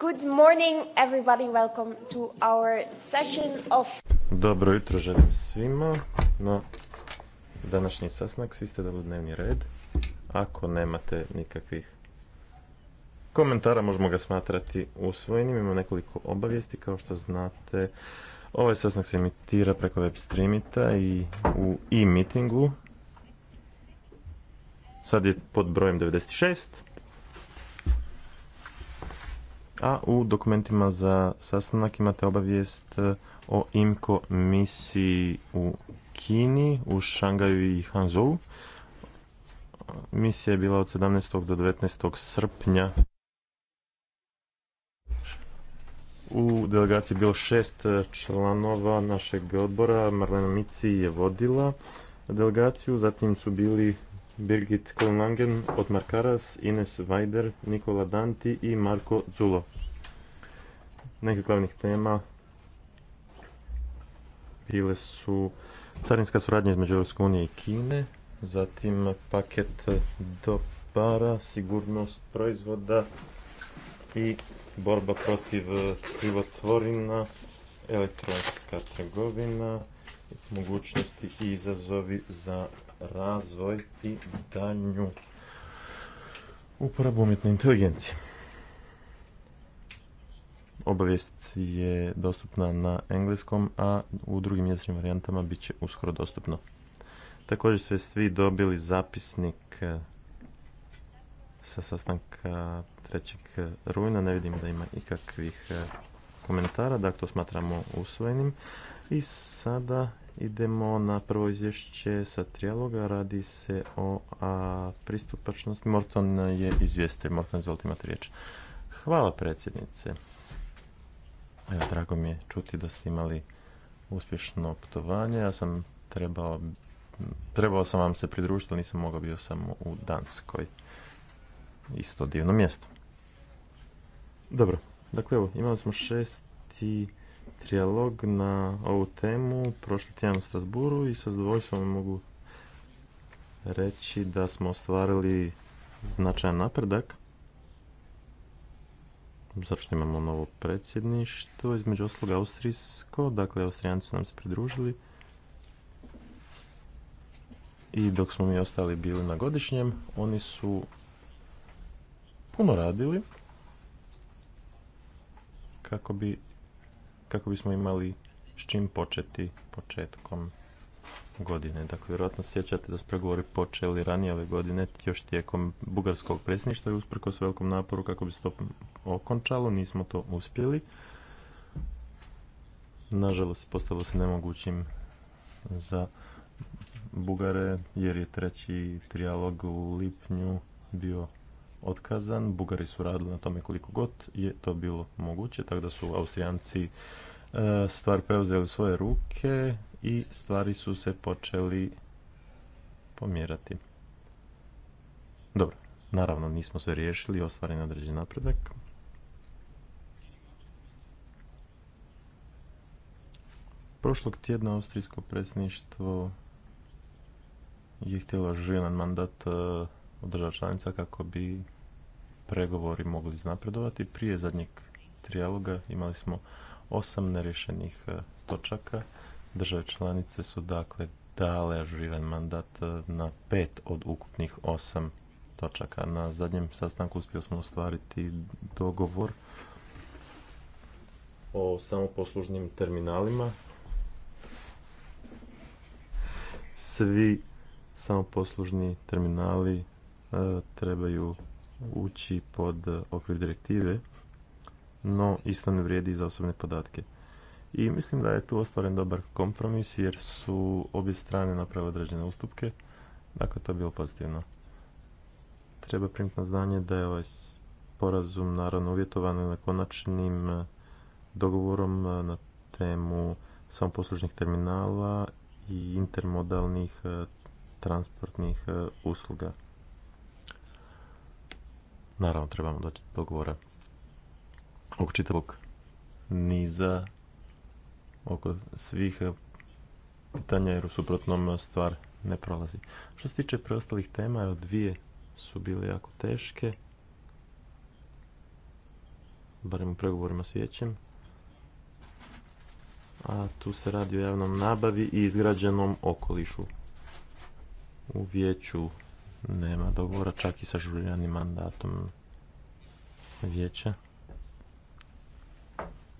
Good morning everybody, welcome to our session of... Dobro jutro želim svima na današnji sasnak. Svi ste dobili dnevni red. Ako nemate nikakvih komentara možemo ga smatrati usvojenim. Imamo nekoliko obavijesti. Kao što znate, ovaj sasnak se emitira preko web streamita i u e-meetingu. Sad je pod brojem 96 a u dokumentima za sastanak imate obavijest e, o IMCO misiji u Kini, u Šangaju i Hanzhou. Misija je bila od 17. do 19. srpnja. U delegaciji je bilo šest e, članova našeg odbora. Marlena Mici je vodila delegaciju, zatim su bili Birgit Kolnangen, Otmar Karas, Ines Vajder, Nikola Danti i Marko Zulo. Neke glavnih tema bile su carinska suradnja između Europske unije i Kine, zatim paket dopara, sigurnost proizvoda i borba protiv krivotvorina, elektronska trgovina, mogućnosti i izazovi za razvoj i danju uporabu umjetne inteligencije. Obavijest je dostupna na engleskom, a u drugim jezičnim varijantama bit će uskoro dostupno. Također ste svi dobili zapisnik eh, sa sastanka 3. Eh, rujna. Ne vidim da ima ikakvih eh, komentara, dakle to smatramo usvojenim. I sada Idemo na prvo izvješće sa trijaloga. Radi se o a, pristupačnosti. Morton je izvijestitelj. Morton, izvolite imate riječ. Hvala predsjednice. Evo, drago mi je čuti da ste imali uspješno putovanje. Ja sam trebao, trebao sam vam se pridružiti, ali nisam mogao bio samo u Danskoj. Isto divno mjesto. Dobro, dakle evo, imali smo šesti trijalog na ovu temu prošli tjedan u Strasburu i sa zadovoljstvom mogu reći da smo ostvarili značajan napredak zato što imamo novo predsjedništvo između osloga austrijsko dakle austrijanci su nam se pridružili i dok smo mi ostali bili na godišnjem oni su puno radili kako bi kako bismo imali s čim početi početkom godine. Dakle, vjerojatno sjećate da su pregovori počeli ranije ove godine, još tijekom bugarskog predsjedništva i usprkos velikom naporu kako bi se to okončalo, nismo to uspjeli. Nažalost, postalo se nemogućim za Bugare, jer je treći trijalog u lipnju bio otkazan. Bugari su radili na tome koliko god je to bilo moguće, tako da su Austrijanci e, stvar preuzeli u svoje ruke i stvari su se počeli pomjerati. Dobro, naravno nismo sve riješili, ostvaren je određen napredak. Prošlog tjedna austrijsko predsjedništvo je htjelo željan mandat e, od država članica kako bi pregovori mogli iznapredovati. Prije zadnjeg trijaloga imali smo osam nerješenih e, točaka. Države članice su dakle dale ažuriran mandat e, na pet od ukupnih osam točaka. Na zadnjem sastanku uspio smo ostvariti dogovor o samoposlužnim terminalima. Svi samoposlužni terminali E, trebaju ući pod okvir direktive, no isto ne vrijedi za osobne podatke. I mislim da je tu ostvaren dobar kompromis jer su obje strane napravile određene ustupke, dakle to je bilo pozitivno. Treba primiti na znanje da je ovaj sporazum naravno uvjetovan na konačnim e, dogovorom e, na temu samoposlužnih terminala i intermodalnih transportnih usluga. Naravno, trebamo doći do govora oko čitavog niza, oko svih pitanja, jer u suprotnom stvar ne prolazi. Što se tiče preostalih tema, evo dvije su bile jako teške, barem u pregovorima s vijećem. A tu se radi o javnom nabavi i izgrađenom okolišu. U vijeću nema dogovora čak i sa žuriranim mandatom vijeća.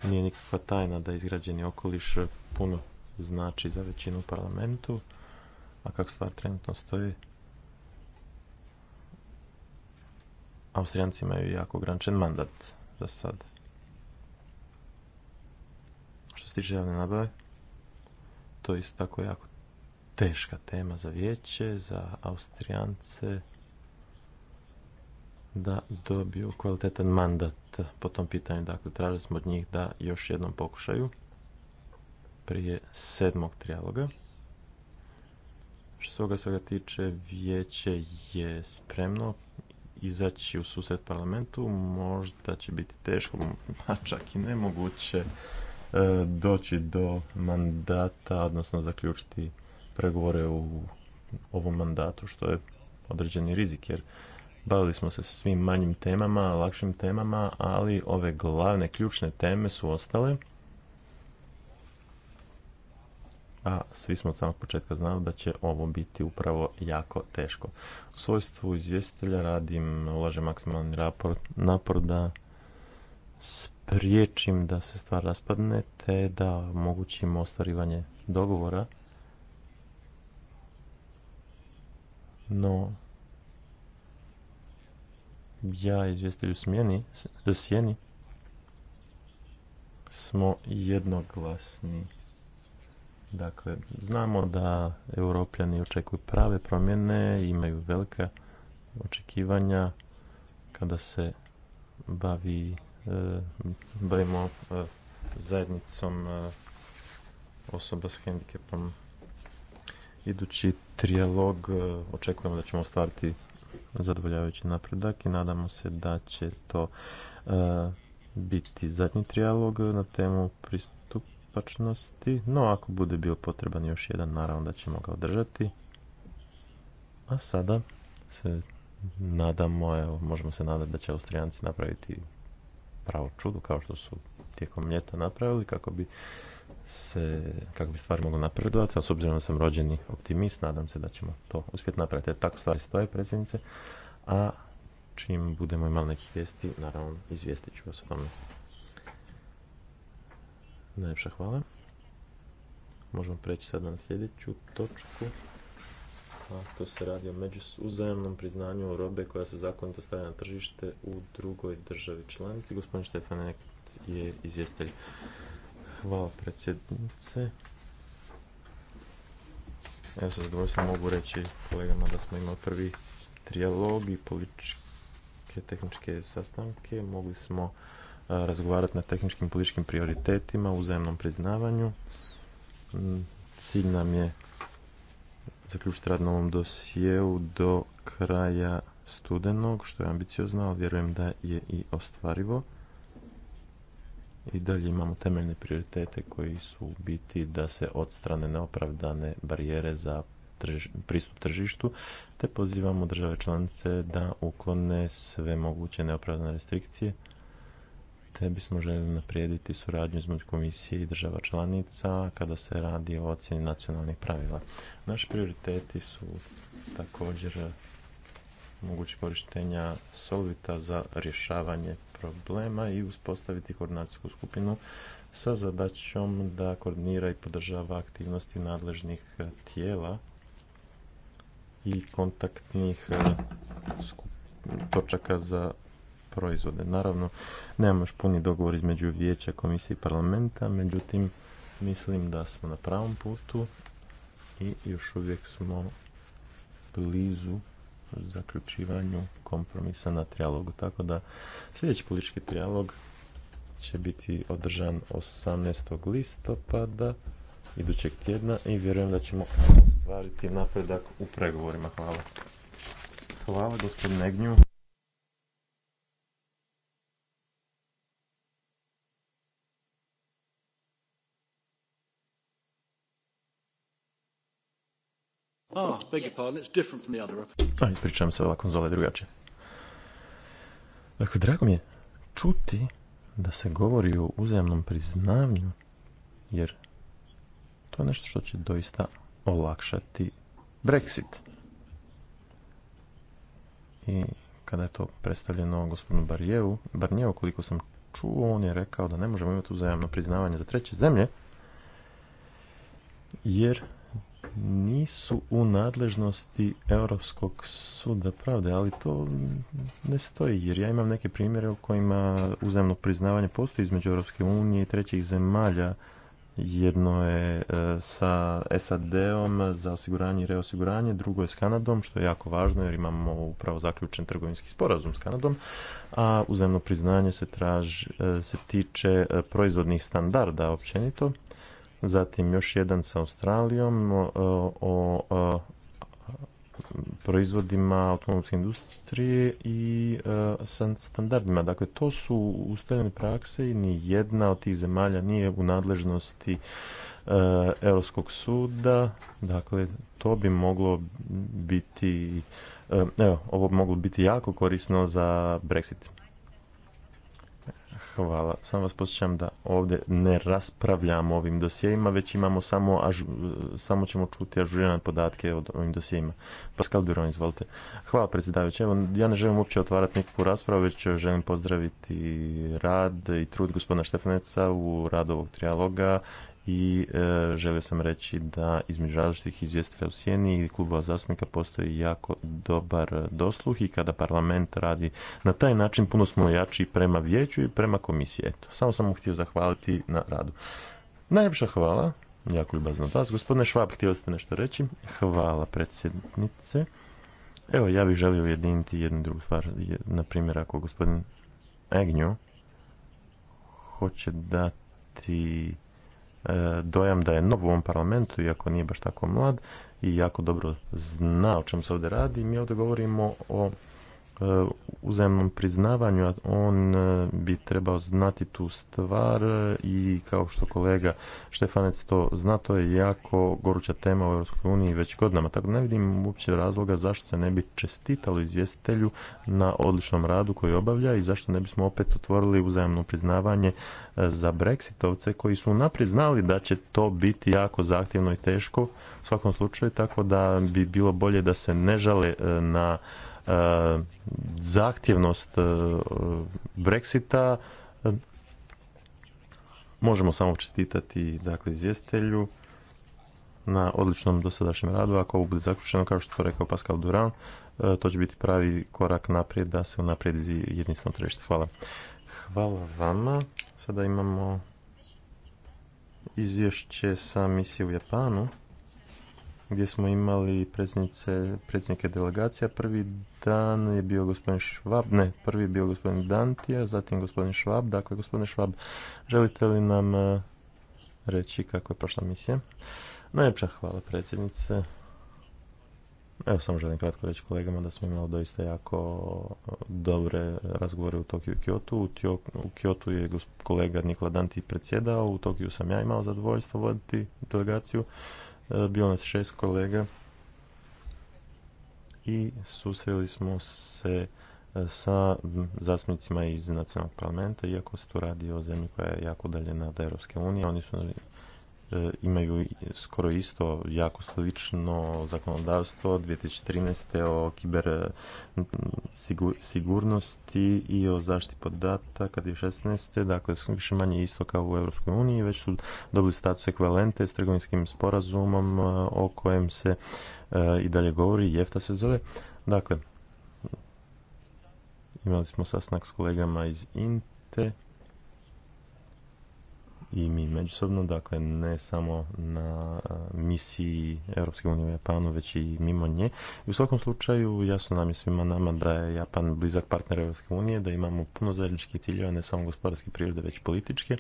Nije nikakva tajna da izgrađeni okoliš puno znači za većinu u parlamentu, a kako stvar trenutno stoji, Austrijanci imaju jako ograničen mandat za sad. Što se tiče javne nabave, to je isto tako jako teška tema za vijeće, za Austrijance da dobiju kvalitetan mandat po tom pitanju. Dakle, tražili smo od njih da još jednom pokušaju prije sedmog trijaloga. Što se ovoga tiče, vijeće je spremno izaći u susret parlamentu. Možda će biti teško, a čak i nemoguće e, doći do mandata, odnosno zaključiti pregovore u ovom mandatu, što je određeni rizik, jer bavili smo se svim manjim temama, lakšim temama, ali ove glavne, ključne teme su ostale. A svi smo od samog početka znali da će ovo biti upravo jako teško. U svojstvu izvjestitelja radim, ulažem maksimalni raport, napor da spriječim da se stvar raspadne, te da omogućim ostvarivanje dogovora No, ja izvjestelju smjeni, sjeni smo jednoglasni. Dakle, znamo da europljani očekuju prave promjene, imaju velika očekivanja kada se bavi, e, bavimo e, zajednicom e, osoba s hendikepom idući trijalog e, očekujemo da ćemo ostvariti zadovoljavajući napredak i nadamo se da će to e, biti zadnji trijalog na temu pristupačnosti, no ako bude bio potreban još jedan, naravno da ćemo ga održati. A sada se nadamo, evo, možemo se nadati da će Austrijanci napraviti pravo čudo kao što su tijekom ljeta napravili kako bi se, kako bi stvari mogla napredovati, a s obzirom da sam rođeni optimist, nadam se da ćemo to uspjeti napraviti. Tako stvari stoje, predsjednice, a čim budemo imali nekih vijesti, naravno izvijestit ću vas o tome. Najljepša hvala. Možemo preći sada na sljedeću točku. A to se radi o među priznanju robe koja se zakonito stavlja na tržište u drugoj državi članici. Gospodin Stefanek je izvjestelj. Hvala predsjednice. Ja sa zadovoljstvom mogu reći kolegama da smo imali prvi trijalog i političke tehničke sastanke. Mogli smo razgovarati na tehničkim političkim prioritetima, uzajemnom priznavanju. Mm, cilj nam je zaključiti rad na ovom dosijeu do kraja studenog, što je ambiciozno, ali vjerujem da je i ostvarivo i dalje imamo temeljne prioritete koji su u biti da se odstrane neopravdane barijere za pristup tržištu, te pozivamo države članice da uklone sve moguće neopravdane restrikcije, te bismo željeli naprijediti suradnju između komisije i država članica kada se radi o ocjeni nacionalnih pravila. Naši prioriteti su također moguće korištenja solvita za rješavanje problema i uspostaviti koordinacijsku skupinu sa zadaćom da koordinira i podržava aktivnosti nadležnih e, tijela i kontaktnih e, točaka za proizvode. Naravno, nemamo još puni dogovor između vijeća, komisije i parlamenta, međutim, mislim da smo na pravom putu i još uvijek smo blizu zaključivanju kompromisa na trijalogu. Tako da sljedeći politički trijalog će biti održan 18. listopada idućeg tjedna i vjerujem da ćemo stvariti napredak u pregovorima. Hvala. Hvala gospodine Negnju. A, pa, se, ova konzola je Dakle, drago mi je čuti da se govori o uzajamnom priznavnju, jer to je nešto što će doista olakšati Brexit. I kada je to predstavljeno gospodinu Barjevu, Barnjevu, koliko sam čuo, on je rekao da ne možemo imati uzajamno priznavanje za treće zemlje, jer nisu u nadležnosti Europskog suda pravde, ali to ne stoji, jer ja imam neke primjere u kojima uzemno priznavanje postoji između Europske unije i trećih zemalja. Jedno je e, sa SAD-om za osiguranje i reosiguranje, drugo je s Kanadom, što je jako važno jer imamo upravo zaključen trgovinski sporazum s Kanadom, a uzemno priznanje se, traži, e, se tiče e, proizvodnih standarda općenito, Zatim još jedan sa Australijom o, proizvodima automobilske industrije i e, sa standardima. Dakle, to su ustaljene prakse i ni jedna od tih zemalja nije u nadležnosti e, Europskog suda. Dakle, to bi moglo biti, e, evo, ovo bi moglo biti jako korisno za Brexit. Hvala. Samo vas posjećam da ovdje ne raspravljamo ovim dosijima, već imamo samo, až samo ćemo čuti ažurirane podatke o ovim dosijima. Pascal Duron, izvolite. Hvala predsjedavajući. Evo, ja ne želim uopće otvarati nikakvu raspravu, već želim pozdraviti rad i trud gospodina Štefaneca u radu ovog trijaloga i e, želio sam reći da između različitih izvjestitelja u sjeni i klubova zastupnika postoji jako dobar dosluh i kada parlament radi na taj način puno smo jači prema vijeću i prema komisiji. Eto, samo sam mu htio zahvaliti na radu. Najljepša hvala, jako ljubazno od vas. Gospodine Švab, htio ste nešto reći? Hvala predsjednice. Evo, ja bih želio ujediniti jednu drugu stvar. Na primjer, ako gospodin Egnju hoće dati E, dojam da je nov u ovom parlamentu, iako nije baš tako mlad i jako dobro zna o čemu se ovdje radi. Mi ovdje govorimo o uzajemnom priznavanju, on e, bi trebao znati tu stvar e, i kao što kolega Štefanec to zna, to je jako goruća tema u EU već godinama. Tako ne vidim uopće razloga zašto se ne bi čestitalo izvjestitelju na odličnom radu koji obavlja i zašto ne bismo opet otvorili uzajemno priznavanje e, za breksitovce koji su naprijed znali da će to biti jako zahtjevno i teško u svakom slučaju, tako da bi bilo bolje da se ne žale na zahtjevnost e, Brexita e, možemo samo čestitati dakle izvjestitelju na odličnom dosadašnjem radu. Ako ovo bude zaključeno, kao što je rekao Pascal Duran, e, to će biti pravi korak naprijed da se unaprijedi jedinstveno tržište. Hvala. Hvala vama. Sada imamo izvješće sa misije u Japanu gdje smo imali predsjednice, predsjednike delegacija. Prvi dan je bio gospodin Švab, ne, prvi je bio gospodin Dantija, zatim gospodin Švab. Dakle, gospodin Švab, želite li nam eh, reći kako je prošla misija? Najljepša hvala predsjednice. Evo samo želim kratko reći kolegama da smo imali doista jako dobre razgovore u Tokiju i Kyoto. U Kiotu je kolega Nikola Danti predsjedao, u Tokiju sam ja imao zadovoljstvo voditi delegaciju. E, bilo nas šest kolega i susreli smo se e, sa zastupnicima iz nacionalnog parlamenta, iako se tu radi o zemlji koja je jako udaljena od Europske unije. Oni su E, imaju skoro isto jako slično zakonodavstvo 2013. o kiber e, sigurnosti i o zaštiti podataka 2016. Dakle, više manje isto kao u Europskoj uniji, već su dobili status ekvalente s trgovinskim sporazumom e, o kojem se i dalje govori, jefta se zove. Dakle, imali smo sasnak s kolegama iz INTE, i mi međusobno, dakle ne samo na misiji Europske unije u Japanu, već i mimo nje. u svakom slučaju jasno nam je svima nama da je Japan blizak partner Europske unije, da imamo puno zajedničkih ciljeva, ne samo gospodarske prirode, već političke.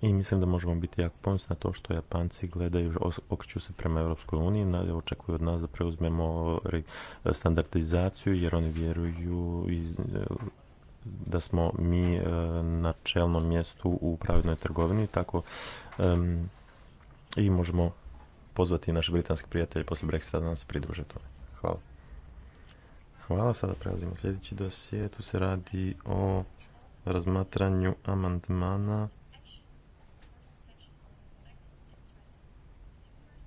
I mislim da možemo biti jako ponosni na to što Japanci gledaju, okreću se prema Europskoj uniji, očekuju od nas da preuzmemo standardizaciju jer oni vjeruju iz da smo mi e, na čelnom mjestu u pravidnoj trgovini, tako i možemo pozvati naše britanske prijatelje poslije Brexita da nam se pridruže tome. Hvala. Hvala, sada prelazimo sljedeći dosje. Tu se radi o razmatranju amandmana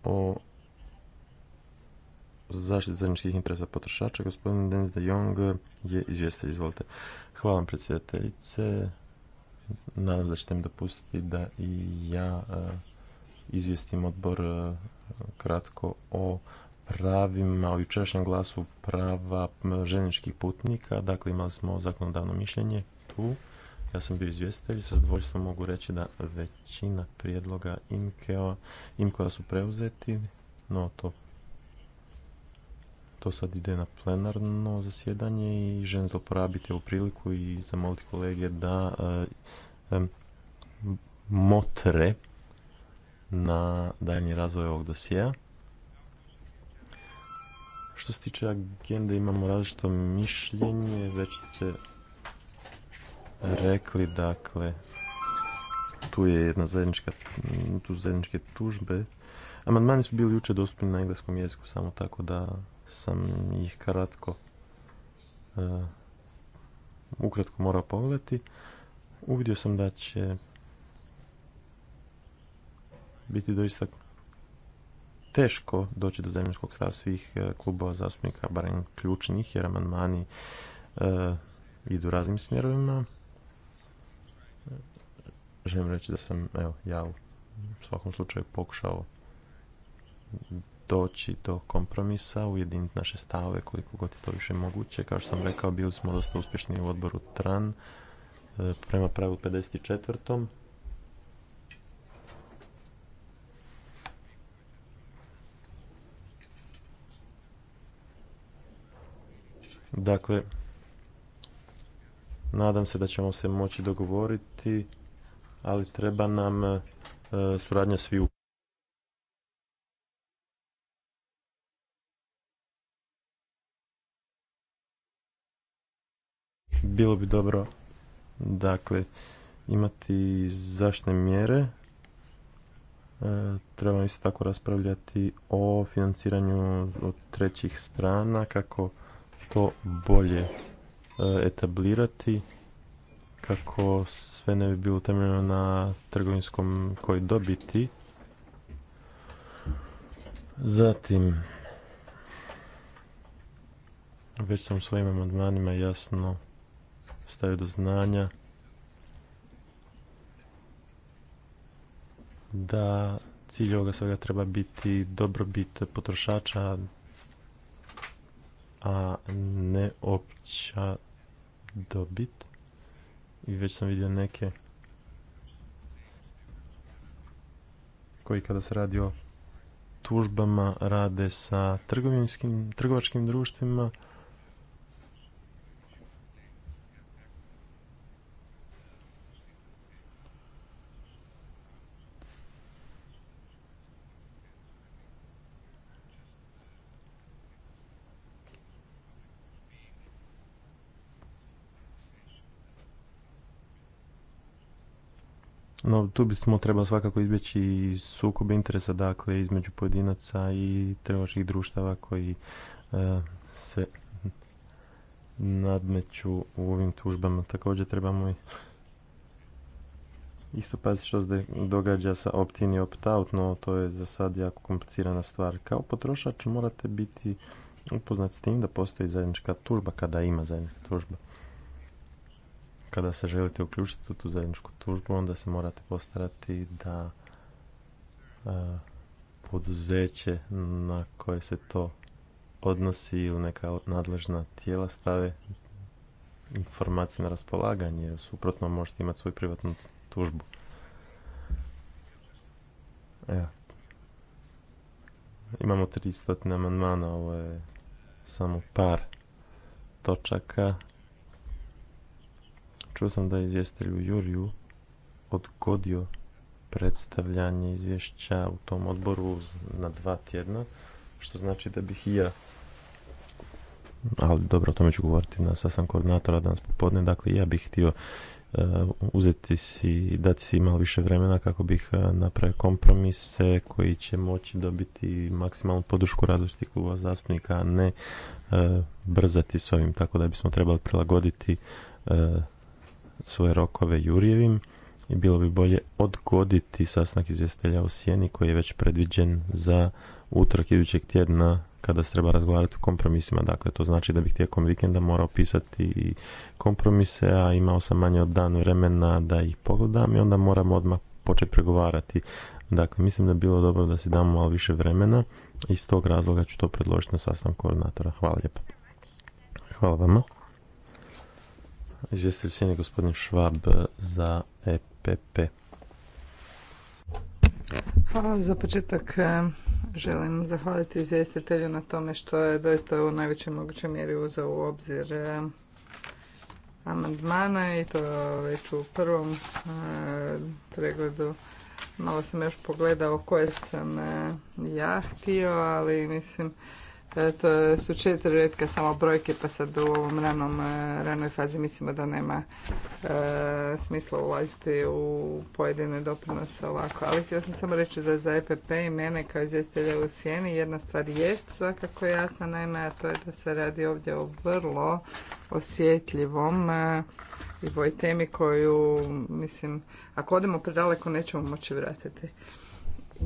o zaštitu zajedničkih interesa potrošača. Gospodin Denis de Jong je izvjestitelj. Izvolite. Hvala vam predsjedateljice. Nadam da ćete mi dopustiti da i ja e, izvijestim odbor e, kratko o pravima, o jučerašnjem glasu prava željezničkih putnika. Dakle, imali smo zakonodavno mišljenje tu. Ja sam bio izvjestitelj, sa zadovoljstvom mogu reći da većina prijedloga imko koja su preuzeti, no to to sad ide na plenarno zasjedanje i želim zloporabiti ovu priliku i zamoliti kolege da e, motre na daljnji razvoj ovog dosjea. Što se tiče agende imamo različito mišljenje, već ste rekli, dakle, tu je jedna zajednička, tu zajedničke tužbe. Amandmani su bili jučer dostupni na engleskom jeziku, samo tako da sam ih kratko e, ukratko morao pogledati. Uvidio sam da će biti doista teško doći do zajedničkog stava svih e, klubova zastupnika, barem ključnih, jer amandmani e, idu raznim smjerovima. Želim reći da sam, evo, ja u svakom slučaju pokušao doći do kompromisa, ujediniti naše stave koliko god je to više moguće. Kao što sam rekao, bili smo dosta uspješni u odboru TRAN e, prema pravilu 54. Dakle, nadam se da ćemo se moći dogovoriti, ali treba nam e, suradnja svi u... bilo bi dobro dakle imati zaštne mjere e, trebamo isto tako raspravljati o financiranju od trećih strana kako to bolje e, etablirati kako sve ne bi bilo utemeljeno na trgovinskom koji dobiti zatim već sam svojim amandmanima jasno stavio do znanja da cilj ovoga svega treba biti dobrobit potrošača, a ne opća dobit. I već sam vidio neke koji kada se radi o tužbama rade sa trgovačkim društvima, no tu smo trebali svakako izbjeći sukob interesa dakle između pojedinaca i trgovačkih društava koji e, se nadmeću u ovim tužbama. Također trebamo i isto paziti što se događa sa opt-in i opt-out, no to je za sad jako komplicirana stvar. Kao potrošač morate biti upoznati s tim da postoji zajednička tužba kada ima zajednička tužba kada se želite uključiti u tu zajedničku tužbu, onda se morate postarati da e, poduzeće na koje se to odnosi ili neka nadležna tijela stave informacije na raspolaganje, jer suprotno možete imati svoju privatnu tužbu. Evo. Imamo 300 amandmana, ovo je samo par točaka Čuo sam da je izvjestitelj u Juriju odgodio predstavljanje izvješća u tom odboru na dva tjedna, što znači da bih i ja ali dobro, o tome ću govoriti na sastan koordinatora danas popodne, dakle ja bih htio uh, uzeti si, dati si malo više vremena kako bih e, napravio kompromise koji će moći dobiti maksimalnu podušku različitih kluba zastupnika, a ne uh, brzati s ovim, tako da bismo trebali prilagoditi svoje rokove Jurjevim i bilo bi bolje odgoditi sastanak izvjestelja u Sjeni koji je već predviđen za utorak idućeg tjedna kada se treba razgovarati o kompromisima. Dakle, to znači da bih tijekom vikenda morao pisati kompromise, a imao sam manje od dan vremena da ih pogledam i onda moram odmah početi pregovarati. Dakle, mislim da bi bilo dobro da si damo malo više vremena i iz tog razloga ću to predložiti na sastanku koordinatora. Hvala lijepo. Hvala vama gospodin Švab za EPP. Hvala za početak. E, želim zahvaliti izvjestitelju na tome što je doista u najvećoj mogućoj mjeri uzeo u obzir e, amandmana i to već u prvom e, pregledu. Malo sam još pogledao koje sam ja htio, ali mislim E, to su četiri redka samo brojke pa sad u ovom ranom, e, ranoj fazi mislimo da nema e, smisla ulaziti u pojedine doprinose ovako. Ali htio sam samo reći da za EPP i mene kao izvjestitelja u sjeni jedna stvar jest svakako jasna, naime, a to je da se radi ovdje o vrlo osjetljivom e, i voj temi koju, mislim, ako odemo predaleko nećemo moći vratiti. I,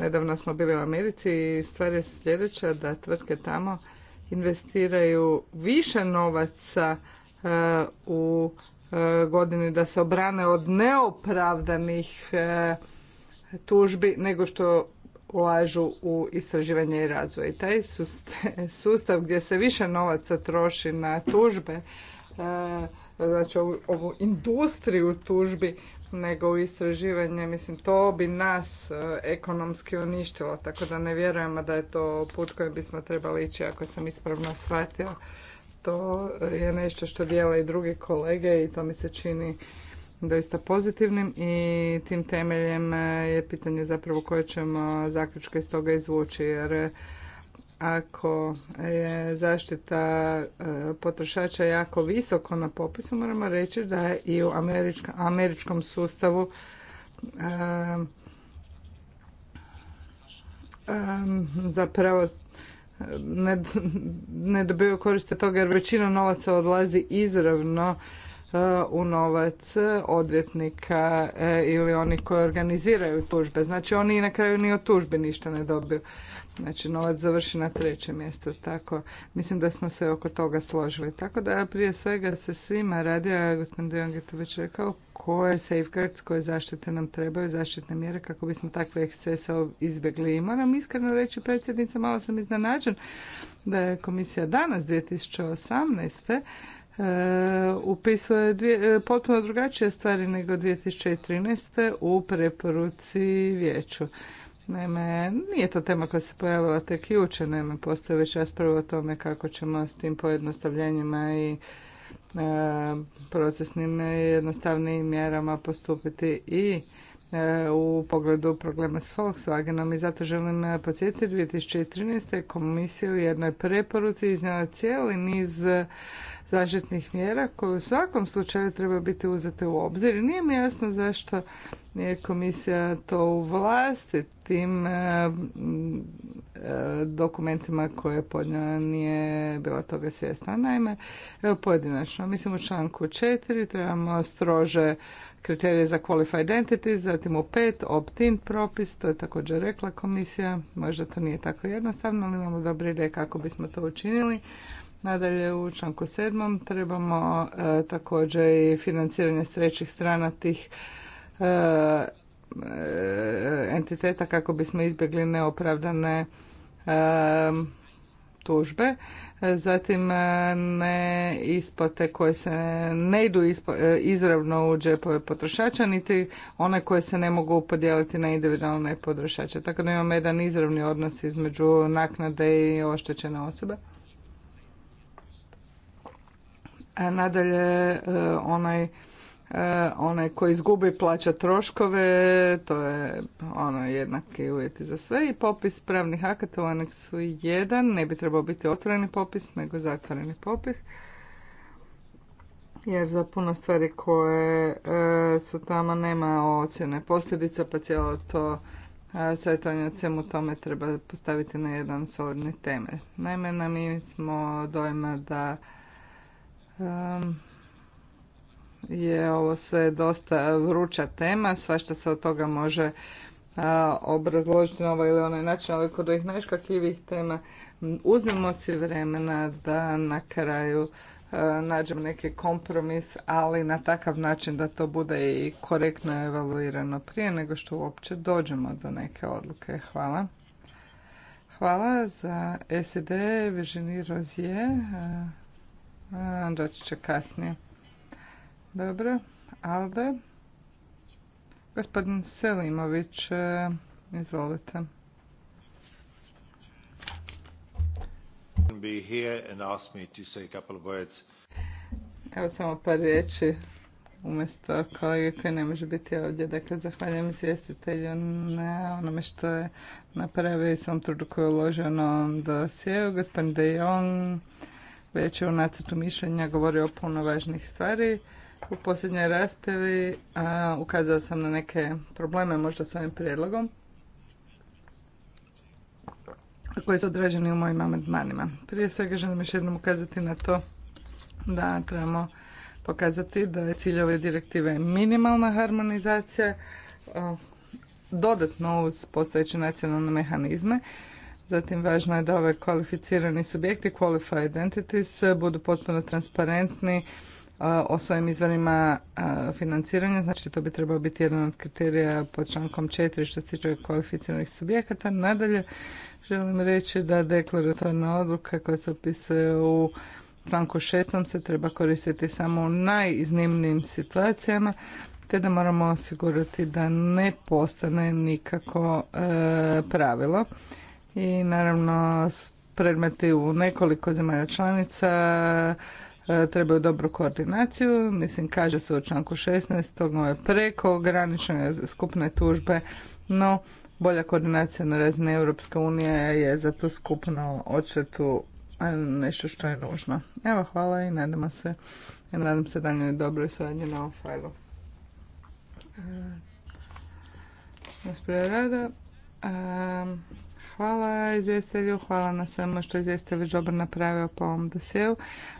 Nedavno smo bili u Americi i stvar je sljedeća da tvrtke tamo investiraju više novaca e, u e, godini da se obrane od neopravdanih e, tužbi nego što ulažu u istraživanje i razvoj. taj sustav gdje se više novaca troši na tužbe, znači ovu industriju tužbi nego u istraživanje. Mislim, to bi nas e, ekonomski uništilo, tako da ne vjerujemo da je to put kojim bismo trebali ići, ako sam ispravno shvatila. To je nešto što dijela i drugi kolege i to mi se čini doista pozitivnim i tim temeljem e, je pitanje zapravo koje ćemo zaključke iz toga izvući, jer ako je zaštita e, potrošača jako visoko na popisu, moramo reći da je i u američkom sustavu e, e, zapravo ne, dobiju koriste toga jer većina novaca odlazi izravno u novac odvjetnika ili oni koji organiziraju tužbe. Znači oni na kraju ni od tužbi ništa ne dobiju. Znači novac završi na trećem mjestu. Tako, mislim da smo se oko toga složili. Tako da prije svega se svima radi, a gospodin Dejan je to već rekao, koje safeguards, koje zaštite nam trebaju, zaštitne mjere kako bismo takve ekscese izbjegli. I moram iskreno reći predsjednica, malo sam iznenađen da je komisija danas 2018. Uh, e, upisuje e, potpuno drugačije stvari nego 2013. u preporuci vijeću. Naime, nije to tema koja se pojavila tek jučer, naime, postoje već rasprava o tome kako ćemo s tim pojednostavljenjima i e, procesnim jednostavnim mjerama postupiti i e, u pogledu problema s Volkswagenom i zato želim e, podsjetiti 2013. komisija u jednoj preporuci iznijela cijeli niz zaštitnih mjera koje u svakom slučaju treba biti uzete u obzir. I nije mi jasno zašto je komisija to u vlasti tim e, e, dokumentima koje je podnijela nije bila toga svjesna. Naime, evo pojedinačno, mislim u članku 4 trebamo strože kriterije za qualified identity, zatim u 5 opt-in propis, to je također rekla komisija, možda to nije tako jednostavno, ali imamo dobre ideje kako bismo to učinili. Nadalje u članku sedmom trebamo e, također i financiranje s trećih strana tih e, e, entiteta kako bismo izbjegli neopravdane tužbe. Zatim ne isplate koje se ne idu izravno u džepove potrošača, niti one koje se ne mogu podijeliti na individualne potrošače. Tako da imamo jedan izravni odnos između naknade i oštećene osobe. Nadalje, e, onaj e, onaj koji izgubi plaća troškove, to je ono jednaki uvjeti za sve i popis pravnih akata u aneksu 1 ne bi trebao biti otvoreni popis nego zatvoreni popis jer za puno stvari koje e, su tamo nema ocjene posljedica pa cijelo to savjetovanje o svemu tome treba postaviti na jedan solidni temelj. Naime, na mi smo dojma da je ovo sve dosta vruća tema, Sva što se od toga može obrazložiti na ovaj ili onaj način, ali kod ovih najškakljivih tema uzmemo si vremena da na kraju nađemo neki kompromis, ali na takav način da to bude i korektno evaluirano prije nego što uopće dođemo do neke odluke. Hvala. Hvala za SED, Virginie Rozier. Doći će kasnije. Dobro. Alde. Gospodin Selimović, e, izvolite. Be Evo samo par riječi umjesto kolege koji ne može biti ovdje. Dakle, zahvaljujem izvjestitelju na onome što je napravio i svom trudu koji je uložio na ovom dosijeu. Gospodin De Jong, već je u nacrtu mišljenja govorio o puno važnih stvari. U posljednjoj raspravi ukazao sam na neke probleme možda s ovim prijedlogom koji su odrađeni u mojim amandmanima. Prije svega želim još jednom ukazati na to da trebamo pokazati da je cilj ove direktive minimalna harmonizacija dodatno uz postojeće nacionalne mehanizme Zatim važno je da ove kvalificirani subjekti, qualified entities, budu potpuno transparentni o svojim izvorima financiranja, znači to bi trebao biti jedan od kriterija pod člankom 4 što se tiče kvalificiranih subjekata. Nadalje, želim reći da deklaratorna odluka koja se opisuje u članku 16 se treba koristiti samo u najiznimnijim situacijama, te da moramo osigurati da ne postane nikako e, pravilo i naravno predmeti u nekoliko zemalja članica e, trebaju dobru koordinaciju. Mislim, kaže se u članku 16. Ono je preko ograničene skupne tužbe, no bolja koordinacija na razine Europske unije je za tu skupnu odšetu nešto što je nužno. Evo, hvala i nadamo se, i nadam se je dobro suradnje na ovom fajlu. E, Rada, Hvala izvjestitelju, hvala na svemu što je već dobro napravio po ovom dosjeu.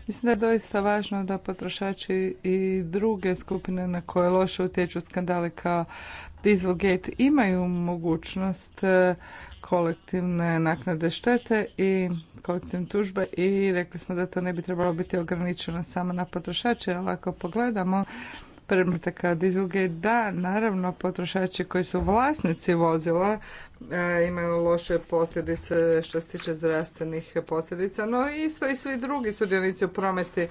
Mislim da je doista važno da potrošači i druge skupine na koje loše utječu skandale kao Dieselgate imaju mogućnost e, kolektivne naknade štete i kolektivne tužbe i rekli smo da to ne bi trebalo biti ograničeno samo na potrošače, ali ako pogledamo kad dizelgate? Da, naravno, potrošači koji su vlasnici vozila e, imaju loše posljedice što se tiče zdravstvenih posljedica, no isto i svi drugi sudionici u prometi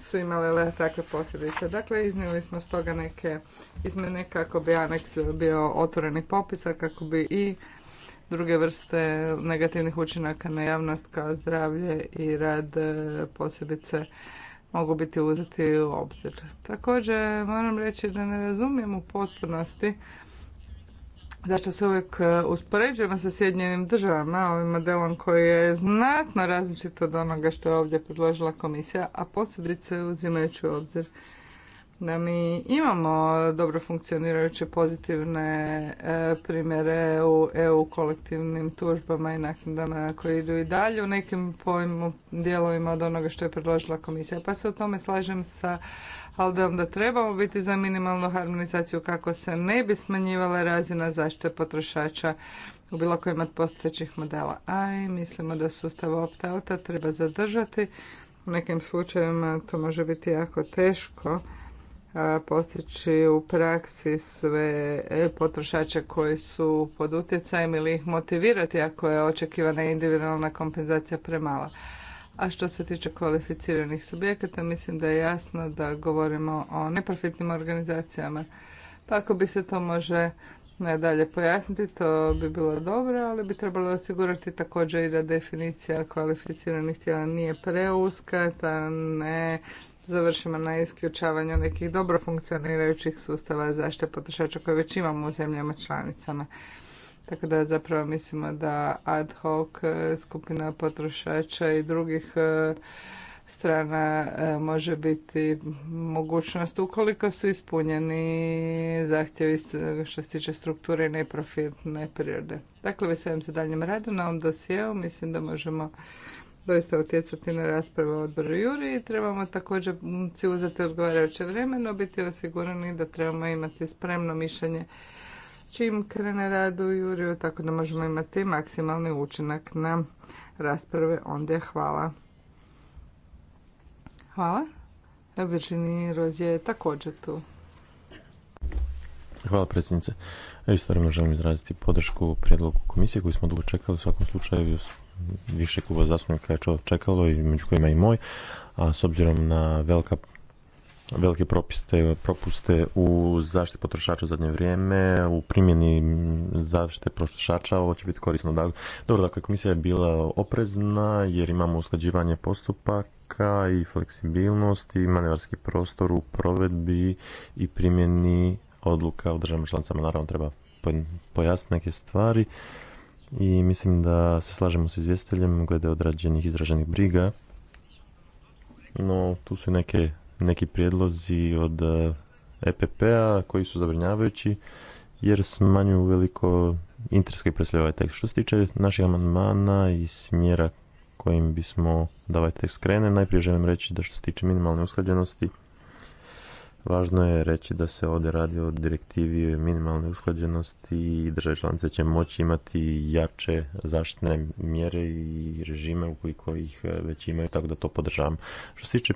su imali takve posljedice. Dakle, iznijeli smo stoga neke izmjene kako bi aneks bio otvoreni popisa, kako bi i druge vrste negativnih učinaka na javnost kao zdravlje i rad e, posebice mogu biti uzeti u obzir. Također moram reći da ne razumijem u potpunosti zašto se uvijek e, uspoređujemo sa Sjedinjenim državama ovim modelom koji je znatno različit od onoga što je ovdje predložila komisija, a posebice uzimajući u obzir da mi imamo dobro funkcionirajuće pozitivne e, primjere u EU kolektivnim tužbama i naknadama koji idu i dalje u nekim pojmu dijelovima od onoga što je predložila komisija. Pa se o tome slažem sa Aldeom da trebamo biti za minimalnu harmonizaciju kako se ne bi smanjivala razina zaštite potrošača u bilo kojem od postojećih modela. A i mislimo da sustav opt-outa treba zadržati. U nekim slučajevima to može biti jako teško postići u praksi sve e, potrošače koji su pod utjecajem ili ih motivirati ako je očekivana individualna kompenzacija premala. A što se tiče kvalificiranih subjekata, mislim da je jasno da govorimo o neprofitnim organizacijama. Pa ako bi se to može e, dalje pojasniti, to bi bilo dobro, ali bi trebalo osigurati također i da definicija kvalificiranih tijela nije preuska, da ne završimo na isključavanju nekih dobro funkcionirajućih sustava zaštite potrošača koje već imamo u zemljama članicama. Tako da zapravo mislimo da ad hoc e, skupina potrošača i drugih e, strana e, može biti mogućnost ukoliko su ispunjeni zahtjevi što se tiče strukture neprofitne prirode. Dakle, veselim se daljem radu na ovom dosijeu. Mislim da možemo doista utjecati na rasprave odboru Juri i trebamo također si uzeti odgovarajuće vremeno, biti osigurani da trebamo imati spremno mišljenje čim krene rad u Juriju, tako da možemo imati maksimalni učinak na rasprave ondje. Hvala. Hvala. Virginie Rozi je također tu. Hvala predsjednice. Ja želim izraziti podršku prijedlogu komisije koju smo dugo čekali u svakom slučaju više kluba zastupnika je čekalo i među kojima i moj, a s obzirom na velika velike propiste, propuste u zaštiti potrošača u zadnje vrijeme, u primjeni zaštite potrošača, ovo će biti korisno. da. dobro, dakle, komisija je bila oprezna jer imamo usklađivanje postupaka i fleksibilnost i manevarski prostor u provedbi i primjeni odluka u državnim članicama. Naravno, treba pojasniti neke stvari i mislim da se slažemo s izvjestiteljem glede odrađenih izraženih briga, no tu su neki prijedlozi od EPP-a e koji su zabrinjavajući jer smanjuju veliko interes koji ovaj tekst. Što se tiče naših amandmana i smjera kojim bismo da ovaj tekst krene, najprije želim reći da što se tiče minimalne usklađenosti, Važno je reći da se ovdje radi o direktivi minimalne usklađenosti i države članice će moći imati jače zaštitne mjere i režime ukoliko ih e, već imaju, tako da to podržavam. Što se tiče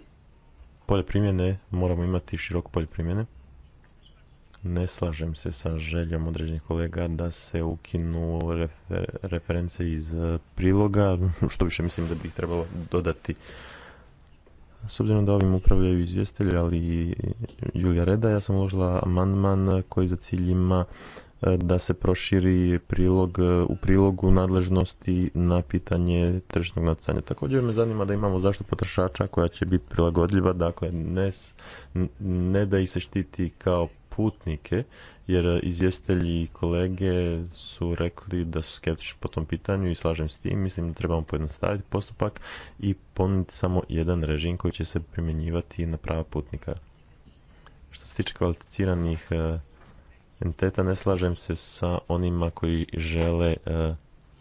polje primjene, moramo imati široko polje primjene. Ne slažem se sa željom određenih kolega da se ukinu reference iz priloga, što više mislim da bi ih trebalo dodati s obzirom da ovim upravljaju izvjestitelji, ali i Julija Reda, ja sam uložila amandman koji za cilj ima e, da se proširi prilog, e, u prilogu nadležnosti na pitanje tržišnog natjecanja. Također me zanima da imamo zaštitu potrošača koja će biti prilagodljiva, dakle ne, ne da ih se štiti kao putnike, jer e, izvjestitelji i kolege su rekli da su skeptični po tom pitanju i slažem s tim. Mislim da trebamo pojednostaviti postupak i ponuditi samo jedan režim koji će se primjenjivati na prava putnika. Što se tiče kvalificiranih e, entiteta, ne slažem se sa onima koji žele e,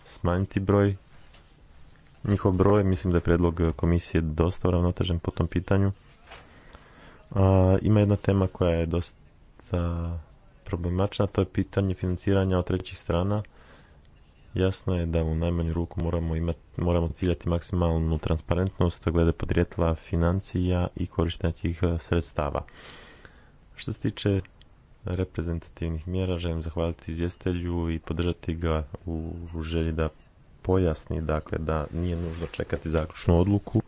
smanjiti broj njihov broj. Mislim da je predlog komisije dosta uravnotežen po tom pitanju. ima jedna tema koja je dosta problematična, to je pitanje financiranja od trećih strana. Jasno je da u najmanju ruku moramo, imati, moramo ciljati maksimalnu transparentnost glede podrijetla financija i korištenja tih e, sredstava. Što se tiče reprezentativnih mjera, želim zahvaliti izvjestelju i podržati ga u želji da pojasni dakle, da nije nužno čekati zaključnu odluku,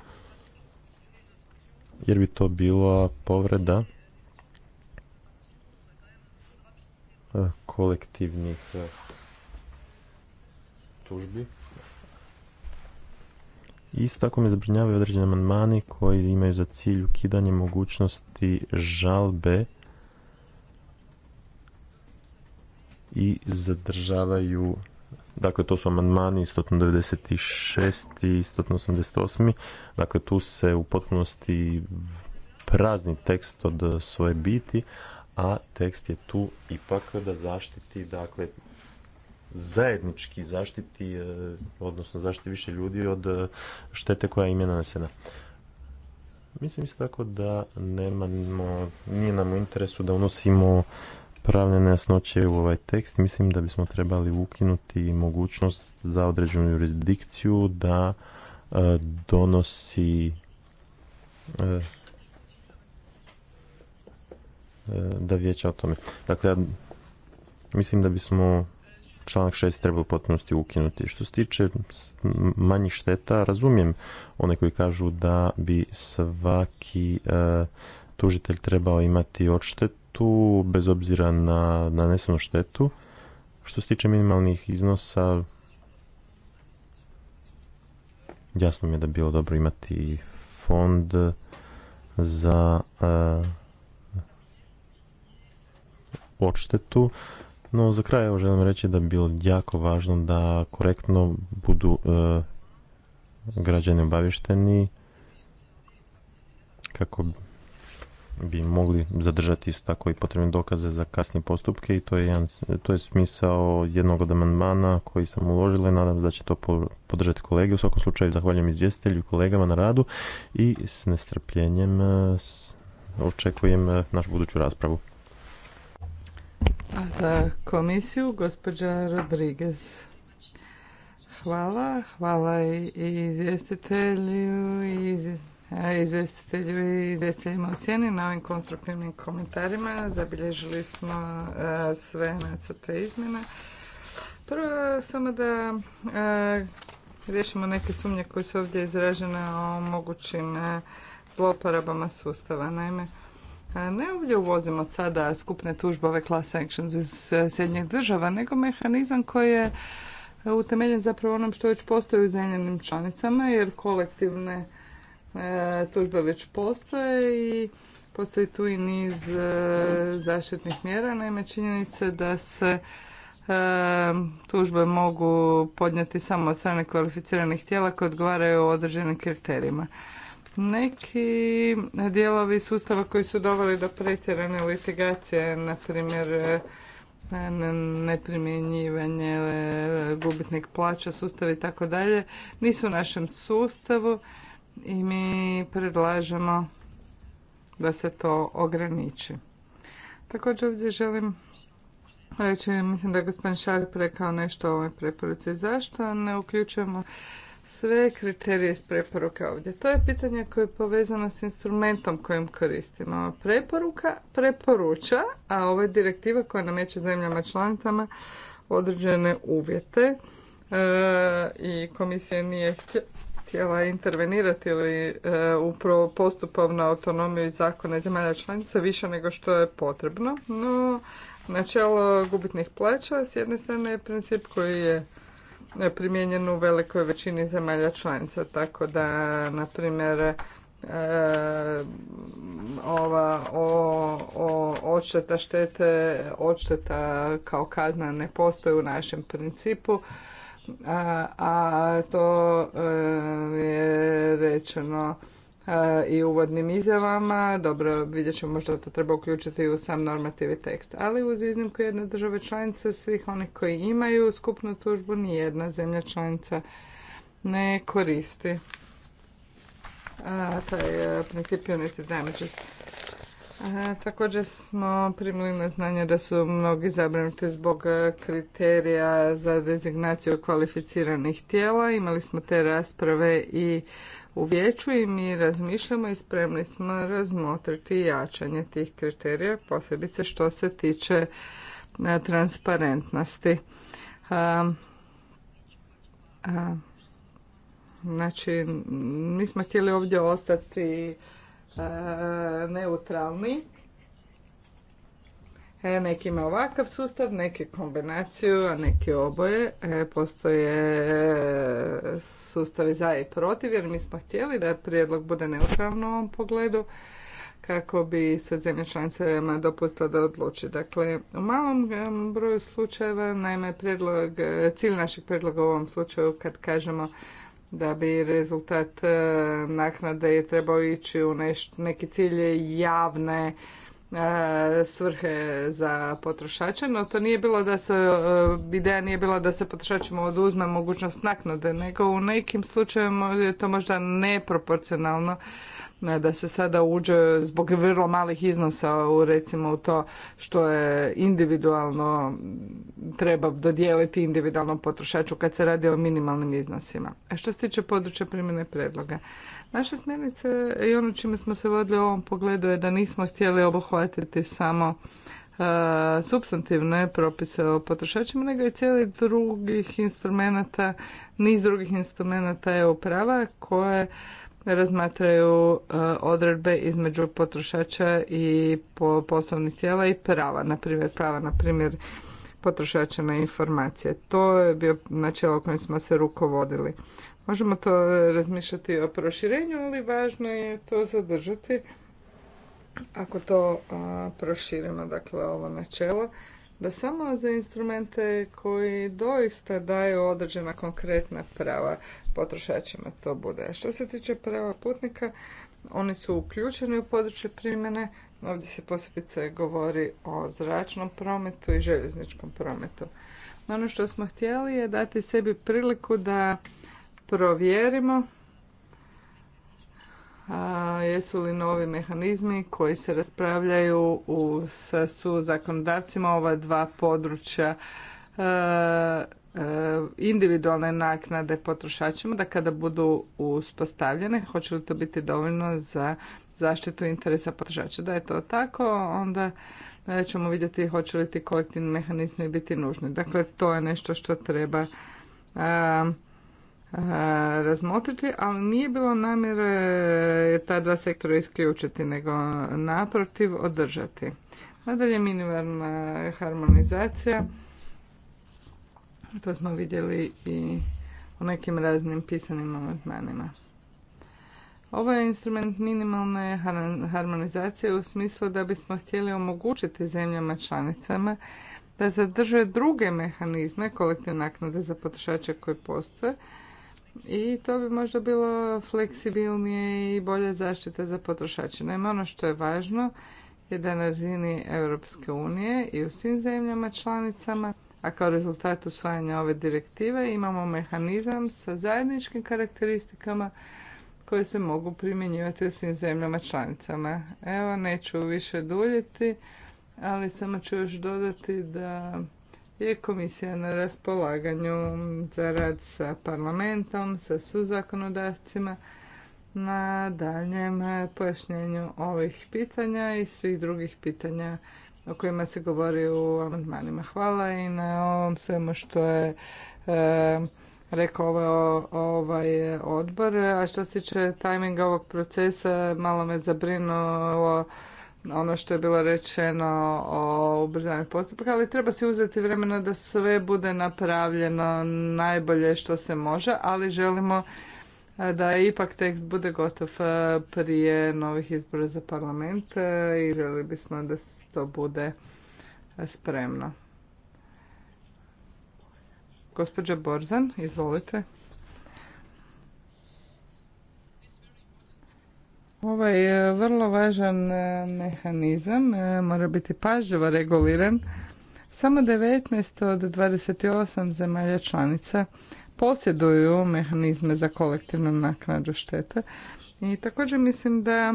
jer bi to bila povreda E, kolektivnih e, tužbi. Isto tako me zabrinjavaju određeni amandmani koji imaju za cilj ukidanje mogućnosti žalbe i zadržavaju dakle to su amandmani 196 i 188 dakle tu se u potpunosti prazni tekst od svoje biti a tekst je tu ipak da zaštiti, dakle, zajednički zaštiti, e, odnosno zaštiti više ljudi od e, štete koja im je nanesena. Mislim isto tako da nemamo, nije nam u interesu da unosimo pravne nejasnoće u ovaj tekst. Mislim da bismo trebali ukinuti mogućnost za određenu jurisdikciju da e, donosi da vijeća o tome. Dakle, mislim da bismo članak 6 treba u potpunosti ukinuti. Što se tiče manjih šteta, razumijem one koji kažu da bi svaki e, tužitelj trebao imati odštetu bez obzira na nanesenu štetu. Što se tiče minimalnih iznosa, jasno mi je da bi bilo dobro imati fond za e, odštetu. No, za kraj evo želim reći da bi bilo jako važno da korektno budu e, građani obavješteni kako bi mogli zadržati isto tako i potrebne dokaze za kasnije postupke i to je, jedan, to je smisao jednog od amandmana koji sam uložila i nadam se da će to podržati kolege. U svakom slučaju zahvaljujem izvjestitelju i kolegama na radu i s nestrpljenjem e, očekujem e, našu buduću raspravu za komisiju gospođa Rodriguez. Hvala, hvala i izvjestitelju i izvjestitelju i izvjestiteljima u sjeni na ovim konstruktivnim komentarima. Zabilježili smo sve nacrte izmjena. Prvo samo da riješimo neke sumnje koje su ovdje izražene o mogućim zloporabama sustava. Naime, ne ovdje uvozimo sada skupne tužbove class actions iz e, Sjedinjeg država, nego mehanizam koji je utemeljen zapravo onom što već postoji u zemljenim članicama, jer kolektivne e, tužbe već postoje i postoji tu i niz e, zaštitnih mjera. Naime, činjenica da se tužbe mogu podnijeti samo od strane kvalificiranih tijela koje odgovaraju određenim kriterijima. Neki dijelovi sustava koji su doveli do pretjerane litigacije, na primjer e, neprimjenjivanje e, gubitnik plaća, sustav i tako dalje, nisu u našem sustavu i mi predlažemo da se to ograniči. Također ovdje želim reći, mislim da je gospodin Šarp rekao nešto o ovoj preporuci. Zašto ne uključujemo sve kriterije iz preporuka ovdje. To je pitanje koje je povezano s instrumentom kojim koristimo. Preporuka preporuča, a ovo je direktiva koja nameće zemljama članicama određene uvjete e, i komisija nije htjela intervenirati ili e, upravo postupovnu autonomiju i zakone zemalja članica više nego što je potrebno. No, načelo gubitnih plaća s jedne strane je princip koji je primijenjen u velikoj većini zemalja članica, tako da, na primjer, e, ova o, odšteta štete, odšteta kao kazna ne postoji u našem principu, a, to e, je rečeno E, i uvodnim izjavama. Dobro, vidjet ćemo možda to treba uključiti u sam normativi tekst. Ali uz iznimku jedne države članice, svih onih koji imaju skupnu tužbu, ni jedna zemlja članica ne koristi a, e, taj e, princip unity damages. također smo primili na znanje da su mnogi zabrinuti zbog kriterija za dezignaciju kvalificiranih tijela. Imali smo te rasprave i u vijeću i mi razmišljamo i spremni smo razmotriti jačanje tih kriterija, posebice što se tiče e, transparentnosti. znači, mi smo htjeli ovdje ostati e, neutralni E, neki ima ovakav sustav, neki kombinaciju, a neki oboje. E, postoje sustavi za i protiv, jer mi smo htjeli da prijedlog bude neutralno u ovom pogledu kako bi se zemlje članicama dopustila da odluči. Dakle, u malom broju slučajeva, naime, prijedlog, cilj našeg prijedloga u ovom slučaju kad kažemo da bi rezultat e, naknade je trebao ići u neki cilje javne E, svrhe za potrošače, no to nije bilo da se, e, ideja nije bila da se potrošačima oduzme mogućnost naknade, nego u nekim slučajevima je to možda neproporcionalno da se sada uđe zbog vrlo malih iznosa u recimo u to što je individualno treba dodijeliti individualnom potrošaču kad se radi o minimalnim iznosima. A što se tiče područja primjene predloga, naše smjernice i ono čime smo se vodili u ovom pogledu je da nismo htjeli obuhvatiti samo e, substantivne propise o potrošačima, nego i cijeli drugih instrumenata, niz drugih instrumenata EU prava koje razmatraju e, odredbe između potrošača i po poslovnih tijela i prava, na primjer prava na primjer potrošača na informacije. To je bio načelo kojim smo se rukovodili. Možemo to razmišljati o proširenju, ali važno je to zadržati. Ako to proširimo, dakle, ovo načelo, da samo za instrumente koji doista daju određena konkretna prava potrošačima to bude. Što se tiče prava putnika, oni su uključeni u područje primjene. Ovdje se posebice govori o zračnom prometu i željezničkom prometu. Ono što smo htjeli je dati sebi priliku da provjerimo a, jesu li novi mehanizmi koji se raspravljaju u, sa su zakonodavcima ova dva područja E, individualne naknade potrošačima da kada budu uspostavljene, hoće li to biti dovoljno za zaštitu interesa potrošača. Da je to tako, onda e, ćemo vidjeti hoće li ti kolektivni mehanizmi biti nužni. Dakle, to je nešto što treba e, razmotriti, ali nije bilo namjere ta dva sektora isključiti, nego naprotiv održati. Nadalje, minimalna harmonizacija to smo vidjeli i u nekim raznim pisanim amandmanima. Ovo je instrument minimalne harmonizacije u smislu da bismo htjeli omogućiti zemljama članicama da zadrže druge mehanizme kolektivne naknade za potrošače koje postoje i to bi možda bilo fleksibilnije i bolje zaštita za potrošače. Naime, ono što je važno je da na razini Europske unije i u svim zemljama članicama a kao rezultat usvajanja ove direktive imamo mehanizam sa zajedničkim karakteristikama koje se mogu primjenjivati u svim zemljama članicama. Evo, neću više duljiti, ali samo ću još dodati da je komisija na raspolaganju za rad sa parlamentom, sa suzakonodavcima, na daljem pojašnjenju ovih pitanja i svih drugih pitanja o kojima se govori u amandmanima. Hvala i na ovom svemu što je e, rekao ovaj, odbor. A što se tiče tajminga ovog procesa, malo me zabrinulo ono što je bilo rečeno o ubrzanju postupaka, ali treba si uzeti vremena da sve bude napravljeno najbolje što se može, ali želimo da ipak tekst bude gotov e, prije novih izbora za parlament e, i želi bismo da to bude e, spremno. Gospođa Borzan, izvolite. Ovaj vrlo važan mehanizam mora biti pažljivo reguliran. Samo 19 od 28 zemalja članica posjeduju mehanizme za kolektivnu naknadu štete. I također mislim da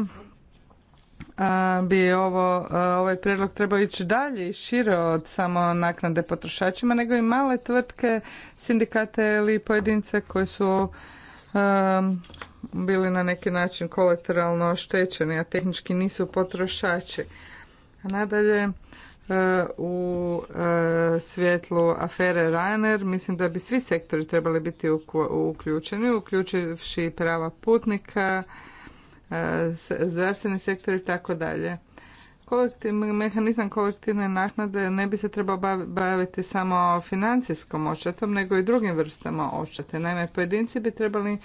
bi ovo, ovaj prijedlog trebao ići dalje i šire od samo naknade potrošačima, nego i male tvrtke, sindikate ili pojedince koji su bili na neki način kolateralno oštećeni, a tehnički nisu potrošači. A nadalje, u e, svjetlu afere Ryanair. Mislim da bi svi sektori trebali biti uključeni, uključivši prava putnika, e, zdravstveni sektor i tako dalje. Kolektivni mehanizam kolektivne naknade ne bi se trebao baviti samo financijskom odštetom, nego i drugim vrstama odštete. Naime, pojedinci bi trebali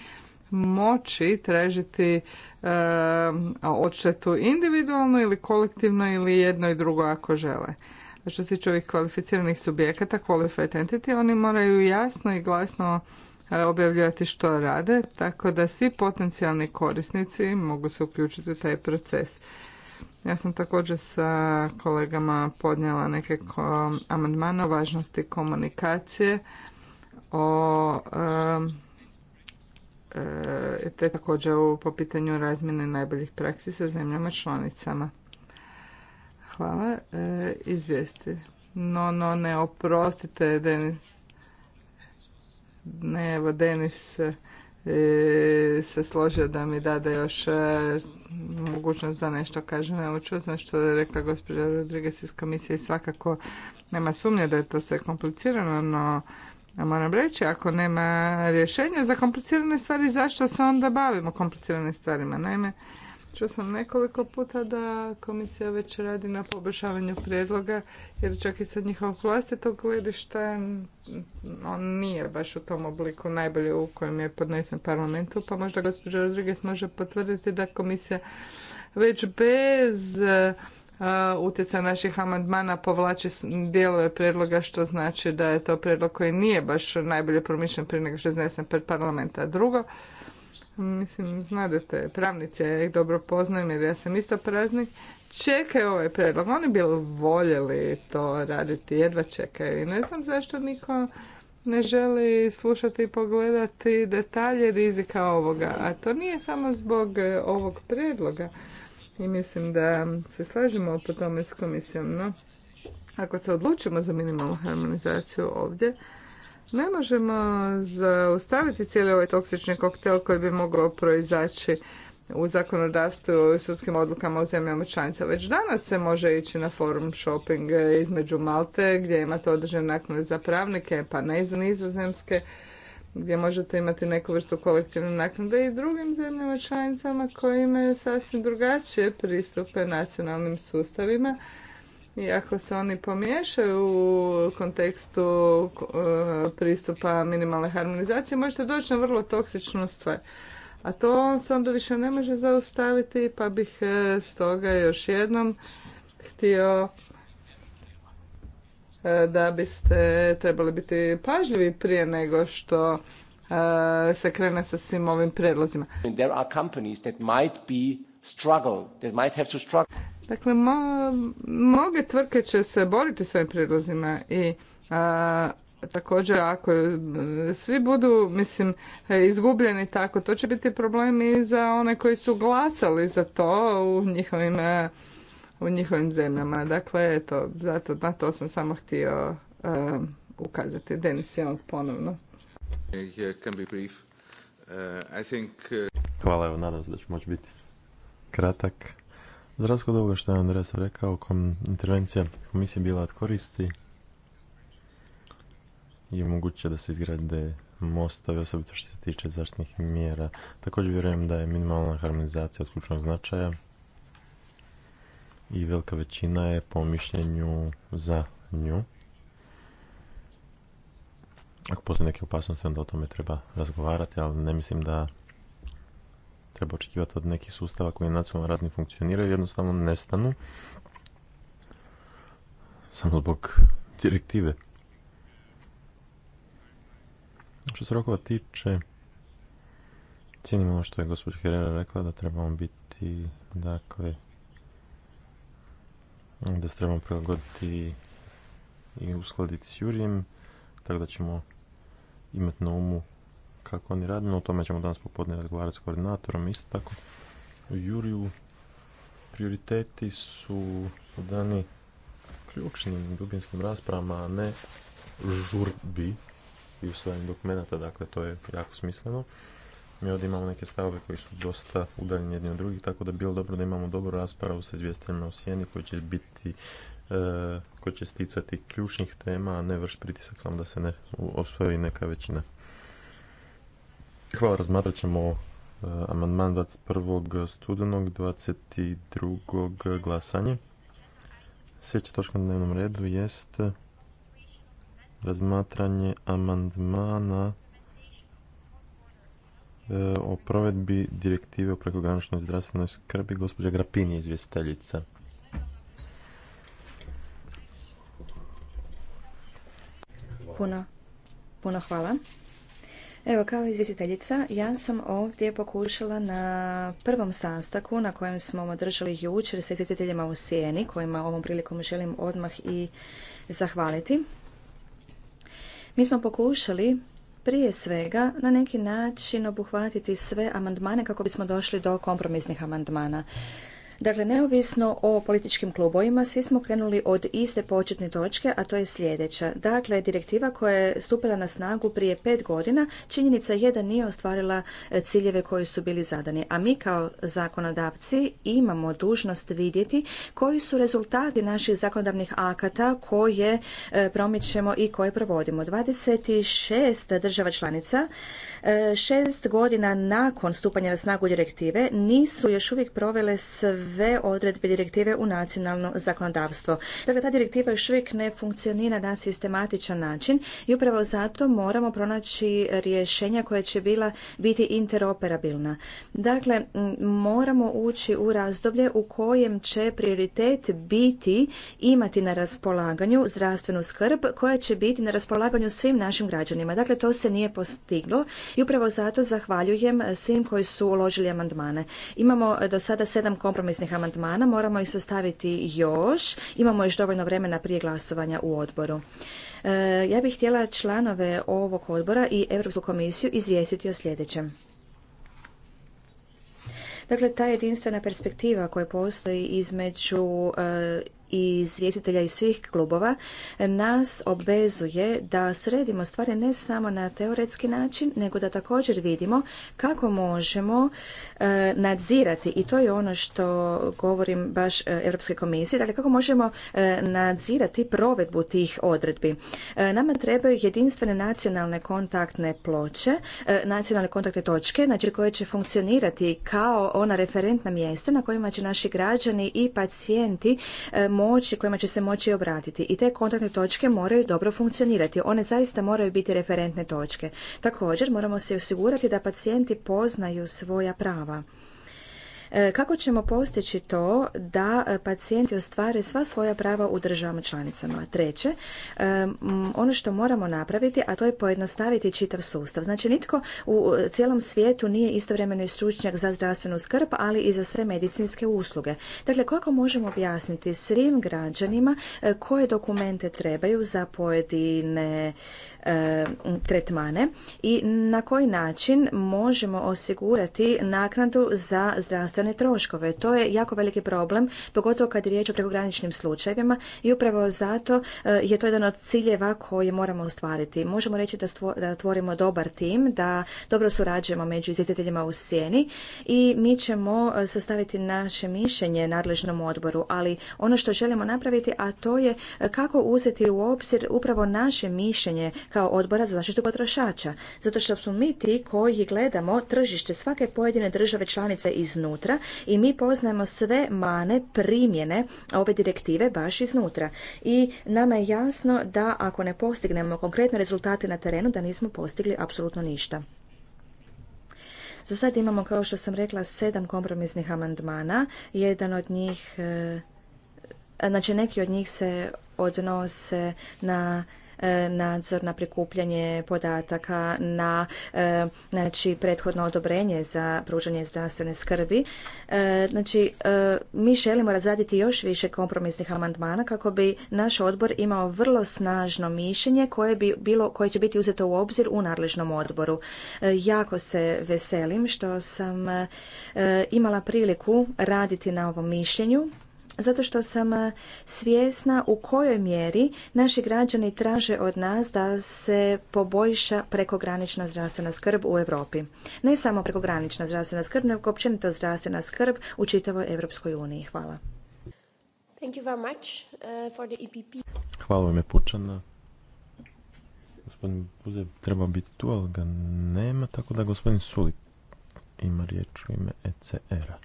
moći tražiti e, odštetu individualno ili kolektivno ili jedno i drugo ako žele. što se tiče ovih kvalificiranih subjekata, qualified entity, oni moraju jasno i glasno e, objavljivati što rade, tako da svi potencijalni korisnici mogu se uključiti u taj proces. Ja sam također sa kolegama podnijela neke amandmane o važnosti komunikacije, o e, E, te također po pitanju razmjene najboljih praksi sa zemljama članicama. Hvala. E, izvijesti. No, no, ne oprostite, Denis. Ne, evo, e, se složio da mi dade još mogućnost da nešto kažem. Evo, čuo sam što je rekla gospođa Rodriguez iz komisije i svakako nema sumnje da je to sve komplicirano, no ja moram reći, ako nema rješenja za komplicirane stvari, zašto se onda bavimo kompliciranim stvarima? Naime, Čuo sam nekoliko puta da komisija već radi na poboljšavanju prijedloga, jer čak i sa njihovog vlastitog gledišta on nije baš u tom obliku najbolje u kojem je podnesen parlamentu, pa možda gospođa Rodriguez može potvrditi da komisija već bez utjecaj naših amandmana povlači dijelove predloga što znači da je to predlog koji nije baš najbolje promišljen prije nego što je iznesen pred parlamenta. Drugo, mislim, znadete, pravnici, ja ih dobro poznajem jer ja sam isto praznik, čekaju ovaj predlog. Oni bi voljeli to raditi, jedva čekaju i ne znam zašto niko ne želi slušati i pogledati detalje rizika ovoga. A to nije samo zbog e, ovog predloga, i mislim da se slažemo po tome s komisijom, no ako se odlučimo za minimalnu harmonizaciju ovdje, ne možemo zaustaviti cijeli ovaj toksični koktel koji bi mogao proizaći u zakonodavstvu i sudskim odlukama u zemljama članica. Već danas se može ići na forum shopping između Malte gdje imate određene naknade za pravnike, pa ne iz nizozemske, gdje možete imati neku vrstu kolektivne naknade i drugim zemljama članicama koje imaju sasvim drugačije pristupe nacionalnim sustavima i ako se oni pomiješaju u kontekstu e, pristupa minimalne harmonizacije možete doći na vrlo toksičnu stvar. A to se onda više ne može zaustaviti pa bih e, stoga još jednom htio E, da biste trebali biti pažljivi prije nego što e, se krene sa svim ovim predlozima. Dakle, mo mnoge tvrtke će se boriti s ovim predlozima i e, također ako svi budu, mislim, izgubljeni tako, to će biti problem i za one koji su glasali za to u njihovim u njihovim zemljama. Dakle, eto, zato, na to sam samo htio um, ukazati. Denis, on ponovno. Uh, uh, uh, Hvala, evo, nadam se da ću moći biti kratak. Za dobro što je Andreas rekao, kom, intervencija komisije bila od koristi i moguće da se izgrade mostovi, osobito što se tiče zaštitnih mjera. Također vjerujem da je minimalna harmonizacija od ključnog značaja i velika većina je po mišljenju za nju. Ako postoje neke opasnosti, onda o tome treba razgovarati, ali ne mislim da treba očekivati od nekih sustava koji nacionalno razni funkcioniraju, jednostavno nestanu samo zbog direktive. Što se rokova tiče, cijenimo ono što je gospođa Herrera rekla, da trebamo biti, dakle, da se trebamo prilagoditi i uskladiti s Jurijem, tako da ćemo imati na umu kako oni rade, no o tome ćemo danas popodne razgovarati s koordinatorom isto tako. U Juriju prioriteti su dani ključnim dubinskim raspravama, a ne žurbi i svojim dokumentata dakle to je jako smisleno mi ovdje imamo neke stavove koji su dosta udaljeni jedni od drugih, tako da bi bilo dobro da imamo dobru raspravu sa izvjestiteljima u sjeni koji će biti e, koji će sticati ključnih tema, a ne vrš pritisak samo da se ne osvoji neka većina. Hvala, razmatrat ćemo e, amandman 21. studenog, 22. glasanje. Sljedeća točka na dnevnom redu jest razmatranje amandmana E, o provedbi direktive o prekograničnoj zdravstvenoj skrbi. Gospođa grapini izvjestiteljica. Puno, hvala. Evo, kao izvjestiteljica, ja sam ovdje pokušala na prvom sastaku na kojem smo održali jučer sa izvjestiteljima u Sijeni, kojima ovom prilikom želim odmah i zahvaliti. Mi smo pokušali prije svega na neki način obuhvatiti sve amandmane kako bismo došli do kompromisnih amandmana. Dakle, neovisno o političkim klubovima, svi smo krenuli od iste početne točke, a to je sljedeća. Dakle, direktiva koja je stupila na snagu prije pet godina, činjenica je da nije ostvarila e, ciljeve koji su bili zadani. A mi kao zakonodavci imamo dužnost vidjeti koji su rezultati naših zakonodavnih akata koje e, promičemo i koje provodimo. 26 država članica e, šest godina nakon stupanja na snagu direktive nisu još uvijek provele s sve odredbe direktive u nacionalno zakonodavstvo. Dakle, ta direktiva još uvijek ne funkcionira na sistematičan način i upravo zato moramo pronaći rješenja koja će bila biti interoperabilna. Dakle, moramo ući u razdoblje u kojem će prioritet biti imati na raspolaganju zdravstvenu skrb koja će biti na raspolaganju svim našim građanima. Dakle, to se nije postiglo i upravo zato zahvaljujem svim koji su uložili amandmane. Imamo do sada sedam kompromisnih amandmana. Moramo ih sastaviti još. Imamo još dovoljno vremena prije glasovanja u odboru. E, ja bih htjela članove ovog odbora i Europsku komisiju izvijestiti o sljedećem. Dakle, ta jedinstvena perspektiva koja postoji između e, i izvjestitelja iz svih klubova nas obvezuje da sredimo stvari ne samo na teoretski način, nego da također vidimo kako možemo e, nadzirati i to je ono što govorim baš e, Europske komisije, dakle kako možemo e, nadzirati provedbu tih odredbi. nama trebaju jedinstvene nacionalne kontaktne ploče, nacionalne kontaktne točke, znači koje će funkcionirati kao ona referentna mjesta na kojima će naši građani i pacijenti moći, kojima će se moći obratiti. I te kontaktne točke moraju dobro funkcionirati. One zaista moraju biti referentne točke. Također moramo se osigurati da pacijenti poznaju svoja prava. E, kako ćemo postići to da e, pacijenti ostvare sva svoja prava u državama članicama? Treće, e, ono što moramo napraviti, a to je pojednostaviti čitav sustav. Znači, nitko u cijelom svijetu nije istovremeno i stručnjak za zdravstvenu skrb, ali i za sve medicinske usluge. Dakle, kako možemo objasniti svim građanima koje dokumente trebaju za pojedine E, tretmane i na koji način možemo osigurati naknadu za zdravstvene troškove. To je jako veliki problem, pogotovo kad je riječ o prekograničnim slučajevima i upravo zato e, je to jedan od ciljeva koje moramo ostvariti. Možemo reći da tvorimo dobar tim, da dobro surađujemo među izvjetiteljima u sjeni i mi ćemo e, sastaviti naše mišljenje nadležnom odboru, ali ono što želimo napraviti, a to je kako uzeti u obzir upravo naše mišljenje kao odbora za zaštitu potrošača, zato što smo mi ti koji gledamo tržište svake pojedine države članice iznutra i mi poznajemo sve mane primjene ove direktive baš iznutra. I nama je jasno da ako ne postignemo konkretne rezultate na terenu, da nismo postigli apsolutno ništa. Za sad imamo, kao što sam rekla, sedam kompromisnih amandmana. Jedan od njih, e, znači neki od njih se odnose na E, nadzor na prikupljanje podataka na e, znači prethodno odobrenje za pružanje zdravstvene skrbi. E, znači mi želimo razraditi još više kompromisnih amandmana kako bi naš odbor imao vrlo snažno mišljenje koje bi bilo koje će biti uzeto u obzir u nadležnom odboru. Jako se veselim što sam imala priliku raditi na ovom mišljenju zato što sam e, svjesna u kojoj mjeri naši građani traže od nas da se poboljša prekogranična zdravstvena skrb u Europi. Ne samo prekogranična zdravstvena skrb, nego općenito zdravstvena skrb u čitavoj Europskoj uniji. Hvala. Thank you very much uh, EPP. E Hvala vam je Pučana. Gospodin Buze treba biti tu, ali ga nema, tako da gospodin Sulik ima riječ u ime ECR-a.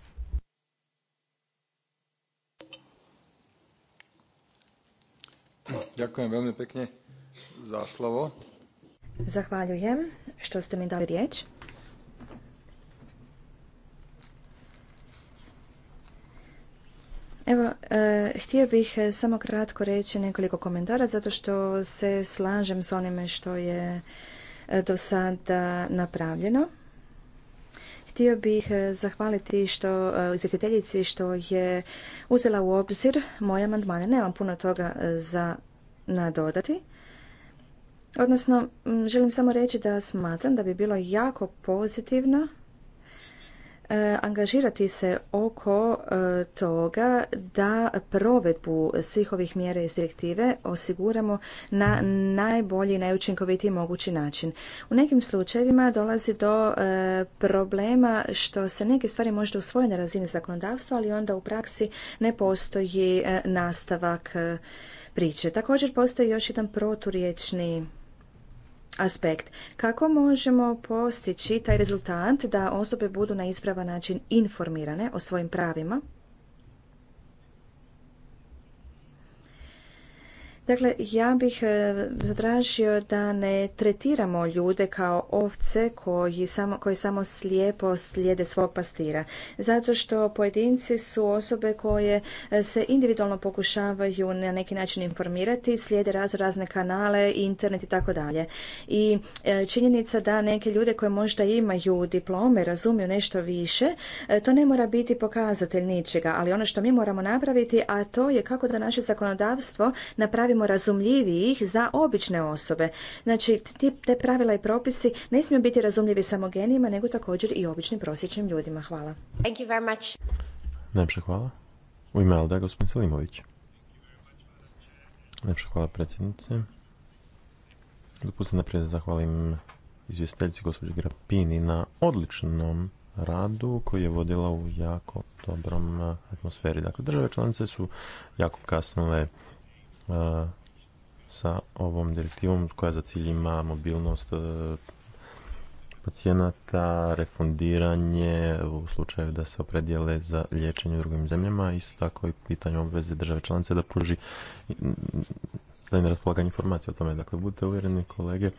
Ďakujem veľmi pekne za slovo. Zahvaljujem što ste mi dali riječ. Evo, e, htio bih e, samo kratko reći nekoliko komentara, zato što se slažem s onime što je e, do sada napravljeno. Htio bih e, zahvaliti što e, izvjestiteljici što je uzela u obzir moje amandmane. Nemam puno toga e, za nadodati. Odnosno, želim samo reći da smatram da bi bilo jako pozitivno E, angažirati se oko e, toga da provedbu svih ovih mjera iz direktive osiguramo na najbolji i najučinkovitiji mogući način. U nekim slučajevima dolazi do e, problema što se neke stvari možda usvoje na razini zakonodavstva, ali onda u praksi ne postoji nastavak priče. Također postoji još jedan proturječni aspekt. Kako možemo postići taj rezultat da osobe budu na ispravan način informirane o svojim pravima? Dakle, ja bih e, zatražio da ne tretiramo ljude kao ovce koji samo, koji samo slijepo slijede svog pastira. Zato što pojedinci su osobe koje e, se individualno pokušavaju na neki način informirati, slijede raz razne kanale, internet i tako dalje. I e, činjenica da neke ljude koje možda imaju diplome, razumiju nešto više, to ne mora biti pokazatelj ničega. Ali ono što mi moramo napraviti, a to je kako da naše zakonodavstvo napravimo učinimo razumljivijih za obične osobe. Znači, te pravila i propisi ne smiju biti razumljivi samo genijima, nego također i običnim prosječnim ljudima. Hvala. Thank you very much. Najpša hvala. U ime Alda, gospodin Selimović. Najpša hvala predsjednice. Dopustite naprijed zahvalim izvjestiteljici gospođi Grapini na odličnom radu koji je vodila u jako dobrom atmosferi. Dakle, države članice su jako kasnile sa ovom direktivom koja za cilj ima mobilnost e, pacijenata, refundiranje u slučaju da se opredijele za liječenje u drugim zemljama, isto tako i pitanje obveze države članice da pruži stavi raspolaganje informacije o tome. Dakle, budite uvjereni kolege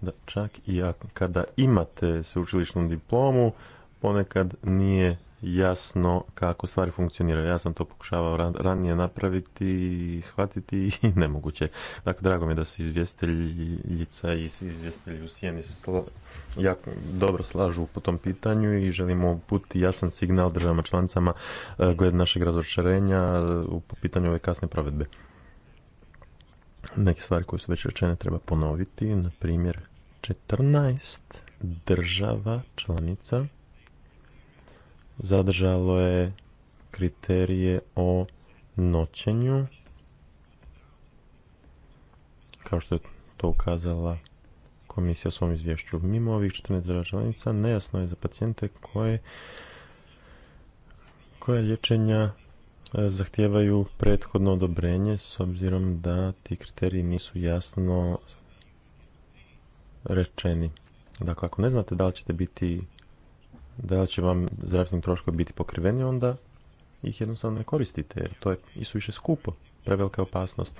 da čak i kada imate sveučilišnu diplomu, ponekad nije jasno kako stvari funkcioniraju. Ja sam to pokušavao ranije napraviti i shvatiti i nemoguće. Dakle, drago mi je da se izvjesteljica i svi izvjestelji u Sijeni sla... jako dobro slažu po tom pitanju i želimo uputiti jasan signal državama članicama e, gled našeg razočarenja e, u pitanju ove kasne provedbe. Neke stvari koje su već rečene treba ponoviti, na primjer 14 država članica zadržalo je kriterije o noćenju kao što je to ukazala komisija u svom izvješću. Mimo ovih 14 članica nejasno je za pacijente koje koja liječenja e, zahtijevaju prethodno odobrenje s obzirom da ti kriteriji nisu jasno rečeni. Dakle, ako ne znate da li ćete biti da će vam zdravstveni troškovi biti pokriveni, onda ih jednostavno ne koristite, jer to je suviše skupo, prevelika opasnost.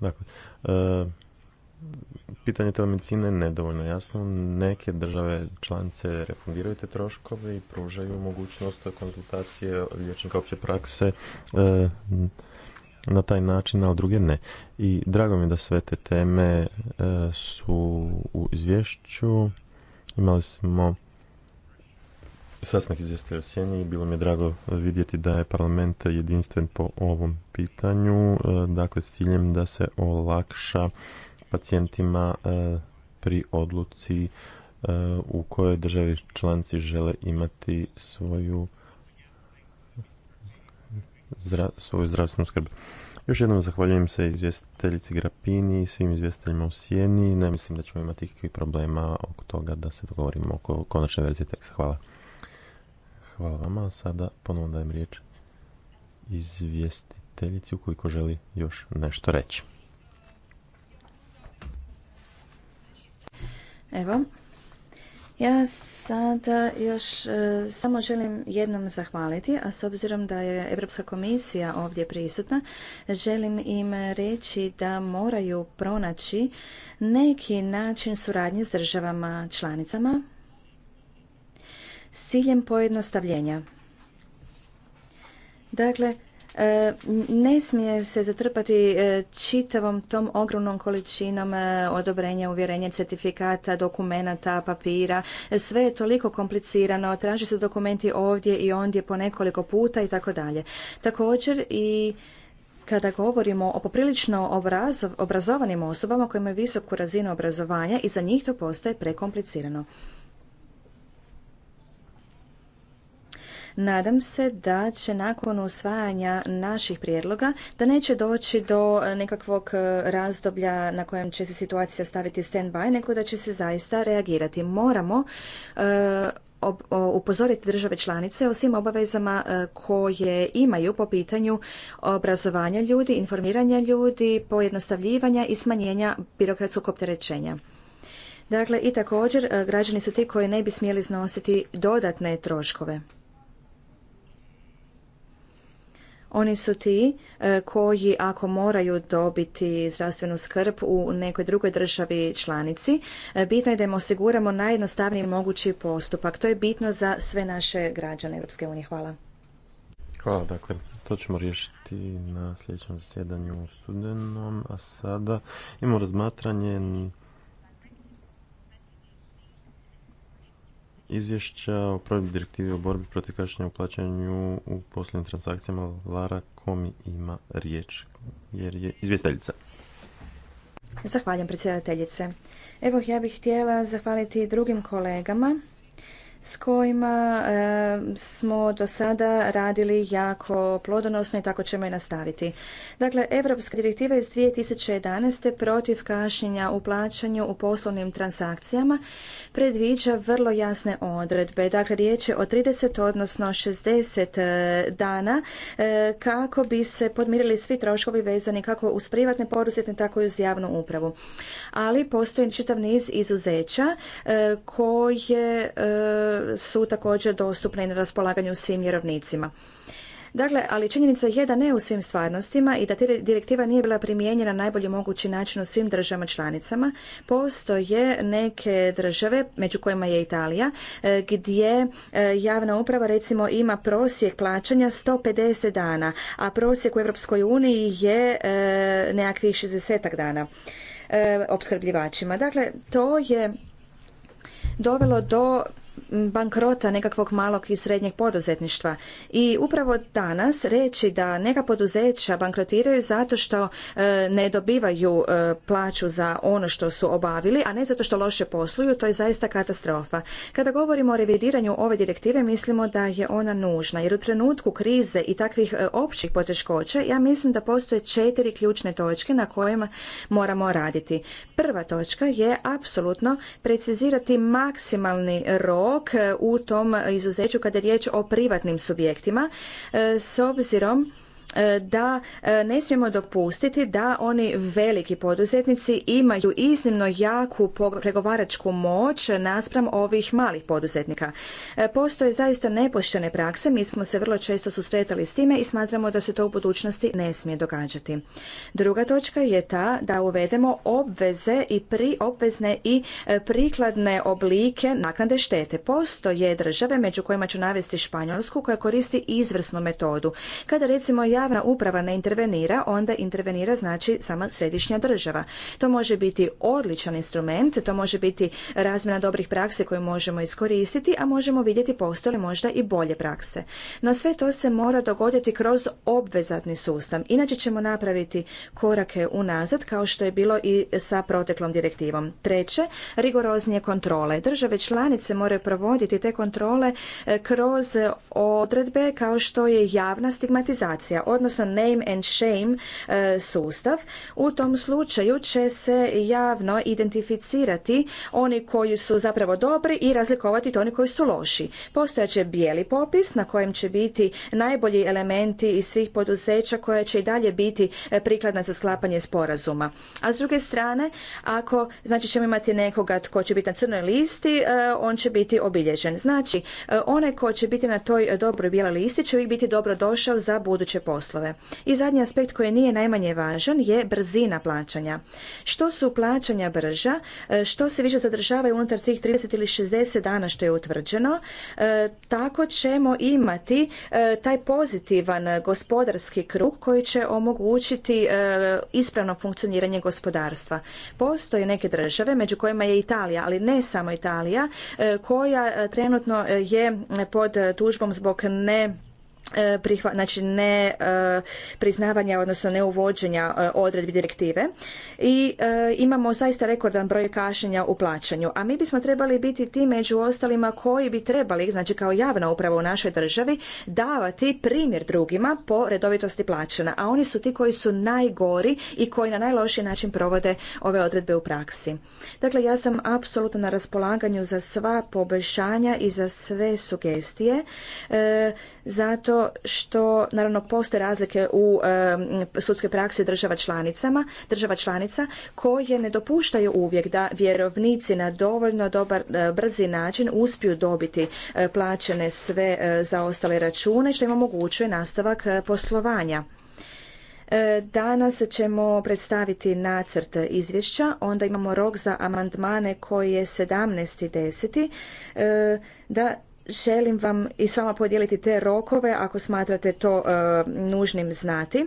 Dakle, e, pitanje telemedicine je nedovoljno jasno. Neke države članice refundiraju te troškove i pružaju mogućnost konzultacije liječnika opće prakse e, na taj način, ali druge ne. I drago mi je da sve te teme e, su u izvješću. Imali smo sasnih izvjestitelja u Sjeni. Bilo mi je drago vidjeti da je parlament jedinstven po ovom pitanju, e, dakle s ciljem da se olakša pacijentima e, pri odluci e, u kojoj državi članci žele imati svoju svoju zdravstvenu skrb. Još jednom zahvaljujem se izvjestiteljici Grapini i svim izvjestiteljima u sjeni Ne mislim da ćemo imati ikakvih problema oko toga da se dogovorimo oko konačne verzije teksta. Hvala. Hvala vama. Sada ponovno dajem riječ izvjestiteljici ukoliko želi još nešto reći. Evo, ja sada još e, samo želim jednom zahvaliti, a s obzirom da je Europska komisija ovdje prisutna, želim im reći da moraju pronaći neki način suradnje s državama članicama s ciljem pojednostavljenja. Dakle, e, ne smije se zatrpati e, čitavom tom ogromnom količinom e, odobrenja, uvjerenja, certifikata, dokumenata, papira. Sve je toliko komplicirano, traže se dokumenti ovdje i ondje po nekoliko puta i tako dalje. Također i kada govorimo o poprilično obrazovanim osobama koje imaju visoku razinu obrazovanja i za njih to postaje prekomplicirano. Nadam se da će nakon usvajanja naših prijedloga da neće doći do nekakvog e, razdoblja na kojem će se situacija staviti stand-by, nego da će se zaista reagirati. Moramo e, upozoriti države članice o svim obavezama e, koje imaju po pitanju obrazovanja ljudi, informiranja ljudi, pojednostavljivanja i smanjenja birokratskog opterećenja. Dakle, i također građani su ti koji ne bi smjeli snositi dodatne troškove. Oni su ti e, koji ako moraju dobiti zdravstvenu skrb u nekoj drugoj državi članici, e, bitno je da im osiguramo najjednostavniji mogući postupak. To je bitno za sve naše građane Europske unije. Hvala. Hvala, dakle, to ćemo riješiti na sljedećem zasjedanju u studenom, a sada imamo razmatranje izvješća o provedbi direktive o borbi protiv kašnjenja u plaćanju u poslovnim transakcijama Lara Komi ima riječ jer je izvjestiteljica. Zahvaljujem predsjedateljice. Evo ja bih htjela zahvaliti drugim kolegama s kojima eh, smo do sada radili jako plodonosno i tako ćemo i nastaviti. Dakle, Europska direktiva iz 2011. protiv kašnjenja u plaćanju u poslovnim transakcijama predviđa vrlo jasne odredbe. Dakle, riječ je o 30, odnosno 60 eh, dana eh, kako bi se podmirili svi troškovi vezani kako uz privatne poduzetne, tako i uz javnu upravu. Ali postoji čitav niz izuzeća koje su također dostupne i na raspolaganju svim vjerovnicima. Dakle, ali činjenica je da ne u svim stvarnostima i da direktiva nije bila primijenjena na najbolji mogući način u svim državama članicama. Postoje neke države, među kojima je Italija, e, gdje e, javna uprava recimo ima prosjek plaćanja 150 dana, a prosjek u Europskoj uniji je e, nekakvih 60 dana opskrbljivačima. Dakle, to je dovelo do bankrota nekakvog malog i srednjeg poduzetništva. I upravo danas reći da neka poduzeća bankrotiraju zato što e, ne dobivaju e, plaću za ono što su obavili, a ne zato što loše posluju, to je zaista katastrofa. Kada govorimo o revidiranju ove direktive, mislimo da je ona nužna, jer u trenutku krize i takvih e, općih poteškoća, ja mislim da postoje četiri ključne točke na kojima moramo raditi. Prva točka je apsolutno precizirati maksimalni rok rok e, u tom izuzeću kada je riječ o privatnim subjektima e, s obzirom E, da e, ne smijemo dopustiti da oni veliki poduzetnici imaju iznimno jaku pregovaračku moć naspram ovih malih poduzetnika. E, postoje zaista nepoštene prakse, mi smo se vrlo često susretali s time i smatramo da se to u budućnosti ne smije događati. Druga točka je ta da uvedemo obveze i pri obvezne i prikladne oblike naknade štete. Postoje države među kojima ću navesti Španjolsku koja koristi izvrsnu metodu. Kada recimo ja javna uprava ne intervenira, onda intervenira znači sama središnja država. To može biti odličan instrument, to može biti razmjena dobrih prakse koje možemo iskoristiti, a možemo vidjeti postoje možda i bolje prakse. No sve to se mora dogoditi kroz obvezatni sustav. Inače ćemo napraviti korake unazad kao što je bilo i sa proteklom direktivom. Treće, rigoroznije kontrole. Države članice moraju provoditi te kontrole eh, kroz odredbe kao što je javna stigmatizacija, odnosno name and shame e, sustav. U tom slučaju će se javno identificirati oni koji su zapravo dobri i razlikovati to oni koji su loši. će bijeli popis na kojem će biti najbolji elementi iz svih poduzeća koja će i dalje biti e, prikladna za sklapanje sporazuma. A s druge strane, ako znači ćemo imati nekoga tko će biti na crnoj listi, e, on će biti obilježen. Znači, onaj ko će biti na toj dobroj bijeloj listi će uvijek biti dobro došao za buduće poslove poslove. I zadnji aspekt koji nije najmanje važan je brzina plaćanja. Što su plaćanja brža, e, što se više zadržava unutar tih 30 ili 60 dana što je utvrđeno, e, tako ćemo imati e, taj pozitivan gospodarski krug koji će omogućiti ispravno funkcioniranje gospodarstva. Postoje neke države, među kojima je Italija, ali ne samo Italija, koja trenutno je pod tužbom zbog ne E, znači ne e, priznavanja odnosno ne uvođenja e, odredbi direktive i imamo zaista rekordan broj kašnjenja u plaćanju a mi bismo trebali biti ti među ostalima koji bi trebali znači kao javna uprava u našoj državi davati primjer drugima po redovitosti plaćanja a oni su ti koji su najgori i koji na najlošiji način provode ove odredbe u praksi dakle ja sam apsolutno na raspolaganju za sva poboljšanja i za sve sugestije zato što naravno postoje razlike u sudske sudskoj praksi država članicama, država članica koje ne dopuštaju uvijek da vjerovnici na dovoljno dobar e, brzi način uspiju dobiti e, plaćene sve e, zaostale račune što im omogućuje nastavak poslovanja. Danas ćemo predstaviti nacrt izvješća, onda imamo rok za amandmane koji je 17.10. da želim vam i samo podijeliti te rokove ako smatrate to e, nužnim znati.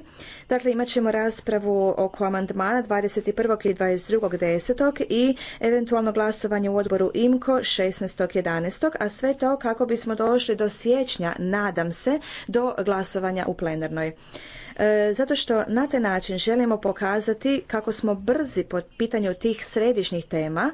Dakle, imat ćemo raspravu oko amandmana 21. i 22.10. i eventualno glasovanje u odboru IMKO 11. a sve to kako bismo došli do siječnja, nadam se, do glasovanja u plenarnoj. E, zato što na taj način želimo pokazati kako smo brzi po pitanju tih središnjih tema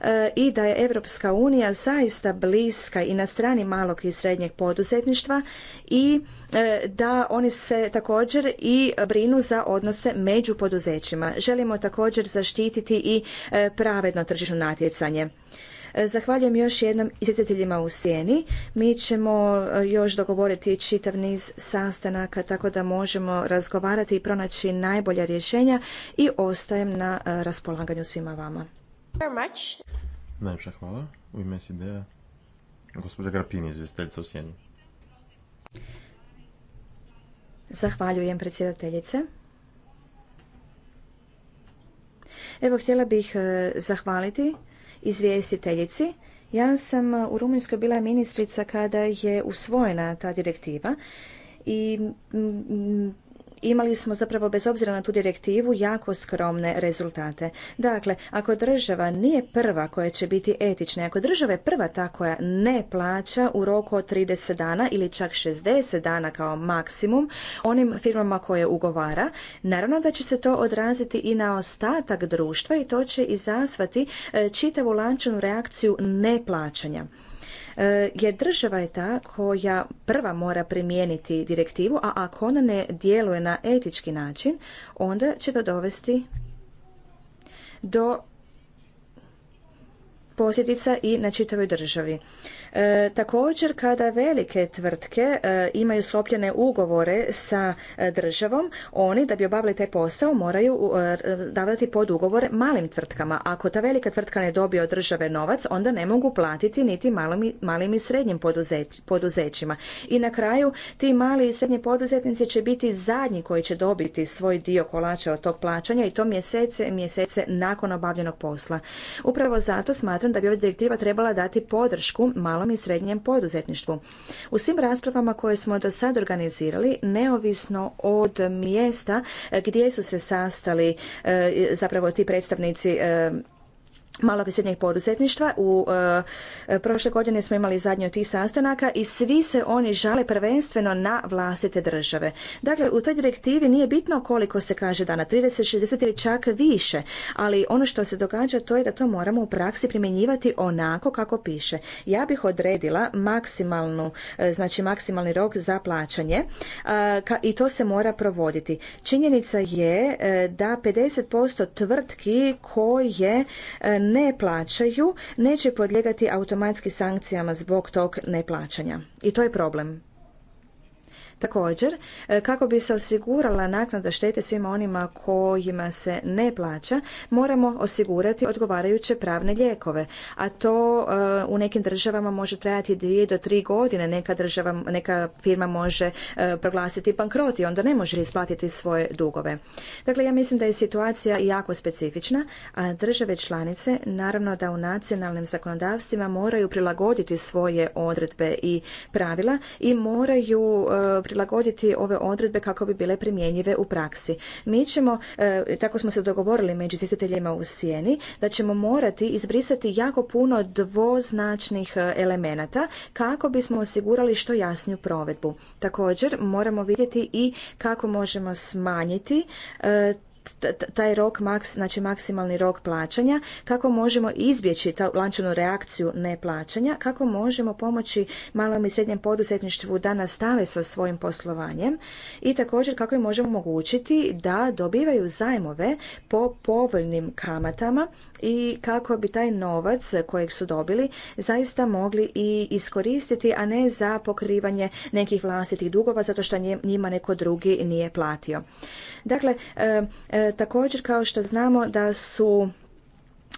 e, i da je Europska unija zaista bliska i na strani malog i srednjeg poduzetništva i e, da oni se također i brinu za odnose među poduzećima. Želimo također zaštititi i pravedno tržišno natjecanje. Zahvaljujem još jednom izvjestiteljima u sjeni. Mi ćemo e, još dogovoriti čitav niz sastanaka tako da možemo razgovarati i pronaći najbolja rješenja i ostajem na e, raspolaganju svima vama. hvala. U ime sid gospođa Grapini, izvjestiteljica u sjeni. Zahvaljujem predsjedateljice. Evo, htjela bih e, zahvaliti izvjestiteljici. Ja sam e, u Rumunjskoj bila ministrica kada je usvojena ta direktiva i imali smo zapravo bez obzira na tu direktivu jako skromne rezultate. Dakle, ako država nije prva koja će biti etična, ako država je prva ta koja ne plaća u roku od 30 dana ili čak 60 dana kao maksimum onim firmama koje ugovara, naravno da će se to odraziti i na ostatak društva i to će izazvati e, čitavu lančanu reakciju neplaćanja. E, jer država je ta koja prva mora primijeniti direktivu, a ako ona ne djeluje na etički način, onda će to dovesti do posljedica i na čitavoj državi. E, također kada velike tvrtke e, imaju sklopljene ugovore sa e, državom, oni da bi obavili taj posao moraju davati podugovore malim tvrtkama. Ako ta velika tvrtka ne dobije od države novac, onda ne mogu platiti niti malim i srednjim poduzećima. I na kraju ti mali i srednji poduzetnici će biti zadnji koji će dobiti svoj dio kolača od tog plaćanja i to mjesece mjesece nakon obavljenog posla. Upravo zato smatram da bi ova direktiva trebala dati podršku malom malom i srednjem poduzetništvu. U svim raspravama koje smo do sad organizirali, neovisno od mjesta gdje su se sastali e, zapravo ti predstavnici e, malog i srednjeg poduzetništva. U e, prošle godine smo imali zadnji od tih sastanaka i svi se oni žale prvenstveno na vlastite države. Dakle, u toj direktivi nije bitno koliko se kaže dana, 30, 60 ili čak više, ali ono što se događa to je da to moramo u praksi primjenjivati onako kako piše. Ja bih odredila maksimalnu, e, znači maksimalni rok za plaćanje e, i to se mora provoditi. Činjenica je da 50% tvrtki koje ne plaćaju neće podlijegati automatski sankcijama zbog tog neplaćanja. I to je problem. Također, e, kako bi se osigurala naknada štete svima onima kojima se ne plaća, moramo osigurati odgovarajuće pravne lijekove, a to e, u nekim državama može trajati dvije do tri godine, neka država, neka firma može e, proglasiti bankrot i onda ne može isplatiti svoje dugove. Dakle, ja mislim da je situacija jako specifična, a države članice naravno da u nacionalnim zakonodavstvima moraju prilagoditi svoje odredbe i pravila i moraju prilagoditi ove odredbe kako bi bile primjenjive u praksi. Mi ćemo, e, tako smo se dogovorili među izvjestiteljima u sjeni, da ćemo morati izbrisati jako puno dvoznačnih e, elemenata kako bismo osigurali što jasniju provedbu. Također moramo vidjeti i kako možemo smanjiti e, taj rok, znači maksimalni rok plaćanja, kako možemo izbjeći ta lančanu reakciju neplaćanja, kako možemo pomoći malom i srednjem poduzetništvu da nastave sa svojim poslovanjem i također kako im možemo omogućiti da dobivaju zajmove po povoljnim kamatama i kako bi taj novac kojeg su dobili zaista mogli i iskoristiti, a ne za pokrivanje nekih vlastitih dugova zato što njima neko drugi nije platio. Dakle, e, e, također kao što znamo da su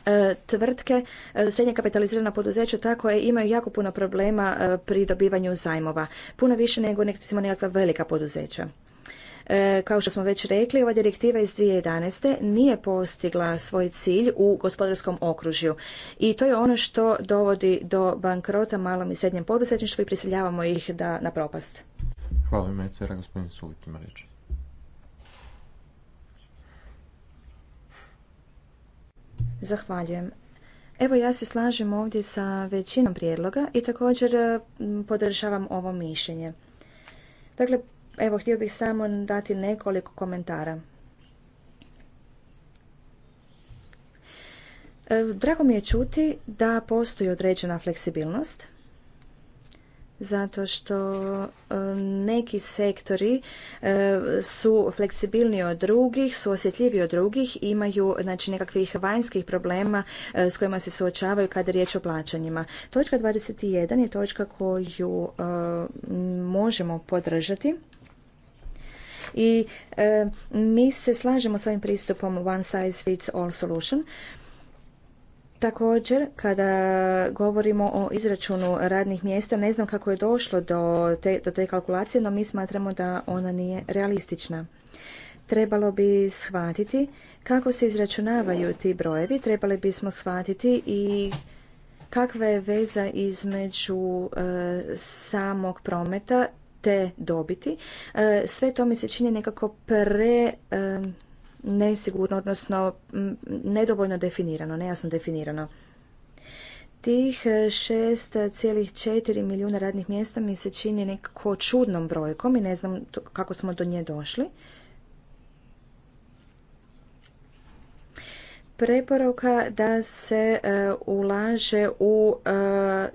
e, tvrtke, srednje kapitalizirana poduzeća tako je imaju jako puno problema pri dobivanju zajmova. Puno više nego nekakva velika poduzeća. E, kao što smo već rekli, ova direktiva iz 2011. nije postigla svoj cilj u gospodarskom okružju. I to je ono što dovodi do bankrota malom i srednjem poduzetništvu i prisiljavamo ih da na propast. Hvala vam, gospodin Sulik ima Zahvaljujem. Evo ja se slažem ovdje sa većinom prijedloga i također podržavam ovo mišljenje. Dakle, Evo, htio bih samo dati nekoliko komentara. E, drago mi je čuti da postoji određena fleksibilnost, zato što e, neki sektori e, su fleksibilniji od drugih, su osjetljiviji od drugih, imaju znači, nekakvih vanjskih problema s kojima se suočavaju kada je riječ o plaćanjima. Točka 21 je točka koju možemo podržati i e, mi se slažemo s ovim pristupom one size fits all solution. Također, kada govorimo o izračunu radnih mjesta, ne znam kako je došlo do te, do te kalkulacije, no mi smatramo da ona nije realistična trebalo bi shvatiti kako se izračunavaju ti brojevi, trebali bismo shvatiti i kakva je veza između e, samog prometa te dobiti. E, sve to mi se čini nekako pre e, nesigurno, odnosno nedovoljno definirano, nejasno definirano. Tih 6,4 e, milijuna radnih mjesta mi se čini nekako čudnom brojkom i ne znam kako smo do nje došli. preporuka da se ulaže u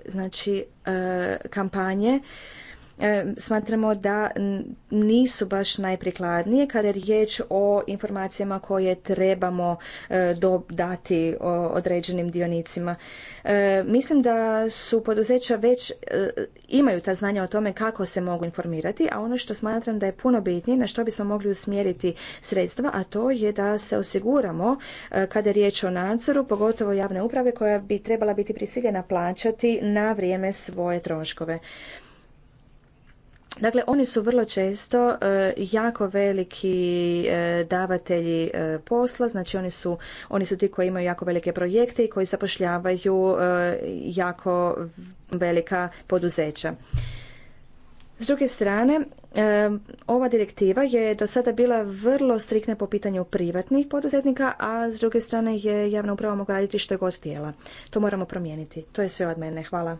znači kampanje E, smatramo da nisu baš najprikladnije kada je riječ o informacijama koje trebamo e, dati određenim dionicima. E, mislim da su poduzeća već imaju ta znanja o tome kako se mogu informirati, a ono što smatram da je puno bitnije na što bismo mogli usmjeriti sredstva, a to je da se osiguramo kada je riječ o nadzoru, pogotovo javne uprave koja bi trebala biti prisiljena plaćati na vrijeme svoje troškove. Dakle, oni su vrlo često e, jako veliki e, davatelji e, posla, znači oni su, oni su ti koji imaju jako velike projekte i koji zapošljavaju jako velika poduzeća. S druge strane, ova direktiva je do sada bila vrlo striktna po pitanju privatnih poduzetnika, a s druge strane je javna uprava mogla raditi što je god tijela. To moramo promijeniti. To je sve od mene. Hvala.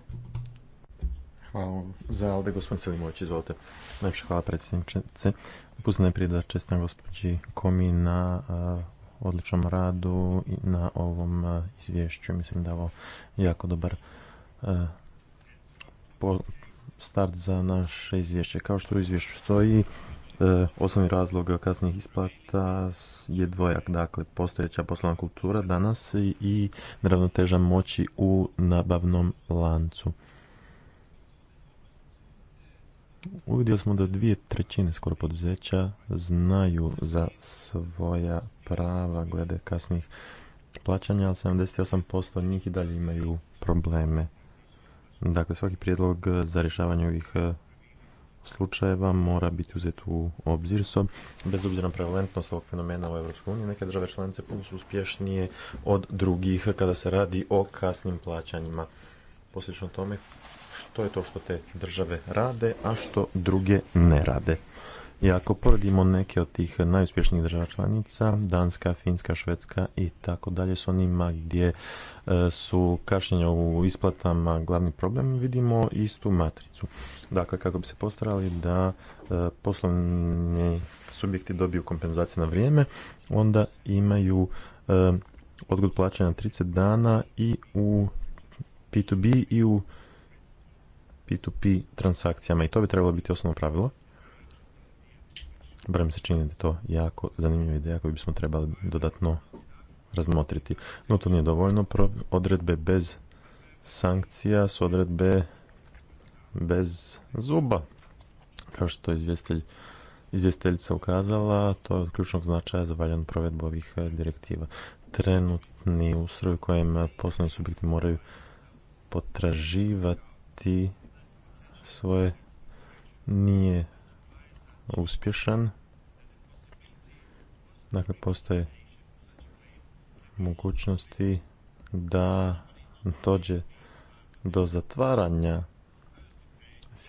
Hvala za ovdje, gospodin Selimović, izvolite. hvala predsjedniče. Dopustite najprije da čestam gospođi Komi na odličnom radu i na ovom izvješću. Mislim da je ovo jako dobar start za naše izvješće. Kao što u izvješću stoji, e, osnovni razlog kasnijih isplata je dvojak. Dakle, postojeća poslovna kultura danas i neravnoteža moći u nabavnom lancu uvidjeli smo da dvije trećine skoro poduzeća znaju za svoja prava glede kasnih plaćanja, ali 78% njih i dalje imaju probleme. Dakle, svaki prijedlog za rješavanje ovih e, slučajeva mora biti uzet u obzir Bez obzira na prevalentnost ovog fenomena u EU, neke države članice puno su uspješnije od drugih kada se radi o kasnim plaćanjima. Poslično tome, što je to što te države rade, a što druge ne rade. I ako poredimo neke od tih najuspješnijih država članica, Danska, Finska, Švedska i tako dalje s onima gdje e, su kašnjenja u isplatama glavni problem, vidimo istu matricu. Dakle, kako bi se postarali da e, poslovni subjekti dobiju kompenzacije na vrijeme, onda imaju e, odgod plaćanja 30 dana i u P2B i u P2P transakcijama i to bi trebalo biti osnovno pravilo. mi se čini da je to jako zanimljiva ideja koju bismo trebali dodatno razmotriti. No to nije dovoljno. Odredbe bez sankcija su odredbe bez zuba. Kao što je izvjesteljica ukazala, to je od ključnog značaja za valjan provedbu ovih e, direktiva. Trenutni ustroj u kojem poslovni subjekti moraju potraživati svoje nije uspješan. Dakle, postoje mogućnosti da dođe do zatvaranja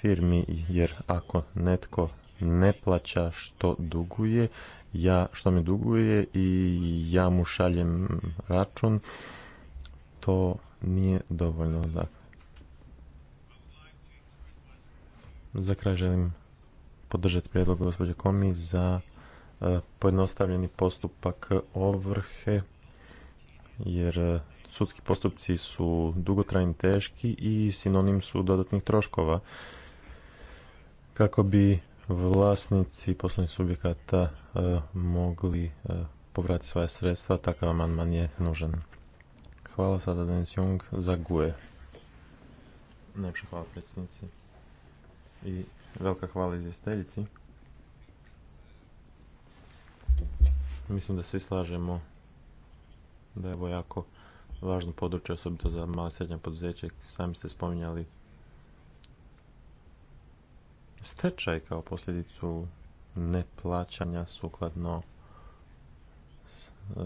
firmi, jer ako netko ne plaća što duguje, ja, što mi duguje i ja mu šaljem račun, to nije dovoljno. Dakle, Za kraj želim podržati prijedlog gospođe Komi za e, pojednostavljeni postupak ovrhe, jer e, sudski postupci su dugotrajni, teški i sinonim su dodatnih troškova. Kako bi vlasnici poslovnih subjekata e, mogli povratiti svoje sredstva, takav amandman je nužan. Hvala sada Denis Jung za GUE. Najprej hvala predsjednici i velika hvala izvjestiteljici. Mislim da svi slažemo da je ovo jako važno područje, osobito za mala srednje poduzeće, Sami ste spominjali stečaj kao posljedicu neplaćanja sukladno e,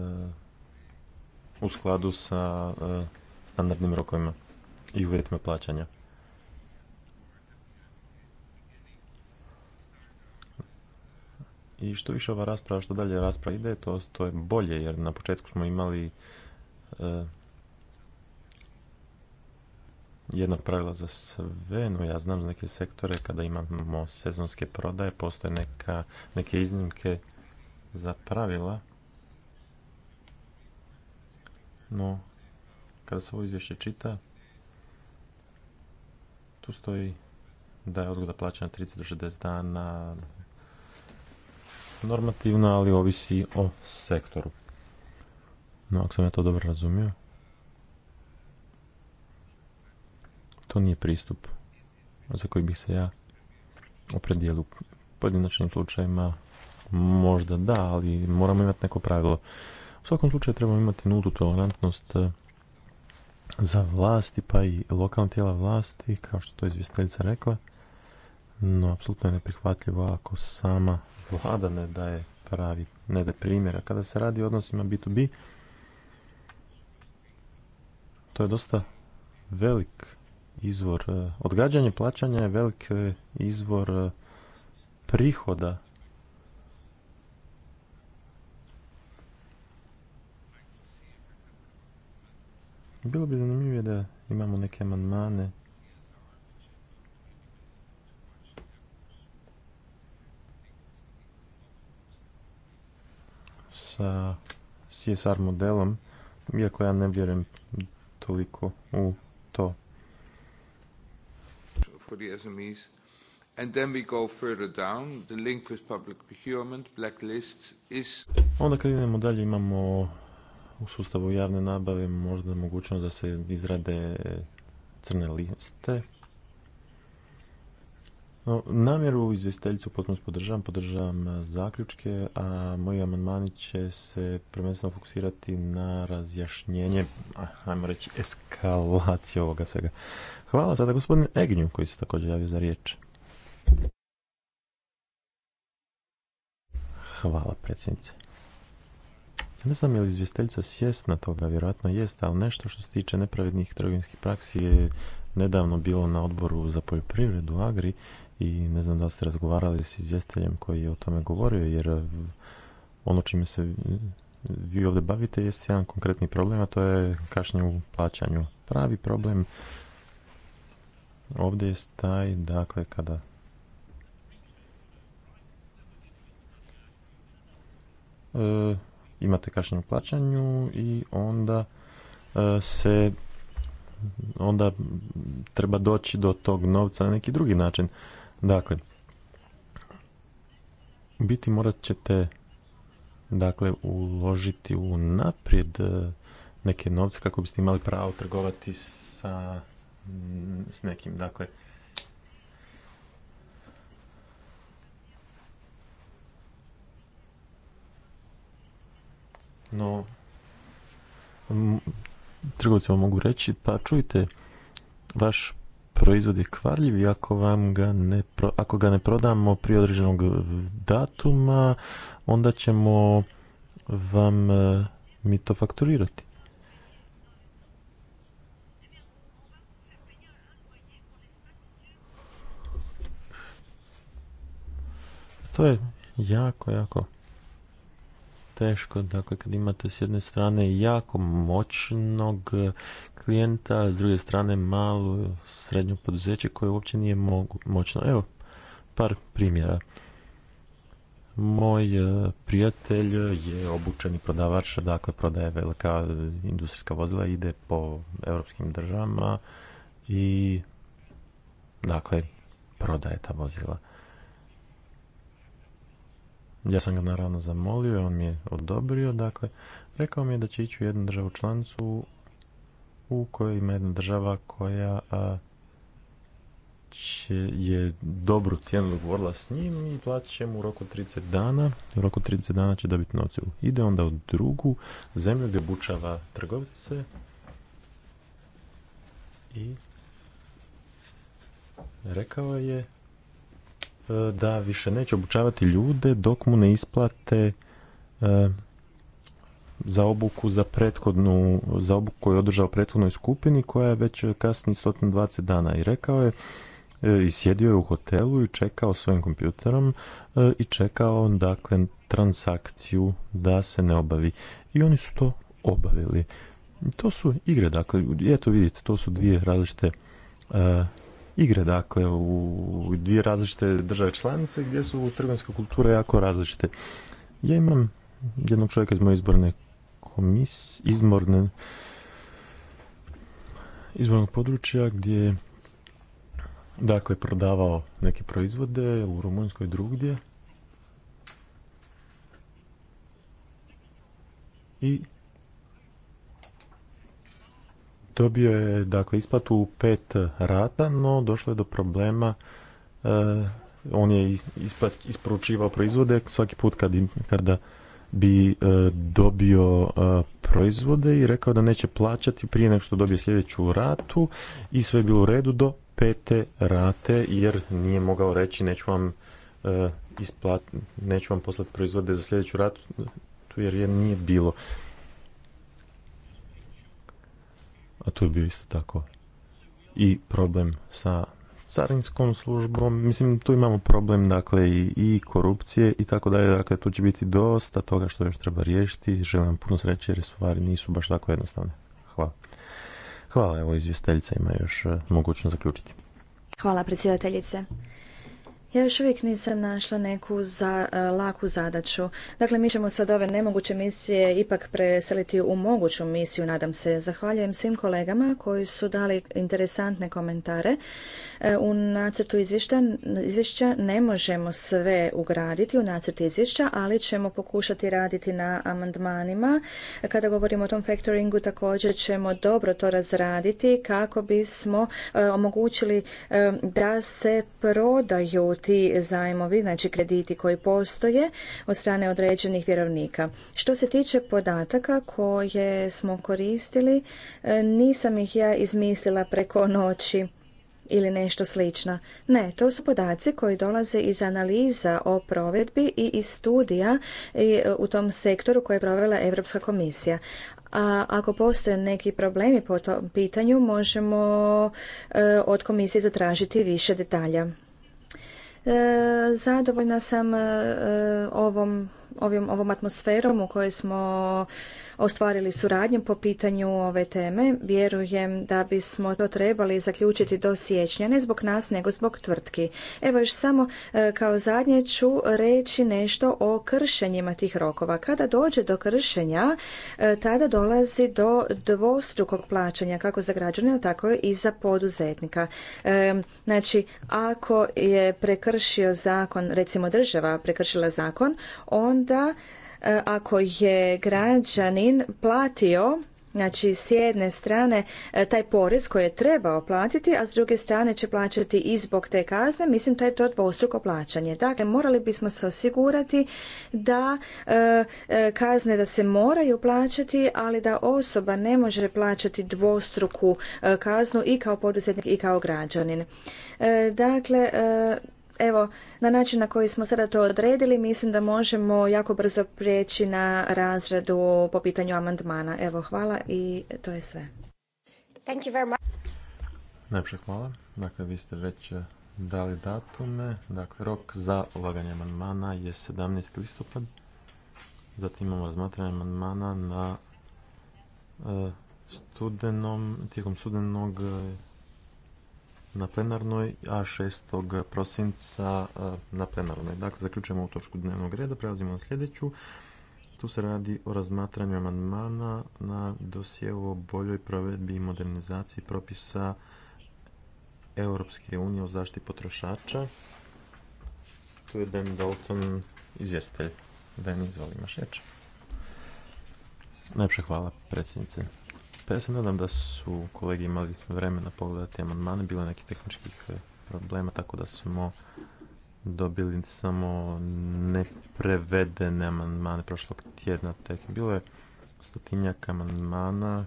u skladu sa e, standardnim rokovima i uvjetima plaćanja. I što više ova rasprava, što dalje rasprava ide, to, to je bolje, jer na početku smo imali uh, pravila za sve, no ja znam za neke sektore kada imamo sezonske prodaje, postoje neka, neke iznimke za pravila, no kada se ovo izvješće čita, tu stoji da je odgoda plaćena 30 do 60 dana, normativna, ali ovisi o sektoru. No, ako sam ja to dobro razumio, to nije pristup za koji bih se ja opredijelio. U pojedinačnim slučajima možda da, ali moramo imati neko pravilo. U svakom slučaju trebamo imati nudu tolerantnost eh, za vlasti, pa i lokalna tijela vlasti, kao što to izvjestiteljica rekla. No, apsolutno je neprihvatljivo ako sama vlada ne daje pravi, ne daje primjera. Kada se radi o odnosima B2B, to je dosta velik izvor, e, odgađanje plaćanja je velik e, izvor e, prihoda Bilo bi zanimljivije da imamo neke amandmane sa CSR modelom, iako ja ne vjerujem toliko u to. For the SMEs. And then we Onda kad idemo dalje imamo u sustavu javne nabave možda mogućnost da se izrade crne liste no, namjeru u potpuno podržavam, podržavam e, zaključke, a moji amandmani će se prvenstveno fokusirati na razjašnjenje, ajmo reći, eskalacije ovoga svega. Hvala sada gospodin Egnju koji se također javio za riječ. Hvala predsjednice. Ne znam je li izvjestiteljica svjesna toga, vjerojatno jest, ali nešto što se tiče nepravednih trgovinskih praksi je nedavno bilo na odboru za poljoprivredu Agri i ne znam da ste razgovarali s izvjestiteljem koji je o tome govorio, jer eh, ono čime se eh, vi ovdje bavite jest jedan konkretni problem, a to je kašnje u plaćanju. Pravi problem ovdje je taj, dakle, kada eh, imate kašnjenje u plaćanju i onda se onda treba doći do tog novca na neki drugi način. Dakle, biti morat ćete dakle uložiti u naprijed e, neke novce kako biste imali pravo trgovati sa s nekim. Dakle, no trgovci vam mogu reći pa čujte vaš proizvod je kvarljiv i ako, vam ga ne, ako ga ne prodamo prije određenog datuma, onda ćemo vam e, mi to fakturirati. To je jako, jako teško. Dakle, kad imate s jedne strane jako moćnog e, klijenta, s druge strane malo srednje poduzeće koje uopće nije moćno. Evo, par primjera. Moj e, prijatelj je obučeni prodavač, dakle prodaje velika industrijska vozila, ide po europskim državama i dakle prodaje ta vozila. Ja sam ga naravno zamolio, on mi je odobrio, dakle, rekao mi je da će ići u jednu državu članicu u kojoj ima jedna država koja a, će, je dobru cijenu dogovorila s njim i platit će mu u roku 30 dana. U roku 30 dana će dobiti novce. Ide onda u drugu zemlju gdje obučava trgovice i rekao je da više neće obučavati ljude dok mu ne isplate e, za obuku za prethodnu, za obuku koju je održao prethodnoj skupini koja je već kasni 120 dana i rekao je e, i sjedio je u hotelu i čekao svojim kompjuterom e, i čekao dakle transakciju da se ne obavi i oni su to obavili. To su igre, dakle, eto vidite, to su dvije različite igre, dakle, u dvije različite države članice gdje su trgovinske kulture jako različite. Ja imam jednog čovjeka iz moje izborne komisije, izborne, izbornog područja gdje je dakle prodavao neke proizvode u Rumunjskoj drugdje i Dobio je dakle isplatu u pet rata, no došlo je do problema. E, on je isporučivao proizvode svaki put kad, kada bi e, dobio e, proizvode i rekao da neće plaćati prije nego što dobije sljedeću ratu i sve je bilo u redu do pete rate jer nije mogao reći neću vam isplat, neću vam poslati proizvode za sljedeću ratu jer je nije bilo. a tu je bio isto tako i problem sa carinskom službom. Mislim, tu imamo problem, dakle, i, i korupcije i tako dalje. Dakle, tu će biti dosta toga što još treba riješiti. Želim vam puno sreće jer stvari nisu baš tako jednostavne. Hvala. Hvala, evo, izvjesteljica ima još e, mogućnost zaključiti. Hvala, predsjedateljice. Ja još uvijek nisam našla neku za, e, laku zadaću. Dakle, mi ćemo sad ove nemoguće misije ipak preseliti u moguću misiju, nadam se. Zahvaljujem svim kolegama koji su dali interesantne komentare. E, u nacrtu izvješća ne možemo sve ugraditi u nacrt izvješća, ali ćemo pokušati raditi na amandmanima. Kada govorimo o tom factoringu, također ćemo dobro to razraditi kako bismo e, omogućili da se prodaju ti zajmovi, znači krediti koji postoje od strane određenih vjerovnika. Što se tiče podataka koje smo koristili, e, nisam ih ja izmislila preko noći ili nešto slično. Ne, to su podaci koji dolaze iz analiza o provedbi i iz studija e, u tom sektoru koje je provela Europska komisija. A ako postoje neki problemi po tom pitanju, možemo e, od komisije zatražiti više detalja. E, zadovoljna sam e, ovom, ovim, ovom atmosferom u kojoj smo ostvarili suradnju po pitanju ove teme. Vjerujem da bismo to trebali zaključiti do siječnja, ne zbog nas, nego zbog tvrtki. Evo još samo e, kao zadnje ću reći nešto o kršenjima tih rokova. Kada dođe do kršenja, e, tada dolazi do dvostrukog plaćanja, kako za građanina, tako i za poduzetnika. E, znači, ako je prekršio zakon, recimo država prekršila zakon, onda E, ako je građanin platio Znači, s jedne strane e, taj porez koji je trebao platiti, a s druge strane će plaćati i zbog te kazne, mislim da je to dvostruko plaćanje. Dakle, morali bismo se osigurati da e, kazne da se moraju plaćati, ali da osoba ne može plaćati dvostruku kaznu i kao poduzetnik i kao građanin. dakle, evo, na način na koji smo sada to odredili, mislim da možemo jako brzo prijeći na razredu po pitanju amandmana. Evo, hvala i to je sve. Thank you very much. hvala. Dakle, vi ste već eh, dali datume. Dakle, rok za ulaganje amandmana je 17. listopad. Zatim imamo razmatranje amandmana na eh, studenom, tijekom studenog eh, na plenarnoj, a 6. prosinca e, na plenarnoj. Dakle, zaključujemo ovu točku dnevnog reda, prelazimo na sljedeću. Tu se radi o razmatranju amandmana na dosje o boljoj provedbi i modernizaciji propisa Europske unije o zaštiti potrošača. Tu je Dan Dalton, izvjestelj. ben izvoli, imaš reč. Najpše hvala, predsjednice. Pa ja se nadam da su kolege imali vremena pogledati amandmane, bilo je nekih tehničkih e, problema, tako da smo dobili samo neprevedene amandmane prošlog tjedna tek. Bilo je stotinjak amandmana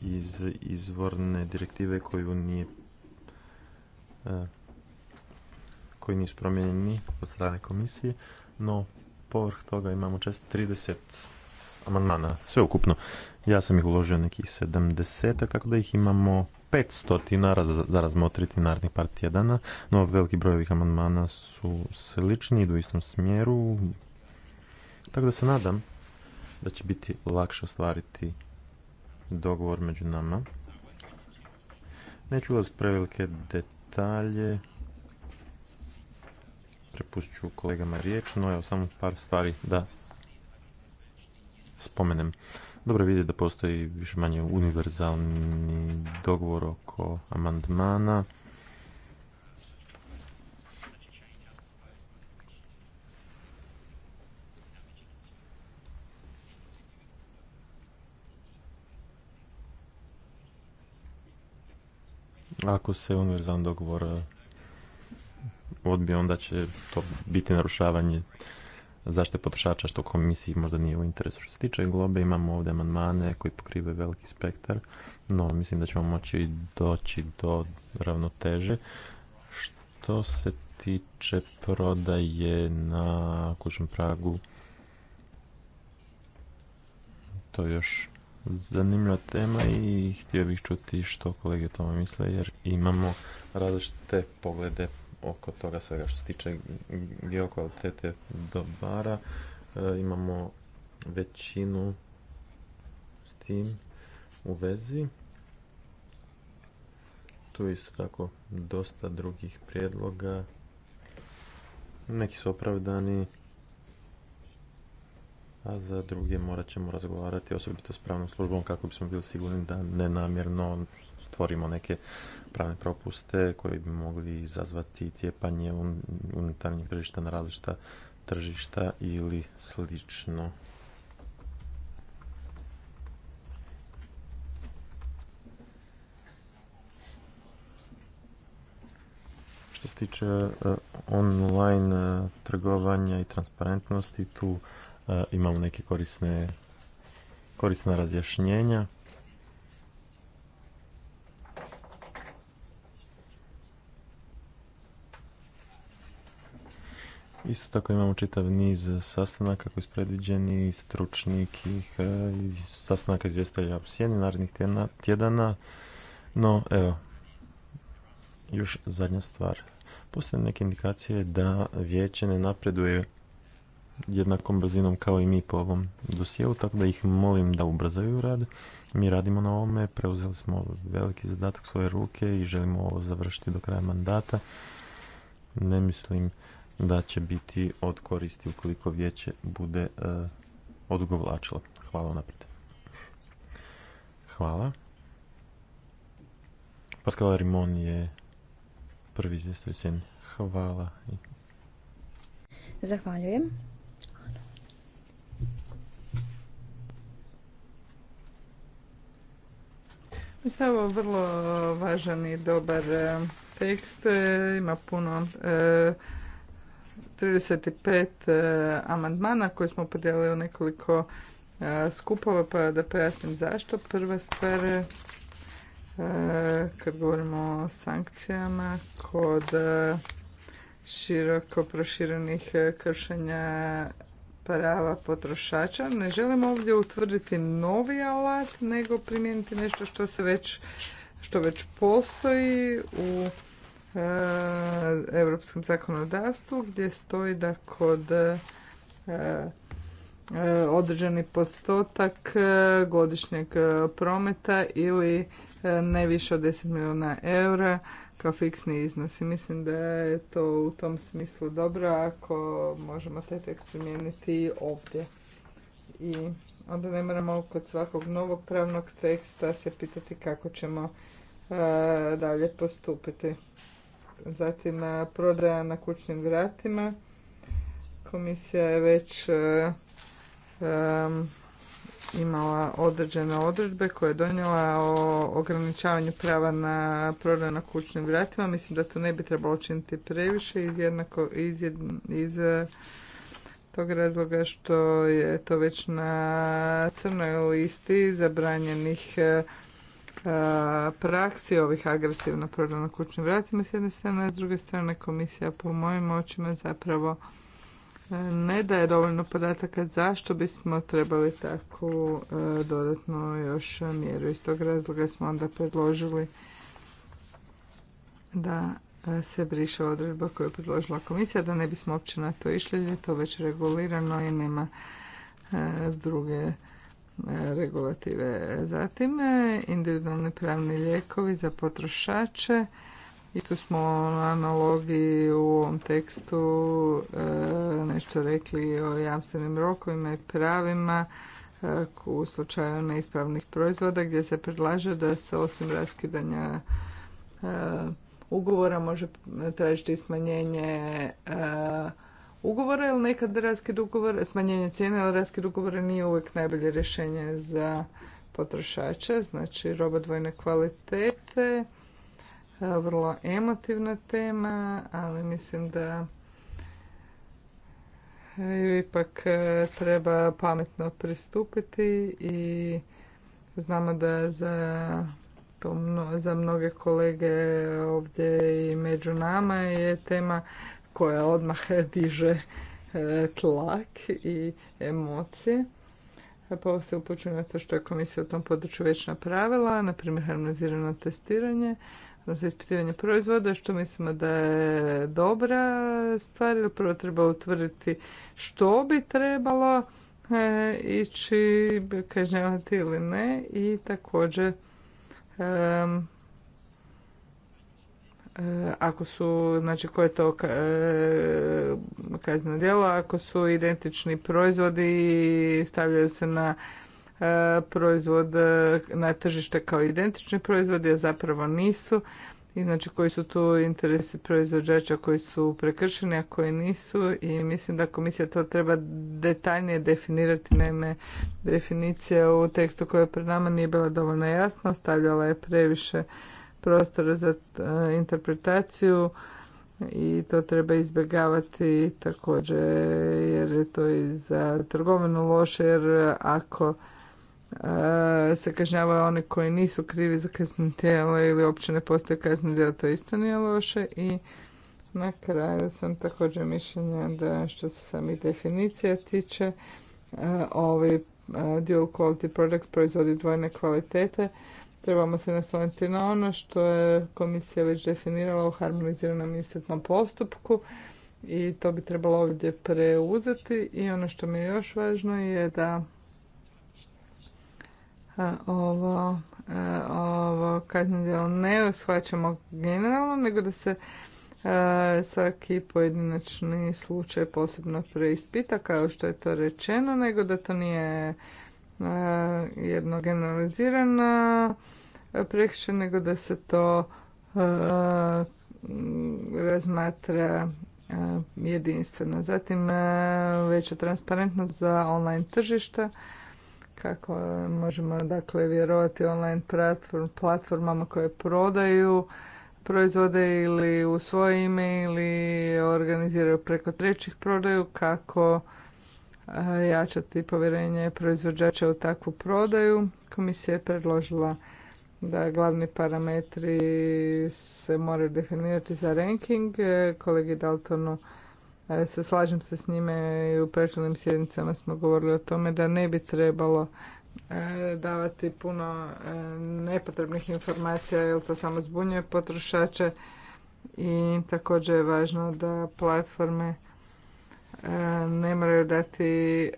iz izvorne direktive koju nije e, koji nisu promijenjeni od strane komisije, no povrh toga imamo često 30 amandmana, sve ukupno. Ja sam ih uložio nekih 70, tako da ih imamo 500 raz, za razmotriti narednih par tjedana, no veliki broj ovih amandmana su slični, idu u istom smjeru, tako da se nadam da će biti lakše ostvariti dogovor među nama. Neću ulaziti prevelike detalje, prepustit ću kolegama riječ, no evo samo par stvari da spomenem. Dobro vidi da postoji više manje univerzalni dogovor oko amandmana. Ako se univerzalni dogovor odbije, onda će to biti narušavanje zaštite potrošača što komisiji možda nije u interesu. Što se tiče globe imamo ovdje amandmane koji pokrive veliki spektar, no mislim da ćemo moći doći do ravnoteže. Što se tiče prodaje na kućnom pragu, to je još zanimljiva tema i htio bih čuti što kolege o tome misle jer imamo različite poglede oko toga svega što se tiče geokvalitete dobara. E, imamo većinu s tim u vezi. Tu je isto tako dosta drugih prijedloga. Neki su opravdani, a za druge morat ćemo razgovarati, osobito s pravnom službom, kako bismo bili sigurni da nenamjerno otvorimo neke pravne propuste koji bi mogli izazvati cijepanje unutarnjeg tržišta na različita tržišta ili slično. Što se tiče e, online e, trgovanja i transparentnosti, tu e, imamo neke korisne, korisna razjašnjenja. Isto tako imamo čitav niz sastanaka koji su predviđeni, e, i sastanaka izvjestelja u sjeni narednih tjedana. No, evo, još zadnja stvar. Postoje neke indikacije da vijeće ne napreduje jednakom brzinom kao i mi po ovom dosijelu, tako da ih molim da ubrzaju rad. Mi radimo na ovome, preuzeli smo veliki zadatak svoje ruke i želimo ovo završiti do kraja mandata. Ne mislim da će biti od koristi ukoliko vijeće bude e, odugovlačilo. Hvala naprijed. Hvala. Pascal Rimon je prvi izvjestitelj Hvala. Zahvaljujem. Mislim da je vrlo važan i dobar e, tekst. E, ima puno e, 35 e, amandmana koje smo podijelili u nekoliko e, skupova, pa da pojasnim zašto. Prva stvar e, kad govorimo o sankcijama kod široko proširenih kršenja prava potrošača. Ne želimo ovdje utvrditi novi alat, nego primijeniti nešto što se već, što već postoji u E, europskom zakonodavstvu gdje stoji da kod e, e, određeni postotak godišnjeg prometa ili ne više od 10 milijuna eura kao fiksni iznos. I mislim da je to u tom smislu dobro ako možemo taj tekst primijeniti ovdje. I onda ne moramo kod svakog novog pravnog teksta se pitati kako ćemo dalje postupiti. Zatim eh, prodaja na kućnim vratima. Komisija je već eh, imala određene odredbe koje je donijela o ograničavanju prava na prodaju na kućnim vratima. Mislim da to ne bi trebalo činiti previše iz, jednako, iz, iz eh, tog razloga što je to već na crnoj listi zabranjenih E, praksi ovih agresivno prodano kućnim vratima s jedne strane, a s druge strane komisija po mojim očima zapravo e, ne daje dovoljno podataka zašto bismo trebali takvu e, dodatnu još mjeru. Iz tog razloga smo onda predložili da se briše odredba koju je predložila komisija, da ne bismo uopće na to išli, jer je to već regulirano i nema druge regulative. zatime, individualni pravni lijekovi za potrošače i tu smo na analogiji u ovom tekstu e, nešto rekli o jamstvenim rokovima i pravima e, u slučaju neispravnih proizvoda gdje se predlaže da se osim raskidanja e, ugovora može tražiti smanjenje ugovora ili nekad raskid ugovora, smanjenje cijene ali raskid ugovora nije uvijek najbolje rješenje za potrošače, znači roba dvojne kvalitete, e, vrlo emotivna tema, ali mislim da ipak e, treba pametno pristupiti i znamo da za za mnoge kolege ovdje i među nama je tema koja odmah diže e, tlak i emocije. Pa se upućuje na to što je komisija u tom području već napravila, na primjer harmonizirano testiranje, odnosno ispitivanje proizvoda, što mislimo da je dobra stvar, prvo treba utvrditi što bi trebalo e, ići kažnjavati ili ne i također E, ako su, znači koje je to e, kazneno djela, ako su identični proizvodi i stavljaju se na e, proizvod na tržište kao identični proizvodi, a zapravo nisu. I znači koji su tu interesi proizvođača koji su prekršeni, a koji nisu. I mislim da komisija to treba detaljnije definirati. Naime, definicija u tekstu koja je pred nama nije bila dovoljno jasna, stavljala je previše prostora za e, interpretaciju i to treba izbjegavati također jer je to i za trgovinu loše jer ako e, se kažnjavaju oni koji nisu krivi za kazneno ili uopće ne postoje kazneno to isto nije loše i na kraju sam također mišljenja da što se sami definicija tiče, e, ovi dual quality products proizvodi dvojne kvalitete, Trebamo se nasloniti na ono što je komisija već definirala u harmoniziranom istotnom postupku i to bi trebalo ovdje preuzeti i ono što mi je još važno je da ovo, ovo kazneno djelo ne shvaćamo generalno, nego da se svaki pojedinačni slučaj posebno preispita kao što je to rečeno, nego da to nije E, jedno generalizirana prekršaj, nego da se to e, razmatra e, jedinstveno. Zatim veća transparentnost za online tržišta, kako možemo dakle vjerovati online platformama koje prodaju proizvode ili u svoje ime ili organiziraju preko trećih prodaju, kako jačati povjerenje proizvođača u takvu prodaju. Komisija je predložila da glavni parametri se moraju definirati za ranking. Kolegi Daltonu se slažem se s njime i u prethodnim sjednicama smo govorili o tome da ne bi trebalo davati puno nepotrebnih informacija jer to samo zbunjuje potrošače i također je važno da platforme E, ne moraju dati e,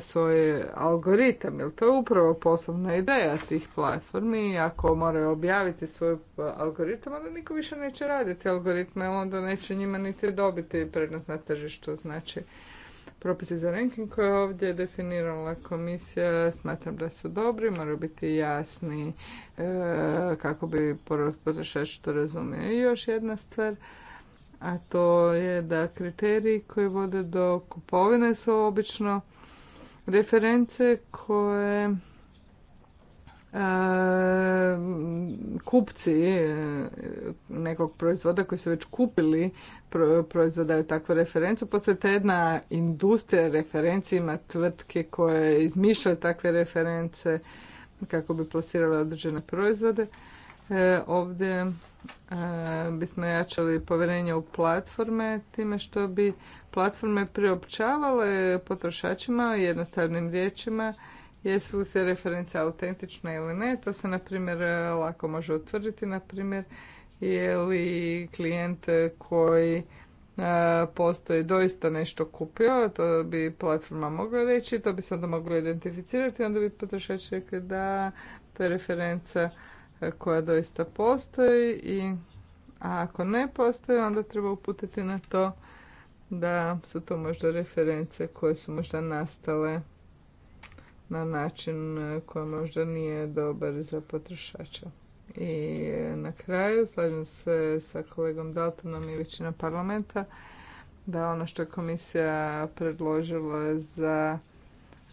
svoj algoritam, jer to je upravo poslovna ideja tih platformi. Ako moraju objaviti svoj algoritam, onda niko više neće raditi algoritme, onda neće njima niti dobiti prednost na tržištu. Znači, propisi za ranking koje je ovdje definirala komisija, smatram da su dobri, moraju biti jasni e, kako bi potrošač to razumio. I još jedna stvar, a to je da kriteriji koji vode do kupovine su obično reference koje e, kupci e, nekog proizvoda koji su već kupili proizvoda takvu referencu. Postoje ta jedna industrija referencima tvrtke koje izmišljaju takve reference kako bi plasirale određene proizvode. E, ovdje e, bismo jačali povjerenje u platforme time što bi platforme priopćavale potrošačima jednostavnim riječima jesu li te reference autentične ili ne. To se, na primjer, lako može utvrditi. Na primjer, je li klijent koji e, postoji doista nešto kupio, to bi platforma mogla reći, to bi se onda moglo identificirati, onda bi potrošač rekli da to je referenca koja doista postoji i a ako ne postoji onda treba uputiti na to da su to možda reference koje su možda nastale na način e, koji možda nije dobar za potrošača. I e, na kraju slažem se sa kolegom Daltonom i većina parlamenta da ono što je komisija predložila za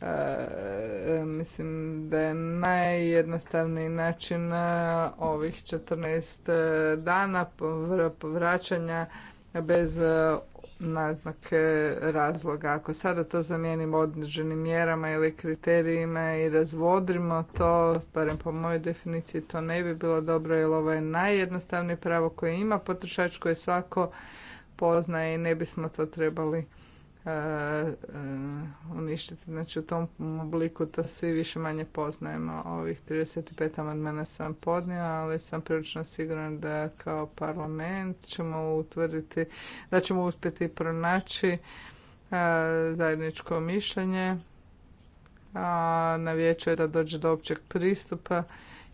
E, mislim da je najjednostavniji način e, ovih 14 e, dana povraćanja bez naznake razloga. Ako sada to zamijenimo određenim mjerama ili kriterijima i razvodrimo to, barem po mojoj definiciji to ne bi bilo dobro jer ovo je najjednostavnije pravo koje ima potrošač koje svako poznaje i ne bismo to trebali E, e, uništiti. Znači u tom obliku to svi više manje poznajemo. Ovih 35 amandmana sam podnio, ali sam prilično siguran da kao parlament ćemo utvrditi, da ćemo uspjeti pronaći e, zajedničko mišljenje a na vijeću je da dođe do općeg pristupa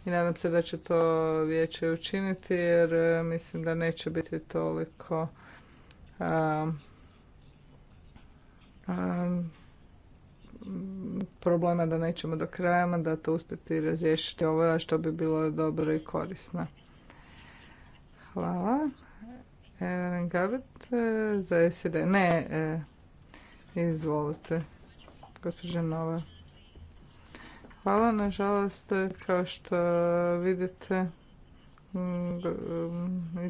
i nadam se da će to vijeće učiniti jer mislim da neće biti toliko problema da nećemo do kraja to uspjeti razriješiti ovo, a što bi bilo dobro i korisno. Hvala. Evan e, za SED. Ne, e, izvolite, gospođa Nova. Hvala, nažalost, kao što vidite, mm, e,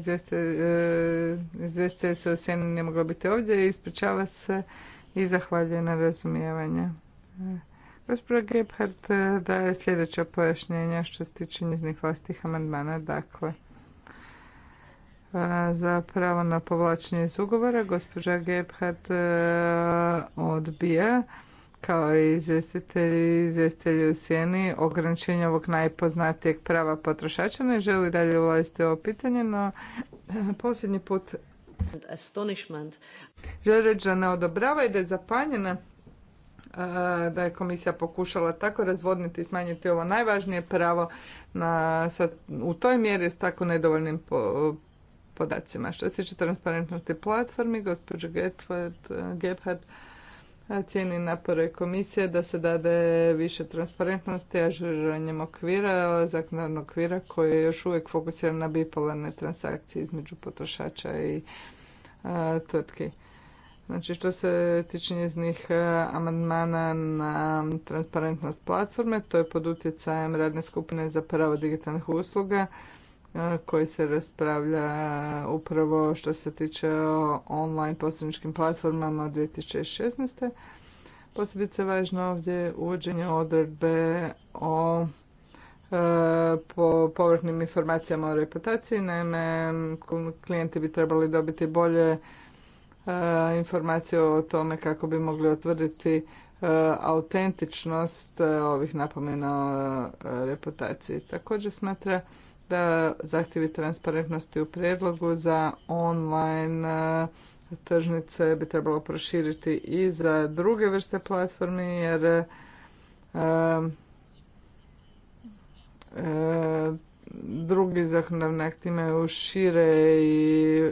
izvjestitelj se u sjeni nije mogla biti ovdje i ispričava se i zahvaljujem na razumijevanje. Gospodin Gebhardt daje sljedeća pojašnjenja što se tiče njiznih vlastih amandmana. Dakle, za pravo na povlačenje iz ugovora gospođa Gebhardt e, odbija kao i izvjestitelji i izvjestitelji u sjeni ograničenje ovog najpoznatijeg prava potrošača. Ne želi dalje ulaziti u ovo pitanje, no e, posljednji put Žele reći ne odobrava i da je zapanjena da je komisija pokušala tako razvodniti i smanjiti ovo najvažnije pravo u toj mjeri s tako nedovoljnim podacima. Što se tiče transparentnosti platformi, gospođa Gebhardt cijeni napore komisije da se dade više transparentnosti ažuriranjem okvira, zakonodavnog okvira koji je još uvijek fokusiran na bipolarne transakcije između potrošača i a, tvrtki. Znači što se tiče njeznih amandmana na transparentnost platforme, to je pod utjecajem radne skupine za pravo digitalnih usluga koji se raspravlja upravo što se tiče o online posredničkim platformama od 2016. Posebice važno ovdje uvođenje odredbe o e, po informacijama o reputaciji. Naime, klijenti bi trebali dobiti bolje e, informacije o tome kako bi mogli otvrditi e, autentičnost ovih napomena o reputaciji. Također smatra da zahtjevi transparentnosti u prijedlogu za online e, tržnice bi trebalo proširiti i za druge vrste platformi jer e, e, drugi zakonodavni akti imaju šire i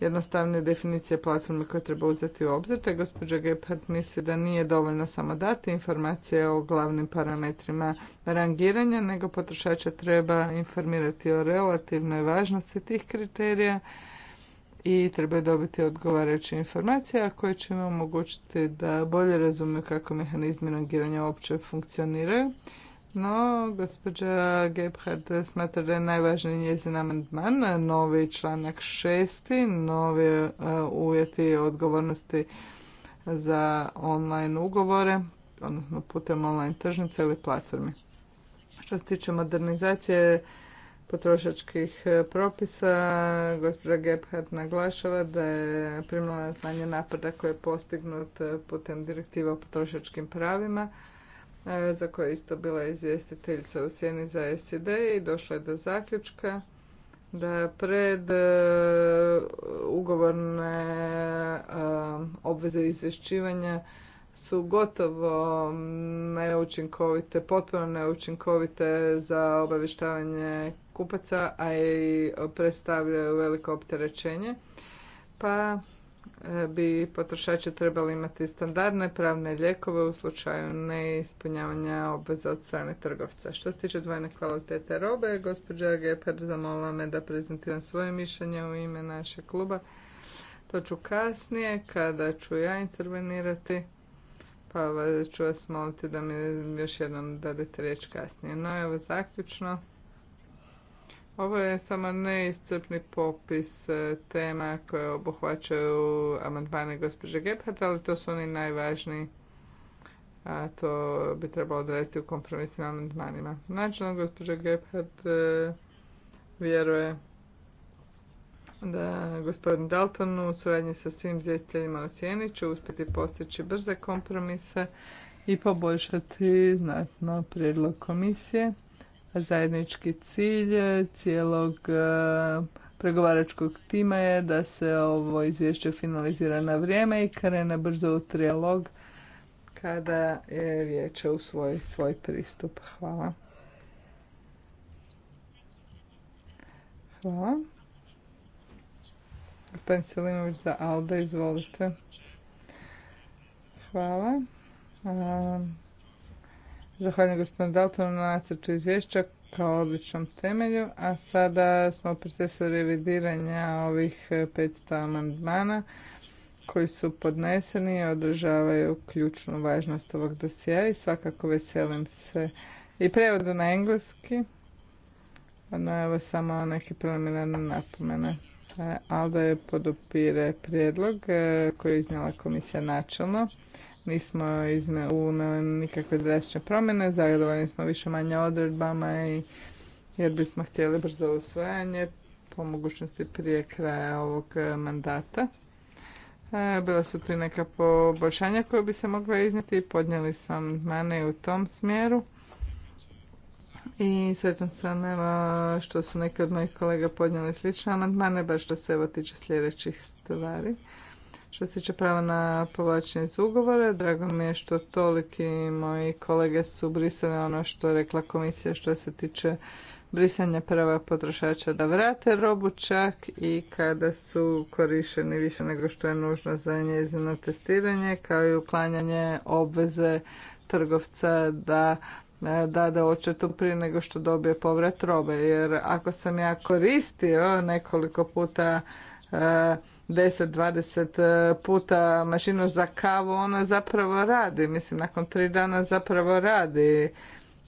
jednostavne definicije platforme koje treba uzeti u obzir, te gospođa Gephardt misli da nije dovoljno samo dati informacije o glavnim parametrima rangiranja, nego potrošača treba informirati o relativnoj važnosti tih kriterija i treba dobiti odgovarajuće informacije, koje će im omogućiti da bolje razumiju kako mehanizmi rangiranja uopće funkcioniraju no, gospođa Gebhard smatra da je najvažniji njezin amandman, novi članak šesti, novi e, uvjeti odgovornosti za online ugovore, odnosno putem online tržnice ili platformi. Što se tiče modernizacije potrošačkih e, propisa, gospođa Gebhardt naglašava da je primljena znanje napada koji je postignut e, putem direktiva o potrošačkim pravima, E, za koje je isto bila izvjestiteljica u sjeni za SED i došla je do zaključka da pred e, ugovorne e, obveze izvješćivanja su gotovo neučinkovite, potpuno neučinkovite za obavještavanje kupaca, a i predstavljaju veliko opterećenje. Pa E, bi potrošači trebali imati standardne pravne lijekove u slučaju neispunjavanja obveza od strane trgovca. Što se tiče dvojne kvalitete robe, gospođa Gepard zamolila me da prezentiram svoje mišljenje u ime našeg kluba. To ću kasnije, kada ću ja intervenirati, pa ću vas moliti da mi još jednom dadete riječ kasnije. No evo zaključno, ovo je samo neiscrpni popis e, tema koje obuhvaćaju amandmane gospođe Gebhardt, ali to su oni najvažniji. A to bi trebalo odraziti u kompromisnim amandmanima. Načelno gospođa Gebhardt e, vjeruje da gospodin Dalton u suradnji sa svim izvjestiteljima u Sijeni će uspjeti postići brze kompromise i poboljšati znatno prijedlog komisije zajednički cilj cijelog e, pregovaračkog tima je da se ovo izvješće finalizira na vrijeme i krene brzo u trijalog kada je vijeće u svoj, svoj pristup. Hvala. Hvala. Gospodin Selinović za Alde, izvolite. Hvala. E, Zahvaljujem gospodinu Daltonu na nacrtu izvješća kao odličnom temelju, a sada smo u procesu revidiranja ovih e, pet amandmana koji su podneseni i održavaju ključnu važnost ovog dosija i svakako veselim se i prevodu na engleski. je evo samo neke preliminarne napomene. E, Alda je podupire prijedlog e, koji je iznijela komisija načelno nismo izme, nikakve drastične promjene, zadovoljni smo više manje odredbama i jer bismo htjeli brzo usvajanje po mogućnosti prije kraja ovog e, mandata. E, bila su tu neka poboljšanja koja bi se mogla iznijeti i podnijeli smo amandmane u tom smjeru. I srećan sam nema što su neke od mojih kolega podnijeli slične amandmane, baš što se evo tiče sljedećih stvari. Što se tiče prava na povlačenje iz ugovora, drago mi je što toliki moji kolege su brisali ono što je rekla komisija što se tiče brisanja prava potrošača da vrate robu čak i kada su korišeni više nego što je nužno za njezino testiranje, kao i uklanjanje obveze trgovca da e, dade očetu prije nego što dobije povrat robe. Jer ako sam ja koristio nekoliko puta e, 10-20 e, puta mašinu za kavu, ona zapravo radi. Mislim, nakon tri dana zapravo radi.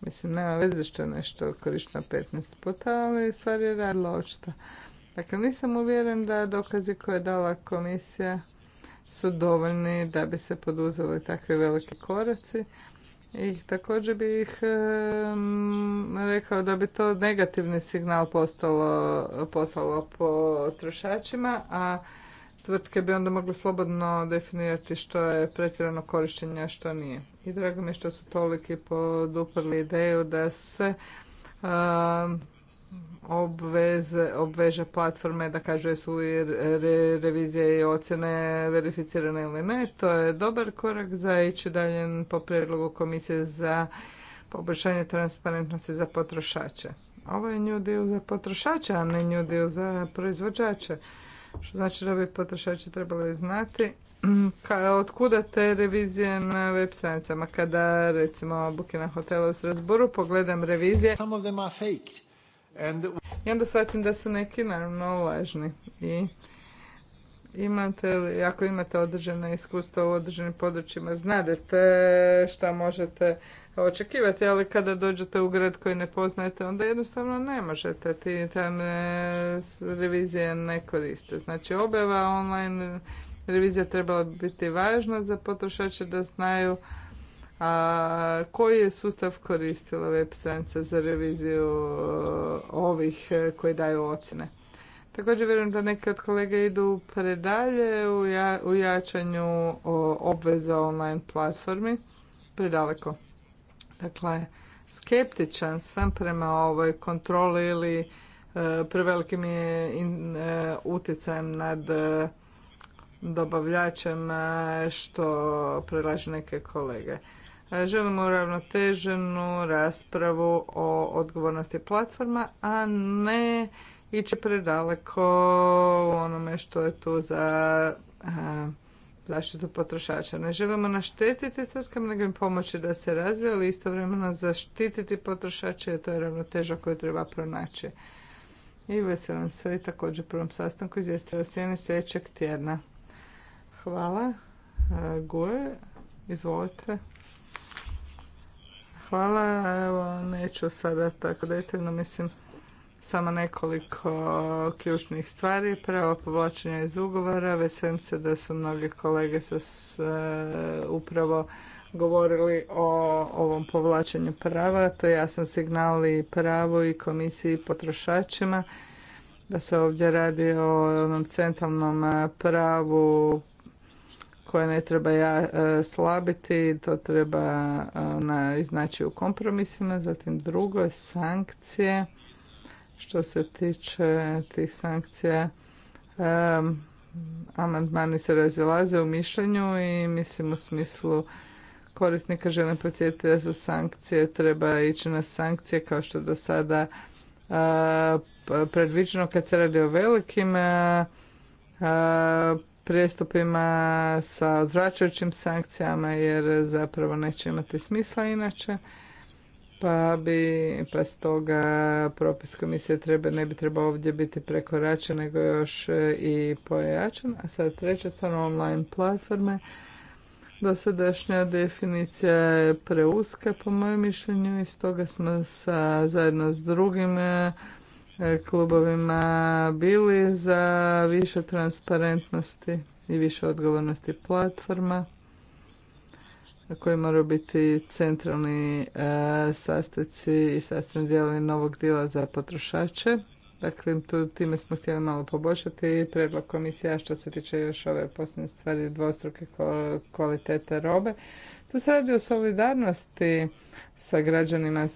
Mislim, nema veze što nešto korišteno 15 puta, ali stvar je radila očito. Dakle, nisam uvjeren da dokazi koje je dala komisija su dovoljni da bi se poduzeli takvi veliki koraci. I također bih ih e, rekao da bi to negativni signal postalo, poslalo trošačima a tvrtke bi onda mogli slobodno definirati što je pretjerano korištenje, a što nije. I drago mi je što su toliki poduprli ideju da se um, obveze, obveže platforme da kažu jesu li revizije i ocjene verificirane ili ne. To je dobar korak za ići dalje po prijedlogu komisije za poboljšanje transparentnosti za potrošače. Ovo je new dio za potrošače, a ne new deal za proizvođače. Što znači da bi potrošači trebali znati mm, ka, od kuda te revizije na web stranicama. Kada recimo bukina na hotelu u Strasburu, pogledam revizije. Some of them are I onda shvatim da su neki naravno lažni. I imate li, ako imate određena iskustva u određenim područjima, znate šta možete očekivati, ali kada dođete u grad koji ne poznajete, onda jednostavno ne možete. Ti tam revizije ne koriste. Znači objava online revizija trebala biti važna za potrošače da znaju a koji je sustav koristila web stranica za reviziju ovih koji daju ocjene? Također vjerujem da neke od kolega idu predalje u jačanju obveza online platformi. Predaleko. Dakle, skeptičan sam prema ovoj kontroli ili e, prevelikim je e, utjecajem nad e, dobavljačem što predlažu neke kolege. Želimo uravnoteženu raspravu o odgovornosti platforma, a ne ići predaleko onome što je tu za zaštitu potrošača. Ne želimo naštetiti tvrtkama, nego im pomoći da se razvija, ali istovremeno zaštititi potrošače, jer to je ravnoteža koju treba pronaći. I veselim se i također prvom sastanku u sjeni sljedećeg tjedna. Hvala. E, Guje, izvolite. Hvala, evo neću sada tako detaljno, mislim samo nekoliko ključnih stvari. Prvo, povlačenje iz ugovora. Veselim se da su mnogi kolege sa eh, upravo govorili o ovom povlačenju prava. To je jasan signal i pravu i komisiji potrošačima da se ovdje radi o onom centralnom eh, pravu koje ne treba ja eh, slabiti, to treba na, iznaći u kompromisima. Zatim drugo, sankcije. Što se tiče tih sankcija, amandmani se razilaze u mišljenju i mislim u smislu korisnika želim podsjetiti da su sankcije, treba ići na sankcije kao što do sada eh, predviđeno kad se radi o velikim uh, eh, prijestupima sa odvraćajućim sankcijama jer zapravo neće imati smisla inače pa bi pa stoga propis komisije treba, ne bi trebao ovdje biti prekoračen nego još e, i pojačan. A sad treća stvar online platforme. Dosadašnja definicija je preuska po mojem mišljenju i stoga smo sa, zajedno s drugim e, e, klubovima bili za više transparentnosti i više odgovornosti platforma koji moraju biti centralni e, sastojci i sastavni dijelovi novog dijela za potrošače. Dakle, time smo htjeli malo poboljšati predlog komisija što se tiče još ove posljednje stvari dvostruke kvalitete robe. Tu se radi o solidarnosti sa građanima e,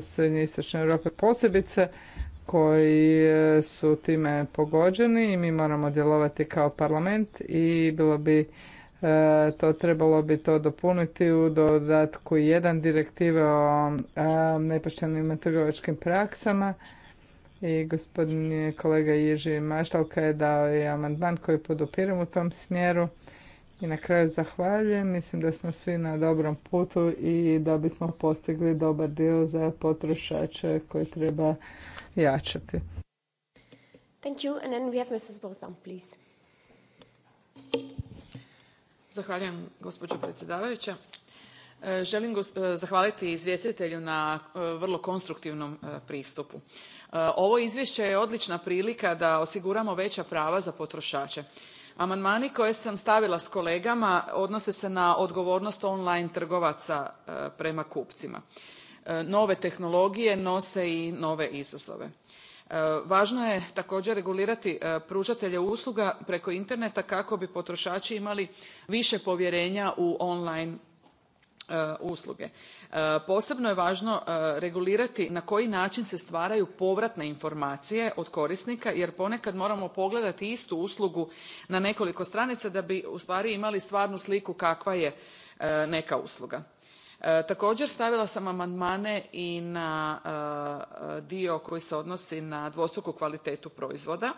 Srednje Istočne Europe posebice koji e, su time pogođeni i mi moramo djelovati kao parlament i bilo bi E, to trebalo bi to dopuniti u dodatku jedan direktive o e, nepoštenim trgovačkim praksama i gospodin kolega Iži Maštalka je dao i amandman koji podupiram u tom smjeru. I na kraju zahvaljujem. Mislim da smo svi na dobrom putu i da bismo postigli dobar dio za potrošače koje treba jačati. Thank you. And then we have Mrs. please. Zahvaljujem, gospođo predsjedavajuća. E, želim e, zahvaliti izvjestitelju na e, vrlo konstruktivnom pristupu. Ovo izvješće je odlična prilika da osiguramo veća prava za potrošače. Amandmani koje sam stavila s kolegama odnose se na odgovornost online trgovaca prema kupcima. Nove tehnologije nose i nove izazove. E, važno je također regulirati e, pružatelje usluga preko interneta kako bi potrošači imali više povjerenja u online e, usluge. Posebno je važno regulirati na koji način se stvaraju povratne informacije od korisnika jer ponekad moramo pogledati istu uslugu na nekoliko stranica da bi ustvari imali stvarnu sliku kakva je neka usluga. E, također stavila sam amandmane i na e, e, dio koji se odnosi na dvostruku kvalitetu proizvoda.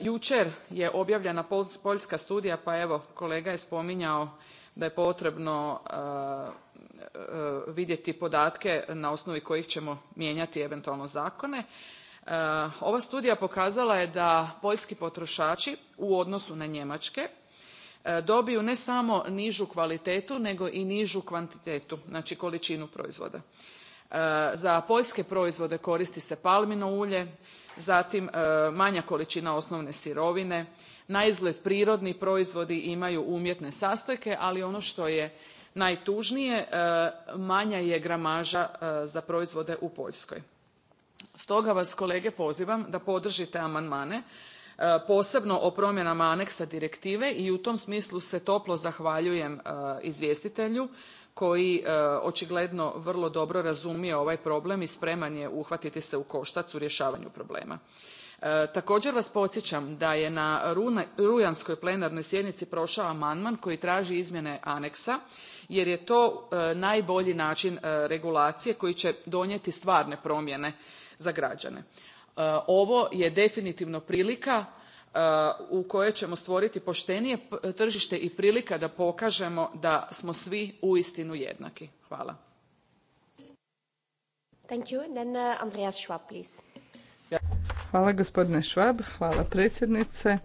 jučer je objavljena poljska studija pa evo kolega je spominjao da je potrebno vidjeti podatke na osnovi kojih ćemo mijenjati eventualno zakone. ova studija pokazala je da poljski potrošači u odnosu na njemačke E, dobiju ne samo nižu kvalitetu nego i nižu kvantitetu znači količinu proizvoda. E, za poljske proizvode koristi se palmino ulje, zatim e, manja količina osnovne sirovine, naizgled prirodni proizvodi imaju umjetne sastojke, ali ono što je najtužnije manja je gramaža za proizvode u Poljskoj. Stoga vas kolege pozivam da podržite amandmane E, posebno o promjenama aneksa direktive i u tom smislu se toplo zahvaljujem e, izvjestitelju koji e, očigledno vrlo dobro razumije ovaj problem i spreman je uhvatiti se u koštac u rješavanju problema. Također vas podsjećam da je na rujanskoj plenarnoj sjednici prošao amandman koji traži izmjene aneksa jer je to najbolji način regulacije koji će donijeti stvarne promjene za građane. Eh, ovo je definitivno prilika eh, u kojoj ćemo stvoriti poštenije tržište i prilika da pokažemo da smo svi uistinu jednaki. Hvala. Eh, Hvala gospodine Švab, hvala predsjednice.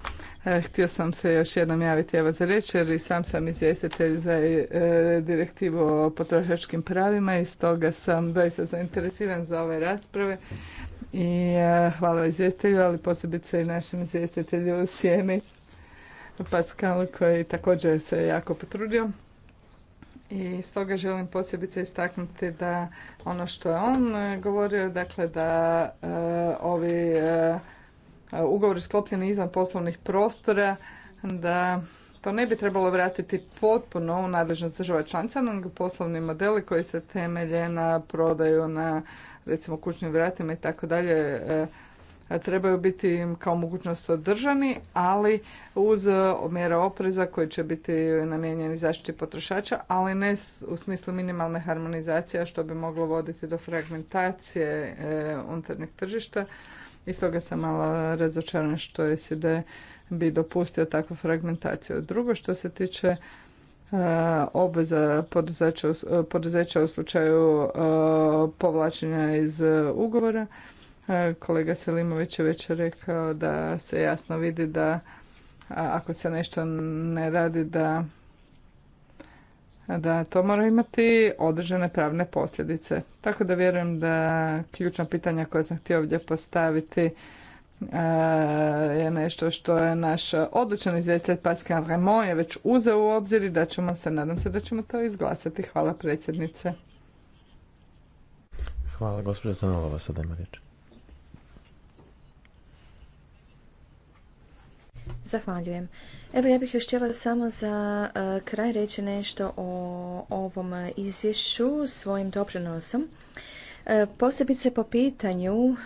E, htio sam se još jednom javiti evo za riječ jer i sam sam izvjestitelj za e, direktivu o potrošačkim pravima i stoga sam doista zainteresiran za ove rasprave i e, hvala izvjestitelju, ali posebice i našem izvjestitelju u Sjeni Paskalu koji također se jako potrudio. I stoga želim posebice istaknuti da ono što je on e, govorio, dakle da e, ovi e, ugovori sklopljeni izvan poslovnih prostora, da to ne bi trebalo vratiti potpuno u nadležnost država članica, nego poslovni modeli koji se temelje na prodaju na recimo kućnim vratima i tako dalje trebaju biti kao mogućnost održani, ali uz mjere opreza koji će biti namijenjeni zaštiti potrošača, ali ne u smislu minimalne harmonizacije, što bi moglo voditi do fragmentacije eh, unutarnjeg tržišta. Iz toga sam malo razočarana što je bi dopustio takvu fragmentaciju. Drugo, što se tiče eh, obveza poduzeća u slučaju eh, povlačenja iz ugovora, E, kolega Selimović je već rekao da se jasno vidi da ako se nešto ne radi da da to mora imati određene pravne posljedice. Tako da vjerujem da ključna pitanja koja sam htio ovdje postaviti e, je nešto što je naš odličan izvjestitelj Pascal Raymond je već uzeo u obzir i da ćemo se, nadam se da ćemo to izglasati. Hvala predsjednice. Hvala, gospođa Zanalova, sada ima Zahvaljujem. Evo ja bih još htjela samo za e, kraj reći nešto o ovom izvješću svojim doprinosom. E, posebice po pitanju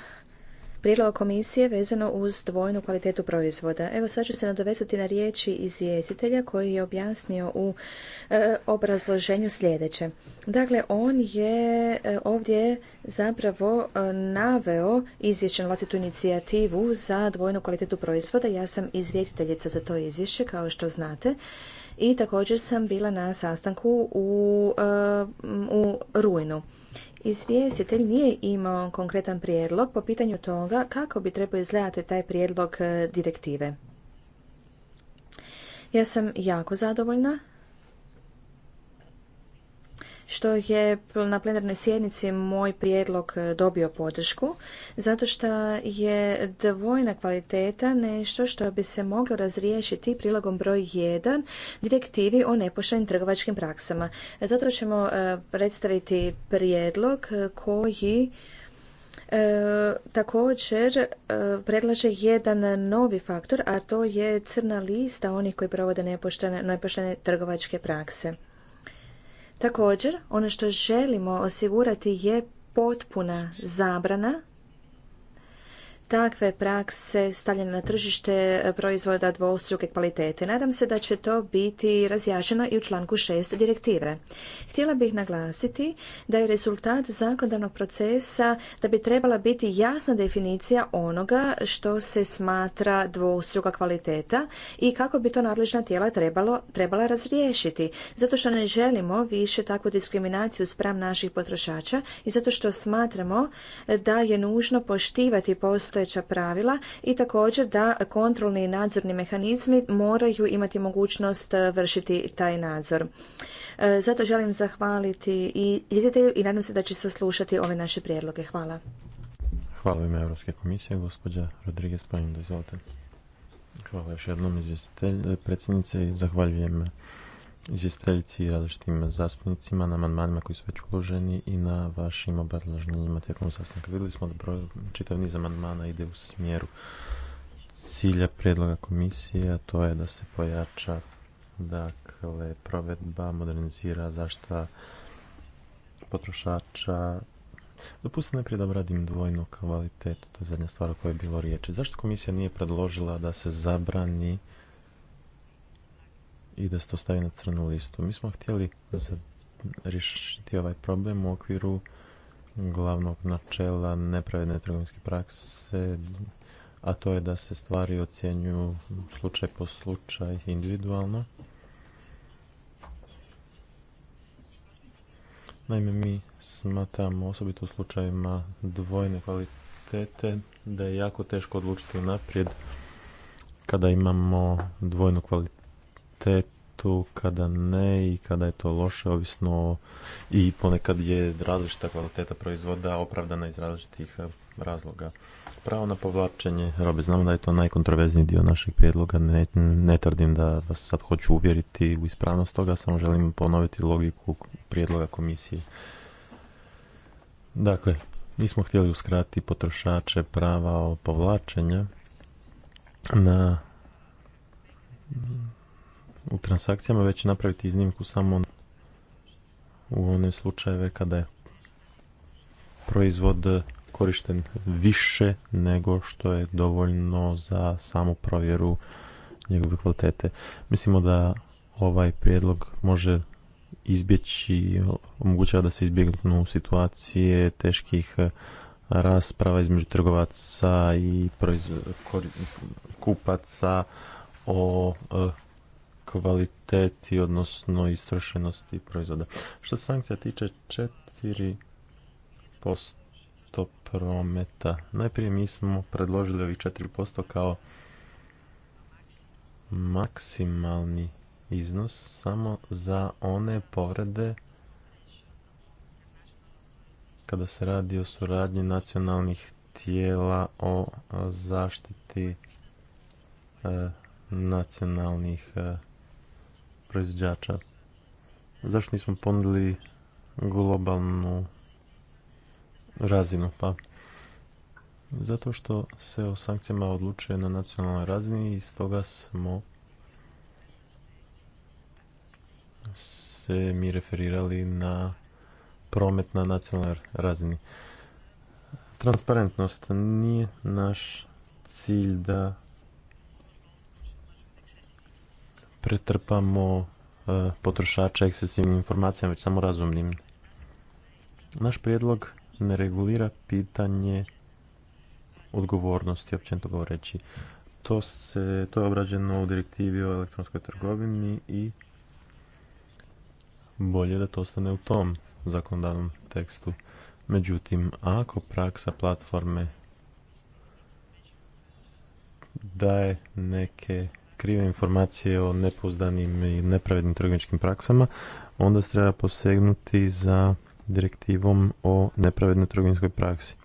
prijedloga komisije vezano uz dvojnu kvalitetu proizvoda. Evo sad ću se nadovezati na riječi izvjestitelja koji je objasnio u e, obrazloženju sljedeće. Dakle, on je e, ovdje zapravo e, naveo izvješće na vlastitu inicijativu za dvojnu kvalitetu proizvoda. Ja sam izvjestiteljica za to izvješće, kao što znate i također sam bila na sastanku u, u rujnu Izvjestitelj nije imao konkretan prijedlog po pitanju toga kako bi trebao izgledati taj prijedlog e, direktive. Ja sam jako zadovoljna što je na plenarnoj sjednici moj prijedlog e, dobio podršku, zato što je dvojna kvaliteta nešto što bi se moglo razriješiti prilagom broj 1 direktivi o nepoštenim trgovačkim praksama. Zato ćemo e, predstaviti prijedlog e, koji E, također predlaže jedan novi faktor, a to je crna lista onih koji provode nepoštene, nepoštene trgovačke prakse. Također, ono što želimo osigurati je potpuna zabrana takve prakse stavljene na tržište proizvoda dvostruke kvalitete. Nadam se da će to biti razjašnjeno i u članku 6 direktive. Htjela bih naglasiti da je rezultat zakonodavnog procesa da bi trebala biti jasna definicija onoga što se smatra dvostruka kvaliteta i kako bi to nadležna tijela trebalo, trebala razriješiti. Zato što ne želimo više takvu diskriminaciju spram naših potrošača i zato što smatramo da je nužno poštivati postoje postojeća pravila i također da kontrolni i nadzorni mehanizmi moraju imati mogućnost e, vršiti taj nadzor. E, zato želim zahvaliti i izvjetelju i nadam se da će saslušati ove naše prijedloge. Hvala. Hvala ime Europske komisije, gospođa Rodriguez Panindo, izvolite. Hvala još jednom izvjestitelj, e, predsjednice i zahvaljujem izvjestiteljici i različitim zastupnicima na amandmanima koji su već uloženi i na vašim obrazloženjima tijekom sastanka. Vidjeli smo da broj, čitav niz amandmana ide u smjeru cilja prijedloga komisije, a to je da se pojača dakle, provedba, modernizira zaštita potrošača. Dopustite najprije da obradim dvojnu kvalitetu, to je zadnja stvar o kojoj je bilo riječi. Zašto komisija nije predložila da se zabrani i da se to stavi na crnu listu. Mi smo htjeli riješiti ovaj problem u okviru glavnog načela nepravedne trgovinske prakse, a to je da se stvari ocjenjuju slučaj po slučaj individualno. Naime, mi smatramo osobito u slučajima dvojne kvalitete da je jako teško odlučiti naprijed kada imamo dvojnu kvalitetu kvalitetu, kada ne i kada je to loše, ovisno i ponekad je različita kvaliteta proizvoda opravdana iz različitih eh, razloga. Pravo na povlačenje robe, znamo da je to najkontroverzniji dio našeg prijedloga, ne, tvrdim da vas sad hoću uvjeriti u ispravnost toga, samo želim ponoviti logiku prijedloga komisije. Dakle, smo htjeli uskratiti potrošače prava o povlačenja na u transakcijama, već napraviti iznimku samo u one slučajeve kada je proizvod korišten više nego što je dovoljno za samu provjeru njegove kvalitete. Mislimo da ovaj prijedlog može izbjeći, omogućava da se izbjegnu situacije teških rasprava između trgovaca i kupaca o eh, kvaliteti, odnosno istrošenosti proizvoda. Što se sankcija tiče, 4% prometa. Najprije mi smo predložili ovih 4% kao maksimalni iznos samo za one povrede kada se radi o suradnji nacionalnih tijela o zaštiti e, nacionalnih e, proizvođača. Zašto nismo ponudili globalnu razinu? Pa zato što se o sankcijama odlučuje na nacionalnoj razini i stoga smo se mi referirali na promet na nacionalnoj razini. Transparentnost nije naš cilj da pretrpamo e, potrošača ekscesivnim informacijama, već samo razumnim. Naš prijedlog ne regulira pitanje odgovornosti, općenito govoreći. To, se, to je obrađeno u direktivi o elektronskoj trgovini i bolje da to ostane u tom zakonodavnom tekstu. Međutim, ako praksa platforme daje neke krive informacije o nepouzdanim i nepravednim trgovačkim praksama, onda se treba posegnuti za direktivom o nepravednoj trgovinskoj praksi.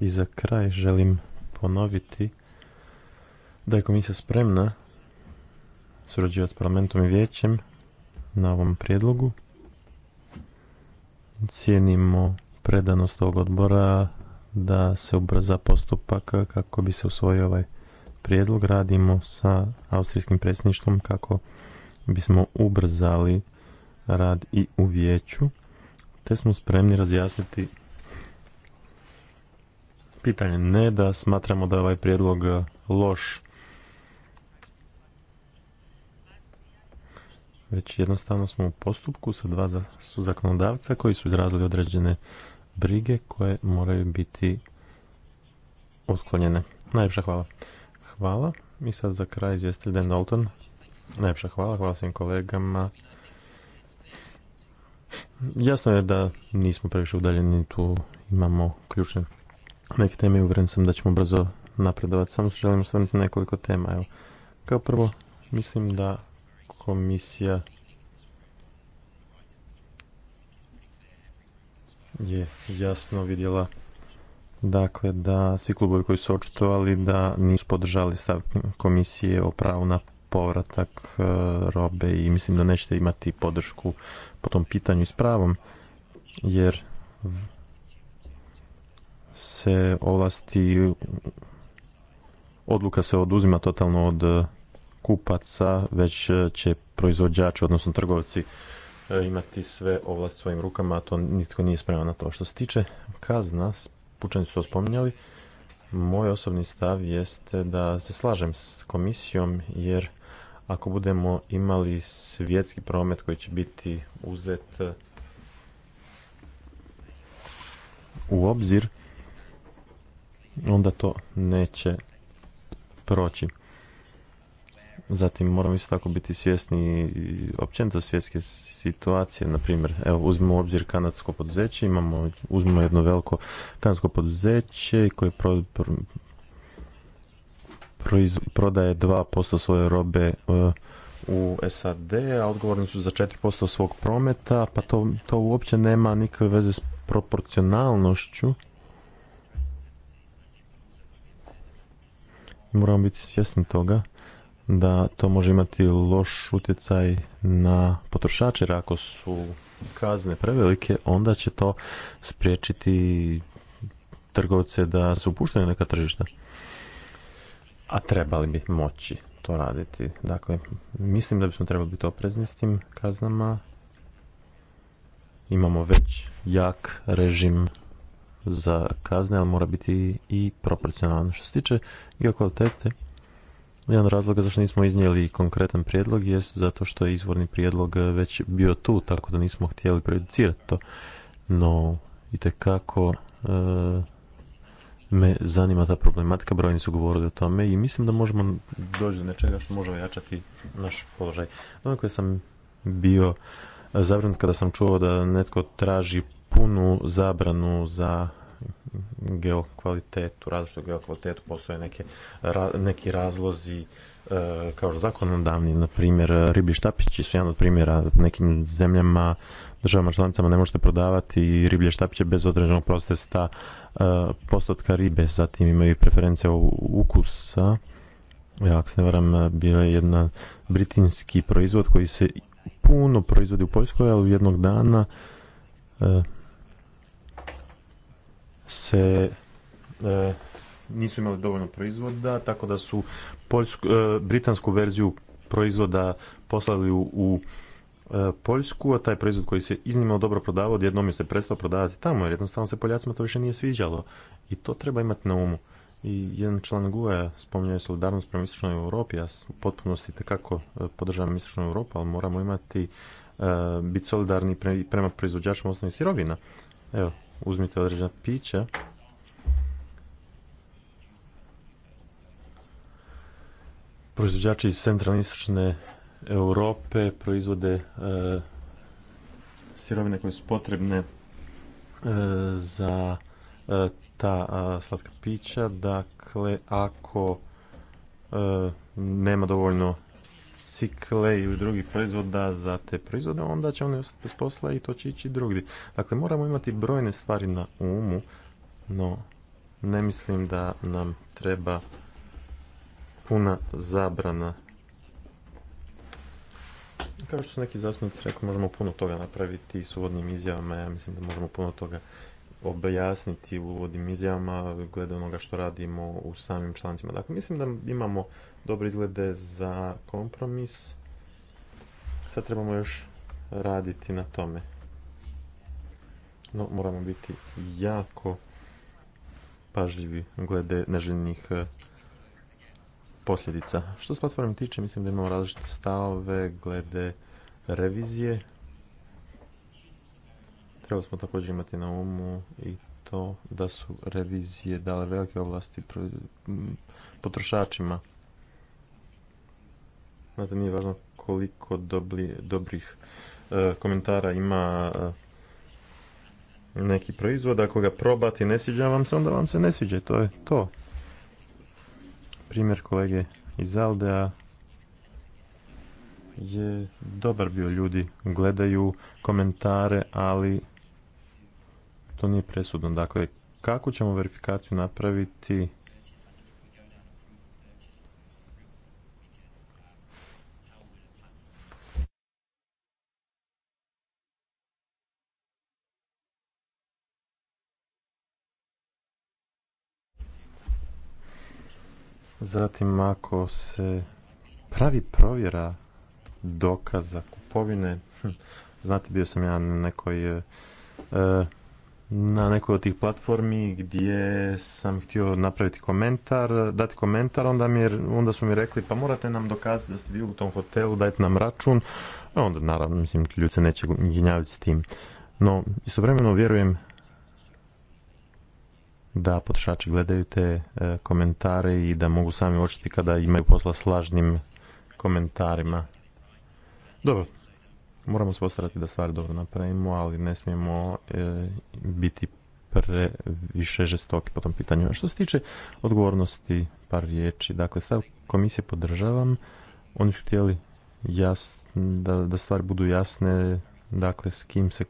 I za kraj želim ponoviti da je komisija spremna surađivati s parlamentom i vijećem na ovom prijedlogu. Cijenimo predanost ovog odbora da se ubrza postupak kako bi se usvojio ovaj prijedlog radimo sa austrijskim predsjedništvom kako bismo ubrzali rad i u vijeću, te smo spremni razjasniti pitanje. Ne da smatramo da je ovaj prijedlog e, loš, već jednostavno smo u postupku sa dva su zakonodavca koji su izrazili određene brige koje moraju biti otklonjene. Najljepša hvala. Hvala. I sad za kraj izvjestitelj Dan Dalton. Najljepša hvala, hvala svim kolegama. Jasno je da nismo previše udaljeni, tu imamo ključne neke teme i uvjeren sam da ćemo brzo napredovati. Samo se želim osvrnuti nekoliko tema. Evo. Kao prvo, mislim da komisija je jasno vidjela Dakle, da svi klubovi koji su očitovali da nisu podržali stav komisije o pravu na povratak e, robe i mislim da nećete imati podršku po tom pitanju i s pravom, jer se ovlasti odluka se oduzima totalno od kupaca, već će proizvođači, odnosno trgovci e, imati sve ovlast svojim rukama, a to nitko nije spreman na to. Što se tiče kazna, pučani su to spominjali, moj osobni stav jeste da se slažem s komisijom jer ako budemo imali svjetski promet koji će biti uzet eh, u obzir, onda to neće proći. Zatim moramo isto tako biti svjesni i općenito svjetske situacije, na primjer, evo uzmimo u obzir kanadsko poduzeće, imamo, uzmimo jedno veliko kanadsko poduzeće koje pro, pro, proiz, prodaje 2% svoje robe e, u SAD, a odgovorni su za 4% svog prometa, pa to, to uopće nema nikakve veze s proporcionalnošću. Moramo biti svjesni toga da to može imati loš utjecaj na potrošače, jer ako su kazne prevelike, onda će to spriječiti trgovce da se upuštaju na neka tržišta. A trebali bi moći to raditi. Dakle, mislim da bismo trebali biti oprezni s tim kaznama. Imamo već jak režim za kazne, ali mora biti i proporcionalno. Što se tiče geokvalitete, jedan razlog zašto nismo iznijeli konkretan prijedlog jest zato što je izvorni prijedlog eh, već bio tu, tako da nismo htjeli prejudicirati to. No, i e, eh, me zanima ta problematika, brojni su govorili o tome i mislim da možemo doći do nečega što može ojačati naš položaj. Onako sam bio eh, zabrinut kada sam čuo da netko traži punu zabranu za geokvalitetu, različitu geokvalitetu, postoje neke, neki razlozi e, kao zakonodavni, na primjer riblji štapići su jedan od primjera nekim zemljama, državama članicama ne možete prodavati riblje štapiće bez određenog protesta e, postotka ribe, zatim imaju i preferencije ukusa, ja, e, ako se ne varam, bila je jedna britinski proizvod koji se puno proizvodi u Poljskoj, ali jednog dana e, se e, nisu imali dovoljno proizvoda, tako da su e, britansku verziju proizvoda poslali u, e, Poljsku, a taj proizvod koji se iznimno dobro prodavao, odjednom je se prestao prodavati tamo, jer jednostavno se Poljacima to više nije sviđalo. I to treba imati na umu. I jedan član GUE spominjao je solidarnost prema istočnoj Europi, ja u potpunosti tekako podržavam istočnu Europu, ali moramo imati, biti solidarni prema proizvođačima osnovnih sirovina. Evo, uzmite određena pića, proizvođači iz centralne istočne Europe proizvode e, sirovine koje su potrebne e, za e, ta slatka pića. Dakle, ako nema dovoljno bicikle i drugih proizvoda za te proizvode, onda će oni ostati bez posla i to će ići drugdje. Dakle, moramo imati brojne stvari na umu, no ne mislim da nam treba puna zabrana. Kao što su neki zastupnici rekli, možemo puno toga napraviti s uvodnim izjavama, ja mislim da možemo puno toga objasniti u uvodnim izjavama glede onoga što radimo u samim člancima. Dakle, mislim da imamo dobro izglede za kompromis. Sad trebamo još raditi na tome. No, moramo biti jako pažljivi glede neželjenih e, posljedica. Što s platformom tiče, mislim da imamo različite stavove glede revizije. Treba smo također imati na umu i to da su revizije dale velike ovlasti potrošačima. Znate, nije važno koliko dobrih e, komentara ima e, neki proizvod. Ako ga probate ne sviđa vam se, onda vam se ne sviđa. To je to. Primjer kolege iz Aldea je dobar bio ljudi. Gledaju komentare, ali to nije presudno. Dakle, kako ćemo verifikaciju napraviti Zatim ako se pravi provjera dokaza kupovine, hm, znate bio sam ja na nekoj e, na nekoj od tih platformi gdje sam htio napraviti komentar, dati komentar, onda, onda su mi rekli pa morate nam dokazati da ste bili u tom hotelu, dajte nam račun, e, onda naravno mislim ljudi se neće ginjaviti s tim. No, istovremeno vjerujem da potrošači gledaju te e, komentare i da mogu sami očiti kada imaju posla s lažnim komentarima. Dobro, moramo se postarati da stvari dobro napravimo, ali ne smijemo e, biti previše više žestoki po tom pitanju. što se tiče odgovornosti, par riječi. Dakle, stav komisije podržavam. Oni su htjeli da stvari budu jasne, dakle, s kim se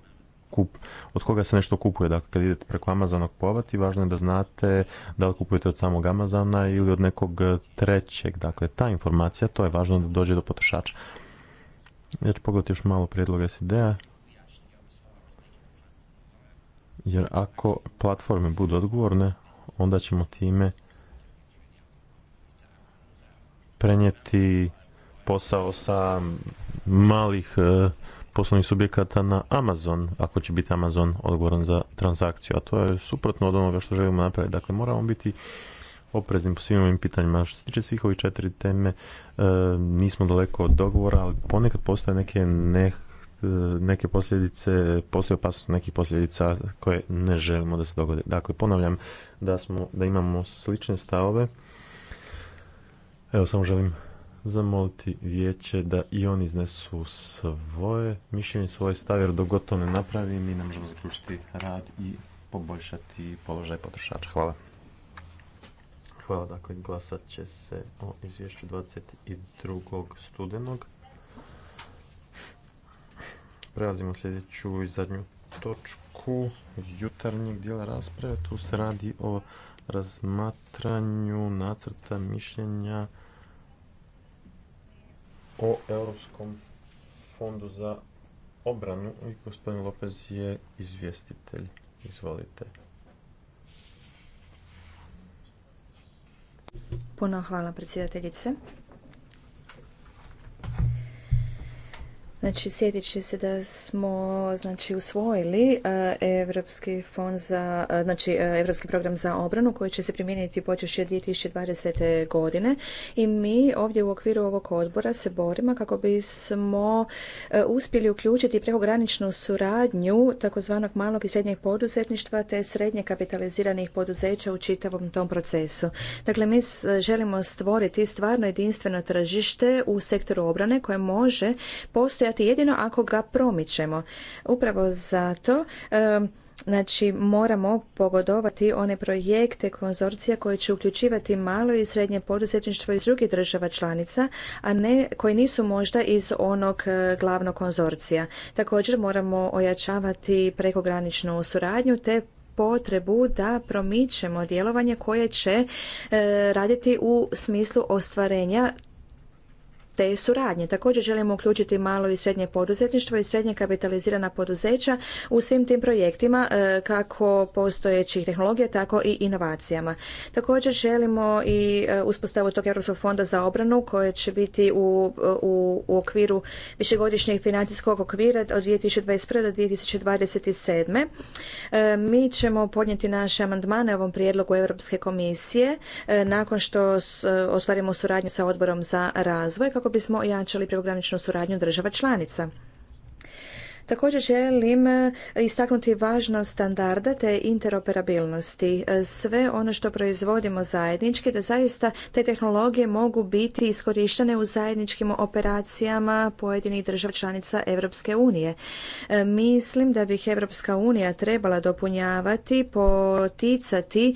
kup, od koga se nešto kupuje. Dakle, kad idete preko Amazonog povati, važno je da znate da li kupujete od samog Amazona ili od nekog e, trećeg. Dakle, ta informacija, to je važno da dođe do potrošača. Ja ću pogledati još malo prijedloga SID-a. Jer ako platforme budu odgovorne, onda ćemo time prenijeti posao sa malih e, poslovnih subjekata na Amazon, ako će biti Amazon odgovoran za transakciju, a to je suprotno od onoga što želimo napraviti. Dakle, moramo biti oprezni po svim ovim pitanjima. Što se tiče svih ovih četiri teme, e, nismo daleko od dogovora, ali ponekad postoje neke e, neke posljedice, postoje opasnost nekih posljedica koje ne želimo da se dogode. Dakle, ponavljam da, smo, da imamo slične stavove. Evo, samo želim zamoliti vijeće da i oni iznesu svoje mišljenje, svoje stave, jer dok to ne napravi, mi ne možemo zaključiti rad i poboljšati položaj potrošača. Hvala. Hvala, dakle glasat će se o izvješću 22. studenog. Prelazimo u sljedeću i zadnju točku jutarnjeg dijela rasprave. Tu se radi o razmatranju nacrta mišljenja o Europskom fondu za obranu i gospodin Lopez je izvjestitelj. Izvolite. Puno hvala predsjedateljice. Znači, sjetit će se da smo znači, usvojili Europski fond za, e, znači, Europski program za obranu koji će se primijeniti počeš 2020. godine i mi ovdje u okviru ovog odbora se borimo kako bismo e, uspjeli uključiti prekograničnu suradnju takozvanog malog i srednjeg poduzetništva te srednje kapitaliziranih poduzeća u čitavom tom procesu. Dakle, mi želimo stvoriti stvarno jedinstveno tržište u sektoru obrane koje može postojati jedino ako ga promičemo. Upravo zato Znači, moramo pogodovati one projekte konzorcija koje će uključivati malo i srednje poduzetništvo iz drugih država članica, a ne koji nisu možda iz onog e, glavnog konzorcija. Također moramo ojačavati prekograničnu suradnju te potrebu da promičemo djelovanje koje će e, raditi u smislu ostvarenja te suradnje. Također želimo uključiti malo i srednje poduzetništvo i srednje kapitalizirana poduzeća u svim tim projektima e, kako postojećih tehnologija tako i inovacijama. Također želimo i e, uspostavu tog Europskog fonda za obranu koje će biti u, u, okviru višegodišnjeg financijskog okvira od 2021. do 2027. E, mi ćemo podnijeti naše amandmane ovom prijedlogu Europske komisije nakon što ostvarimo suradnju sa odborom za razvoj kako kako bismo ojačali prekograničnu suradnju država članica. Također želim e, istaknuti važnost standarda te interoperabilnosti. E, sve ono što proizvodimo zajednički, da zaista te tehnologije mogu biti iskorištene u zajedničkim operacijama pojedinih država članica Europske unije. E, mislim da bih Europska unija trebala dopunjavati, poticati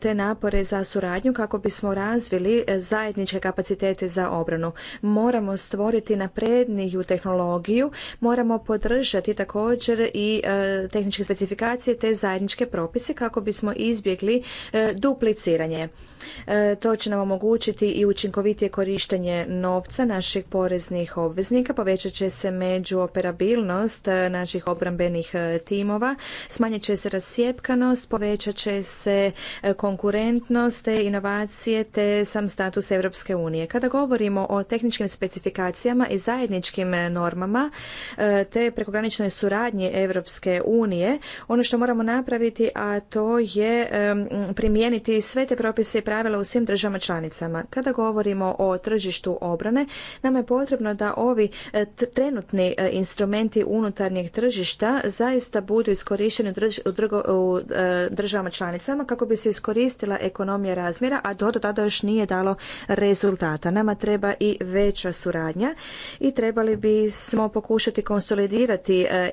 te napore za suradnju kako bismo razvili zajedničke kapacitete za obranu. Moramo stvoriti napredniju tehnologiju, moramo podržati šati također i e, tehničke specifikacije te zajedničke propise kako bismo izbjegli e, dupliciranje. E, to će nam omogućiti i učinkovitije korištenje novca naših poreznih obveznika, povećat će se međuoperabilnost naših obrambenih timova, smanjit će se rasjepkanost, povećat će se konkurentnost te inovacije te sam status Europske unije. Kada govorimo o tehničkim specifikacijama i zajedničkim normama te preko graničnoj suradnji Europske unije, ono što moramo napraviti, a to je primijeniti sve te propise i pravila u svim državama članicama. Kada govorimo o tržištu obrane, nama je potrebno da ovi e, trenutni e, instrumenti unutarnjeg tržišta zaista budu iskorišteni u e, državama članicama kako bi se iskoristila ekonomija razmjera, a do tada još nije dalo rezultata. Nama treba i veća suradnja i trebali bismo pokušati konsolidirati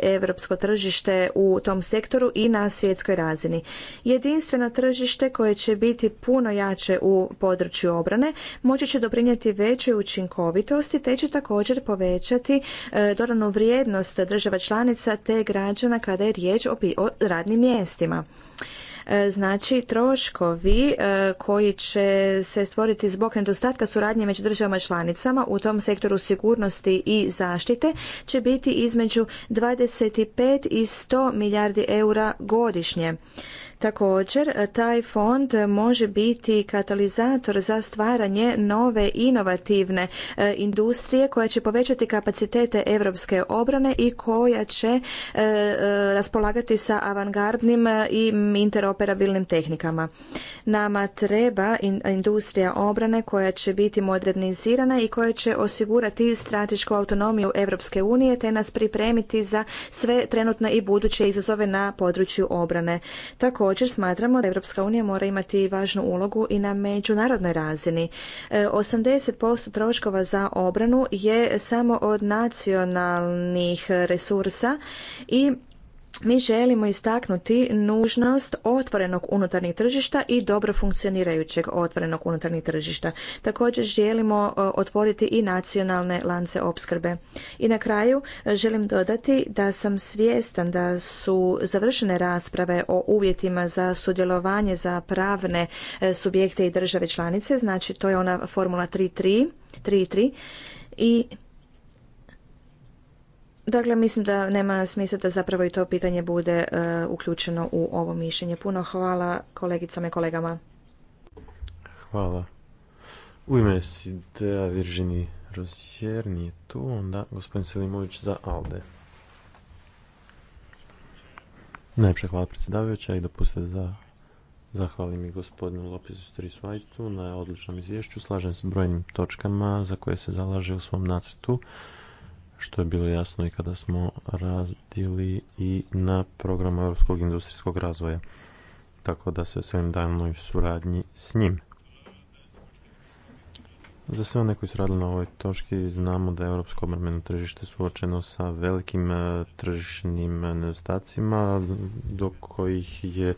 europsko tržište u tom sektoru i na svjetskoj razini. Jedinstveno tržište koje će biti puno jače u području obrane moći će doprinijeti većoj učinkovitosti te će također povećati e, dodanu vrijednost država članica te građana kada je riječ o radnim mjestima. E, znači, troškovi e, koji će se stvoriti zbog nedostatka suradnje među državama članicama u tom sektoru sigurnosti i zaštite će biti između 25 i 100 milijardi eura godišnje. Također, e, taj fond može biti katalizator za stvaranje nove inovativne e, industrije koja će povećati kapacitete europske obrane i koja će e, raspolagati sa avangardnim i interoperabilnim tehnikama. Nama treba industrija obrane koja će biti modernizirana i koja će osigurati stratešku autonomiju Europske unije te nas pripremiti za sve trenutne i buduće izazove na području obrane. Također, Također smatramo da Europska unija mora imati važnu ulogu i na međunarodnoj razini. 80% e, troškova za obranu je samo od nacionalnih resursa i mi želimo istaknuti nužnost otvorenog unutarnjeg tržišta i dobro funkcionirajućeg otvorenog unutarnjeg tržišta. Također želimo e, otvoriti i nacionalne lance opskrbe. I na kraju e, želim dodati da sam svjestan da su završene rasprave o uvjetima za sudjelovanje za pravne e, subjekte i države članice, znači to je ona formula 3.3 i Dakle, mislim da nema smisla da zapravo i to pitanje bude e, uključeno u ovo mišljenje. Puno hvala kolegicama i kolegama. Hvala. U ime Sidea Viržini Rosjer nije tu, onda gospodin Selimović za Alde. Najpše hvala predsjedavajuća i dopustite da Zahvalim i gospodinu Lopezu Storisvajtu na odličnom izvješću. Slažem se brojnim točkama za koje se zalaže u svom nacrtu što je bilo jasno i kada smo radili i na programu Europskog industrijskog razvoja, tako da se svem danoj suradnji s njim. Za sve one koji su radili na ovoj točki znamo da je europsko obrambeno tržište suočeno sa velikim e, tržišnim e, nedostacima do kojih je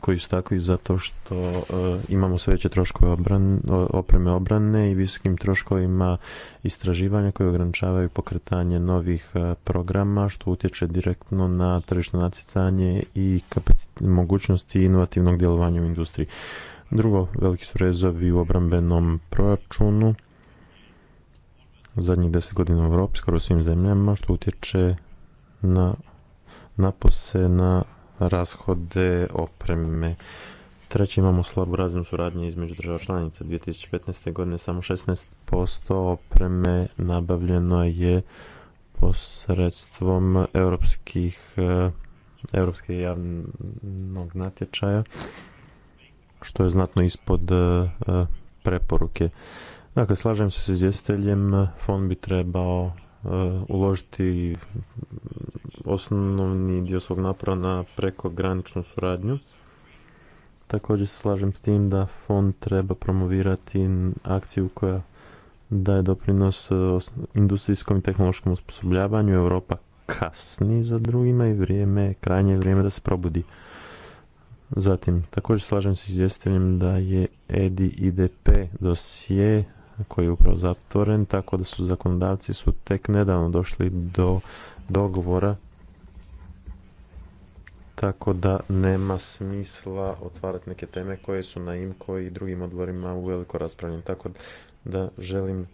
koji su takvi zato što e, imamo sve veće troškove opreme obrane i visokim troškovima istraživanja koji ograničavaju pokretanje novih programa što utječe direktno na tržišno natjecanje i mogućnosti inovativnog djelovanja u industriji. Drugo, veliki su rezovi u obrambenom proračunu zadnjih deset godina u Europi, skoro u svim zemljama, što utječe na napose na rashode opreme. Treći, imamo slabu razinu suradnje između država članica. 2015. godine samo 16% opreme nabavljeno je posredstvom europskih eh, javnog natječaja što je znatno ispod e, e, preporuke. Dakle, slažem se s izvjestiteljem, fond bi trebao e, uložiti osnovni dio svog napora na prekograničnu suradnju. Također se slažem s tim da fond treba promovirati akciju koja daje doprinos industrijskom i tehnološkom osposobljavanju. Europa kasni za drugima i vrijeme, krajnje vrijeme da se probudi. Zatim, također slažem se s izvjestiteljem da je EDI IDP dosije koji je upravo zatvoren, tako da su zakonodavci su tek nedavno došli do dogovora tako da nema smisla otvarati neke teme koje su na im i drugim odborima u veliko raspravljene. Tako da želim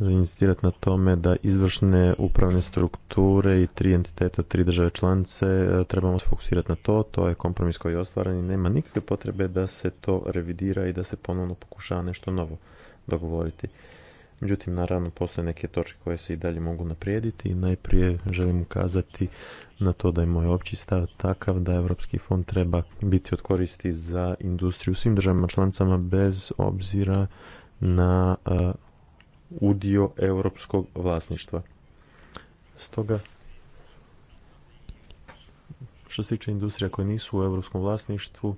Inzistirati na tome da izvršne upravne strukture i tri entiteta, tri države članice e, trebamo se fokusirati na to, to je kompromis koji je ostvaren i nema nikakve potrebe da se to revidira i da se ponovno pokušava nešto novo dogovoriti. Međutim, naravno, postoje neke točke koje se i dalje mogu naprijediti i najprije želim ukazati na to da je moj opći stav takav da Europski fond treba biti od koristi za industriju svim državama članicama bez obzira na e, udio europskog vlasništva. Stoga, što se tiče industrija koje nisu u europskom vlasništvu,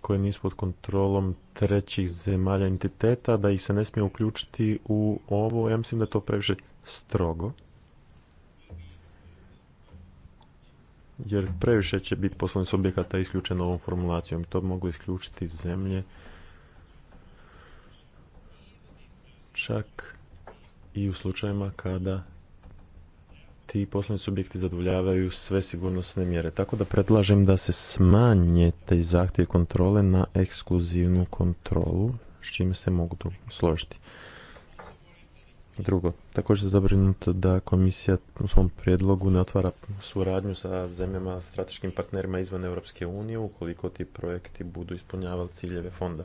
koje nisu pod kontrolom trećih zemalja entiteta, da ih se ne smije uključiti u ovo, ja mislim da je to previše strogo. Jer previše će biti poslovnih subjekata isključeno ovom formulacijom. To mogu isključiti zemlje čak i u slučajevima kada ti poslovni subjekti zadovoljavaju sve sigurnosne mjere. Tako da predlažem da se smanje taj zahtjev kontrole na ekskluzivnu kontrolu, s čime se mogu složiti. Drugo, također se zabrinuto da komisija u svom prijedlogu ne otvara suradnju sa zemljama strateškim partnerima izvan Europske unije ukoliko ti projekti budu ispunjavali ciljeve fonda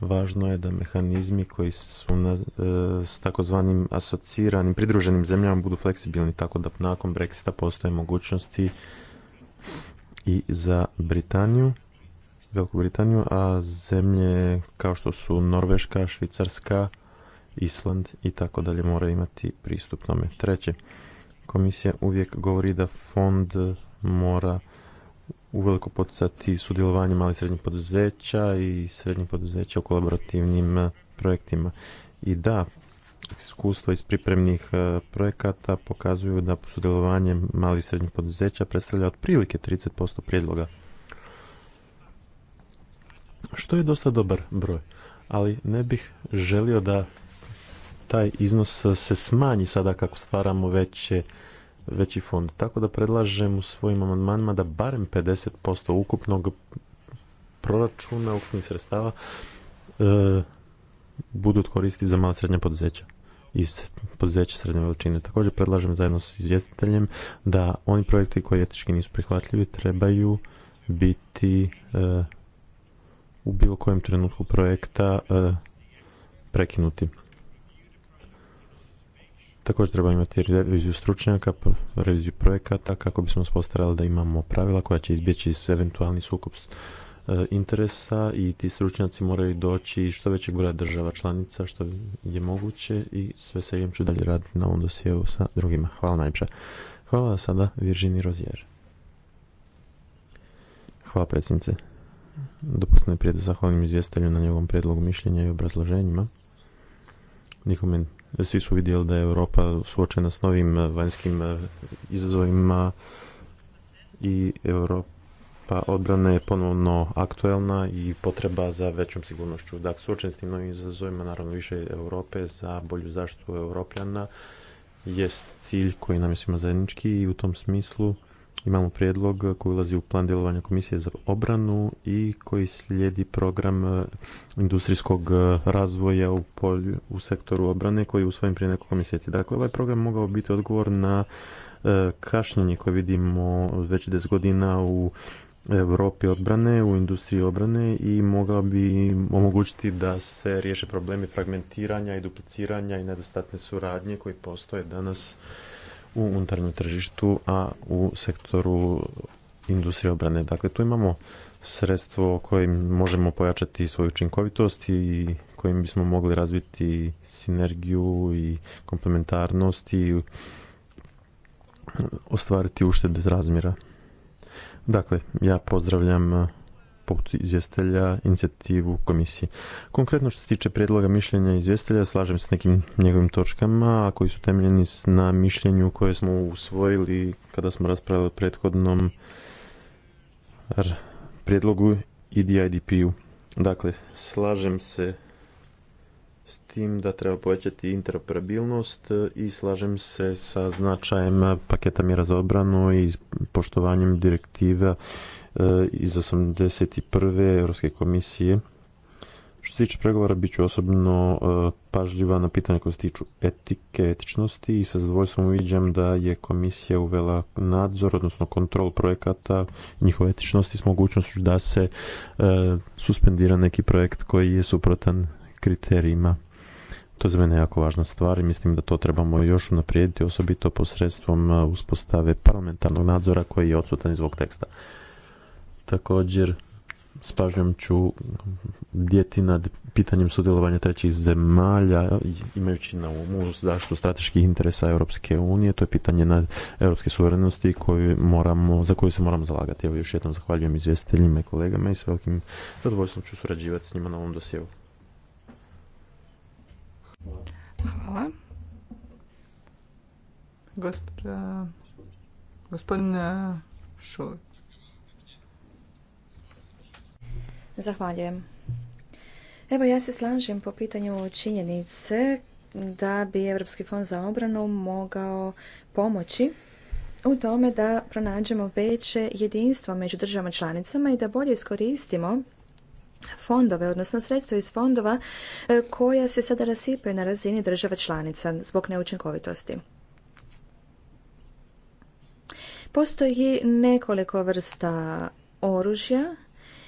važno je da mehanizmi koji su e, s takozvanim asociranim, pridruženim zemljama budu fleksibilni, tako da nakon Brexita postoje mogućnosti i za Britaniju, Veliku Britaniju, a zemlje kao što su Norveška, Švicarska, Island i tako dalje mora imati pristup tome. Treće, komisija uvijek govori da fond mora uveliko poticati sudjelovanje malih srednjih poduzeća i srednjih poduzeća u kolaborativnim e, projektima. I da, iskustvo iz pripremnih e, projekata pokazuju da sudjelovanje malih i srednjih poduzeća predstavlja otprilike 30% prijedloga. Što je dosta dobar broj, ali ne bih želio da taj iznos se smanji sada kako stvaramo veće veći fond. Tako da predlažem u svojim amandmanima da barem 50% ukupnog proračuna, ukupnih sredstava e, budu koristi za mala srednja poduzeća i poduzeća srednje veličine. Također predlažem zajedno s izvjestiteljem da oni projekti koji etički nisu prihvatljivi trebaju biti e, u bilo kojem trenutku projekta e, prekinuti. Također treba imati reviziju stručnjaka, reviziju projekata kako bismo spostarali da imamo pravila koja će izbjeći eventualni sukup e, interesa i ti stručnjaci moraju doći što većeg broja država članica što je moguće i sve se ću dalje raditi na ovom dosijelu sa drugima. Hvala najpša. Hvala sada Viržini Rozijer. Hvala predsjednice. Dopustno je prije da zahvalim izvjestelju na njegovom predlogu mišljenja i obrazloženjima nikome, svi su vidjeli da je Europa suočena s novim eh, vanjskim eh, izazovima i Europa odbrane je ponovno aktuelna i potreba za većom sigurnošću. Dakle, suočen s tim novim izazovima, naravno više Europe za bolju zaštitu europljana jest cilj koji nam je svima zajednički i u tom smislu Imamo prijedlog koji ulazi u plan djelovanja Komisije za obranu i koji slijedi program e, industrijskog e, razvoja u, polju, u sektoru obrane koji je usvojen prije nekoliko mjeseci. Dakle, ovaj program mogao biti odgovor na e, kašnjenje koje vidimo već 10 godina u Europi odbrane, u industriji obrane i mogao bi omogućiti da se riješe problemi fragmentiranja i dupliciranja i nedostatne suradnje koji postoje danas u unutarnjem tržištu, a u sektoru industrije obrane. Dakle, tu imamo sredstvo kojim možemo pojačati svoju učinkovitost i kojim bismo mogli razviti sinergiju i komplementarnost i ostvariti uštede razmjera. Dakle, ja pozdravljam poput izvjestelja inicijativu komisije. Konkretno što se tiče predloga mišljenja izvjestelja, slažem se s nekim njegovim točkama, a koji su temeljeni na mišljenju koje smo usvojili kada smo raspravili o prethodnom prijedlogu e i DIDP-u. Dakle, slažem se s tim da treba povećati interoperabilnost e, i slažem se sa značajem paketa mjera za obranu i poštovanjem direktiva E, iz 81. Europske komisije. Što se tiče pregovora, bit ću osobno e, pažljiva na pitanje koje se tiču etike, etičnosti i sa zadovoljstvom uviđam da je komisija uvela nadzor, odnosno kontrol projekata njihove etičnosti s mogućnošću da se e, suspendira neki projekt koji je suprotan kriterijima. To je za mene jako važna stvar i mislim da to trebamo još unaprijediti, osobito posredstvom uspostave parlamentarnog nadzora koji je odsutan iz ovog teksta. Također, s pažnjom ću djeti nad pitanjem sudjelovanja trećih zemalja, imajući na umu zaštitu strateških interesa Europske unije, to je pitanje na europske suverenosti koju moramo, za koju se moramo zalagati. Evo još jednom zahvaljujem izvjestiteljima i kolegama i s velikim zadovoljstvom ću surađivati s njima na ovom dosjevu. Hvala. gospodine. Eh, Šulik. Zahvaljujem. Evo ja se slažem po pitanju činjenice da bi Europski fond za obranu mogao pomoći u tome da pronađemo veće jedinstvo među državama članicama i da bolje iskoristimo fondove, odnosno sredstva iz fondova e, koja se sada rasipaju na razini država članica zbog neučinkovitosti. Postoji nekoliko vrsta oružja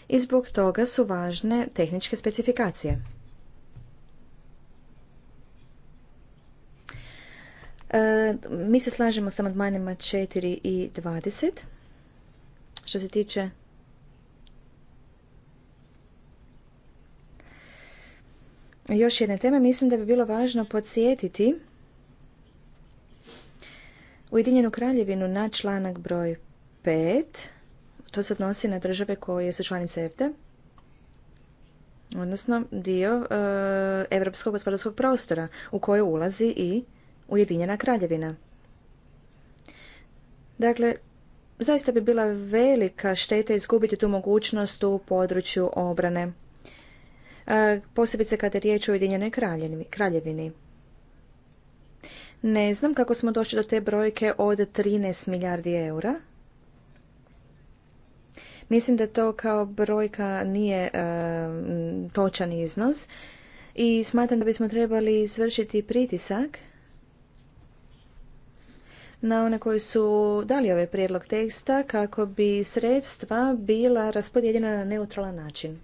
i zbog toga su važne tehničke specifikacije. E, mi se slažemo sa amandmanima 4 i 20. Što se tiče još jedne tema. mislim da bi bilo važno podsjetiti Ujedinjenu kraljevinu na članak broj 5 to se odnosi na države koje su članice EFTA, odnosno dio Europskog gospodarskog prostora u koje ulazi i Ujedinjena kraljevina. Dakle, zaista bi bila velika šteta izgubiti tu mogućnost u području obrane, e, posebice kada je riječ o Ujedinjenoj kraljevini. Ne znam kako smo došli do te brojke od 13 milijardi eura, Mislim da to kao brojka nije e, točan iznos i smatram da bismo trebali izvršiti pritisak na one koji su dali ovaj prijedlog teksta kako bi sredstva bila raspodijeljena na neutralan način.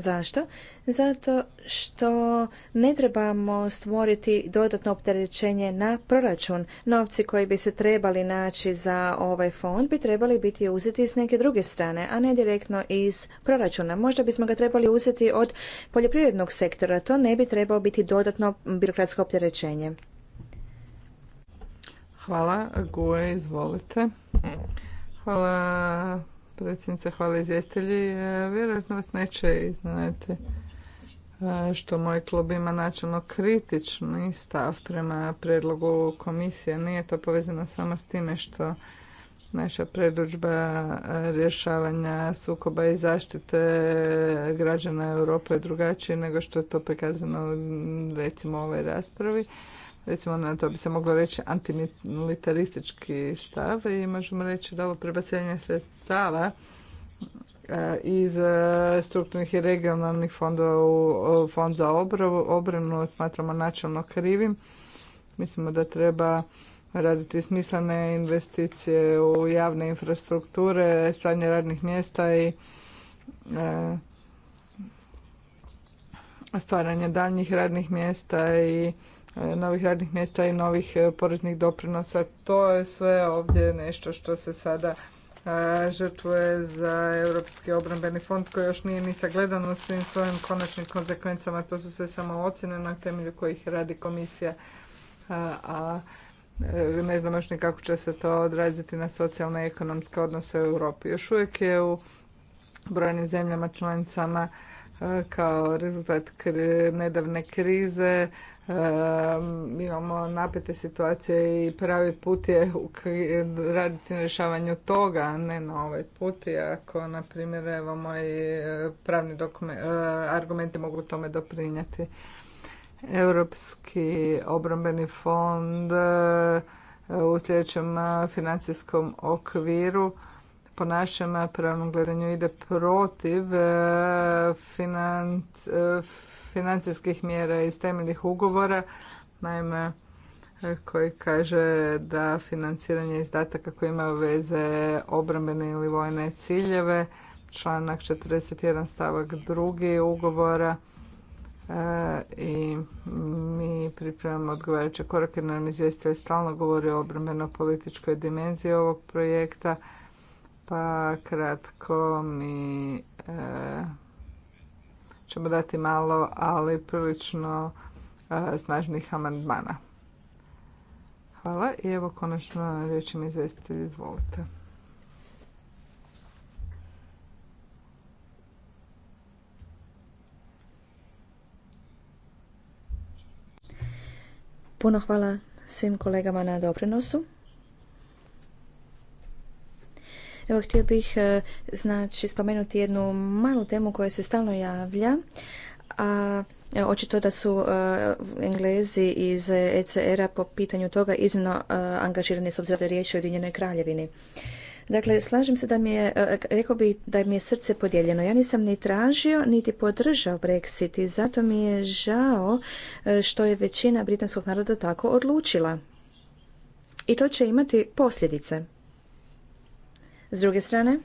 Zašto? Zato što ne trebamo stvoriti dodatno opterećenje na proračun. Novci koji bi se trebali naći za ovaj fond bi trebali biti uzeti s neke druge strane, a ne direktno iz proračuna. Možda bismo ga trebali uzeti od poljoprivrednog sektora. To ne bi trebao biti dodatno birokratsko opterećenje. Hvala. izvolite. Hvala predsjednice, hvala izvjestitelji. E, vjerojatno vas neće iznenati e, što moj klub ima načelno kritični stav prema predlogu komisije. Nije to povezano samo s time što naša predlužba e, rješavanja sukoba i zaštite građana Europe je drugačija nego što je to prikazano recimo u ovoj raspravi recimo na to bi se moglo reći antimilitaristički stav i možemo reći da ovo prebacenje sredstava e, iz e, strukturnih i regionalnih fondova u fond za obranu smatramo načelno krivim. Mislimo da treba raditi smislene investicije u javne infrastrukture, stvaranje radnih mjesta i e, stvaranje daljnjih radnih mjesta i E, novih radnih mjesta i novih e, poreznih doprinosa. To je sve ovdje nešto što se sada e, žrtvuje za Europski obrambeni fond koji još nije ni sagledan u svim svojim konačnim konsekvencama. To su sve samo ocjene na temelju kojih radi komisija, a, ne znamo još ni kako će se to odraziti na socijalne i ekonomske odnose u Europi. Još uvijek je u brojnim zemljama članicama kao rezultat nedavne krize imamo napete situacije i pravi put je raditi na rješavanju toga, a ne na ovaj put. I ako, na primjer, evo moji e, pravni e, argumenti mogu tome doprinijeti. Europski obrambeni fond e, u sljedećem financijskom okviru po našem pravnom gledanju ide protiv financ, financijskih mjera iz temeljnih ugovora, naime koji kaže da financiranje izdataka koji imaju veze obrambene ili vojne ciljeve, članak 41 stavak 2 ugovora e, i mi pripremamo odgovarajuće korake, nam izvjestitelj stalno govori o obrambeno-političkoj dimenziji ovog projekta, pa kratko mi e, ćemo dati malo, ali prilično e, snažnih amandmana. Hvala i evo konačno riječ mi izvjestitelj, izvolite. Puno hvala svim kolegama na doprinosu. Evo, htio bih e, znači, spomenuti jednu malu temu koja se stalno javlja, a e, Očito da su uh, Englezi iz ECR-a po pitanju toga iznimno angažirani s obzirom da je riječ o Ujedinjenoj kraljevini. Dakle, slažem se da mi je, rekao bih da mi je srce podijeljeno. Ja nisam ni tražio, niti podržao Brexit i zato mi je žao što je većina britanskog naroda tako odlučila. I to će imati posljedice. S druge strane,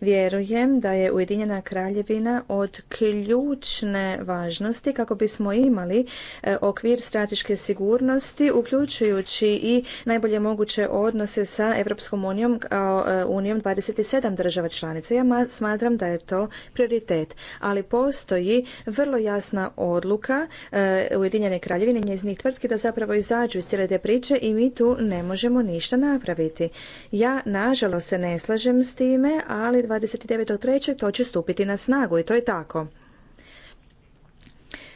Vjerujem da je Ujedinjena kraljevina od ključne važnosti kako bismo imali e, okvir strateške sigurnosti, uključujući i najbolje moguće odnose sa Europskom unijom kao e, unijom 27 država članica. Ja smatram da je to prioritet, ali postoji vrlo jasna odluka e, Ujedinjene kraljevine i njezinih tvrtki da zapravo izađu iz cijele te priče i mi tu ne možemo ništa napraviti. Ja nažalost se ne slažem s time, ali 29.3. to će stupiti na snagu i to je tako.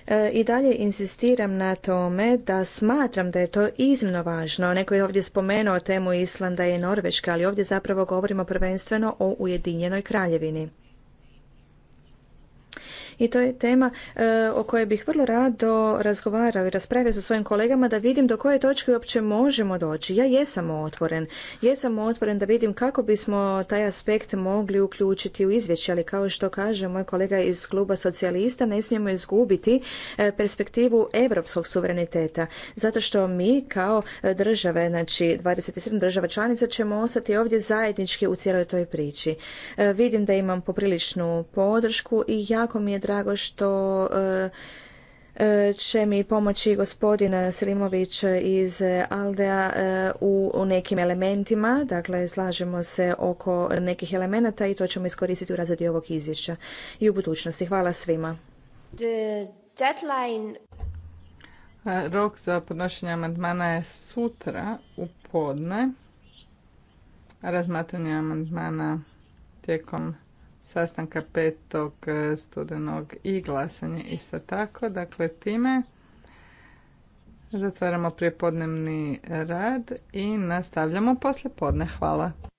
E, I dalje insistiram na tome da smatram da je to iznimno važno. Neko je ovdje spomenuo temu Islanda i Norveške, ali ovdje zapravo govorimo prvenstveno o Ujedinjenoj kraljevini i to je tema e, o kojoj bih vrlo rado razgovarao i raspravio sa svojim kolegama da vidim do koje točke uopće možemo doći. Ja jesam otvoren. Jesam otvoren da vidim kako bismo taj aspekt mogli uključiti u izvješće, ali kao što kaže moj kolega iz kluba socijalista, ne smijemo izgubiti e, perspektivu europskog suvereniteta. Zato što mi kao e, države, znači 27 država članica ćemo ostati ovdje zajednički u cijeloj toj priči. Vidim da imam popriličnu podršku i jako mi je drago drago što e, e, će mi pomoći gospodin Selimović iz Aldea e, u nekim elementima, dakle slažemo se oko nekih elemenata i to ćemo iskoristiti u razredi ovog izvješća i u budućnosti. Hvala svima. Rok za podnošenje amandmana je sutra u podne. Razmatranje amandmana tijekom sastanka petog e, studenog i glasanje isto tako. Dakle, time zatvaramo prijepodnevni rad i nastavljamo poslije podne. Hvala.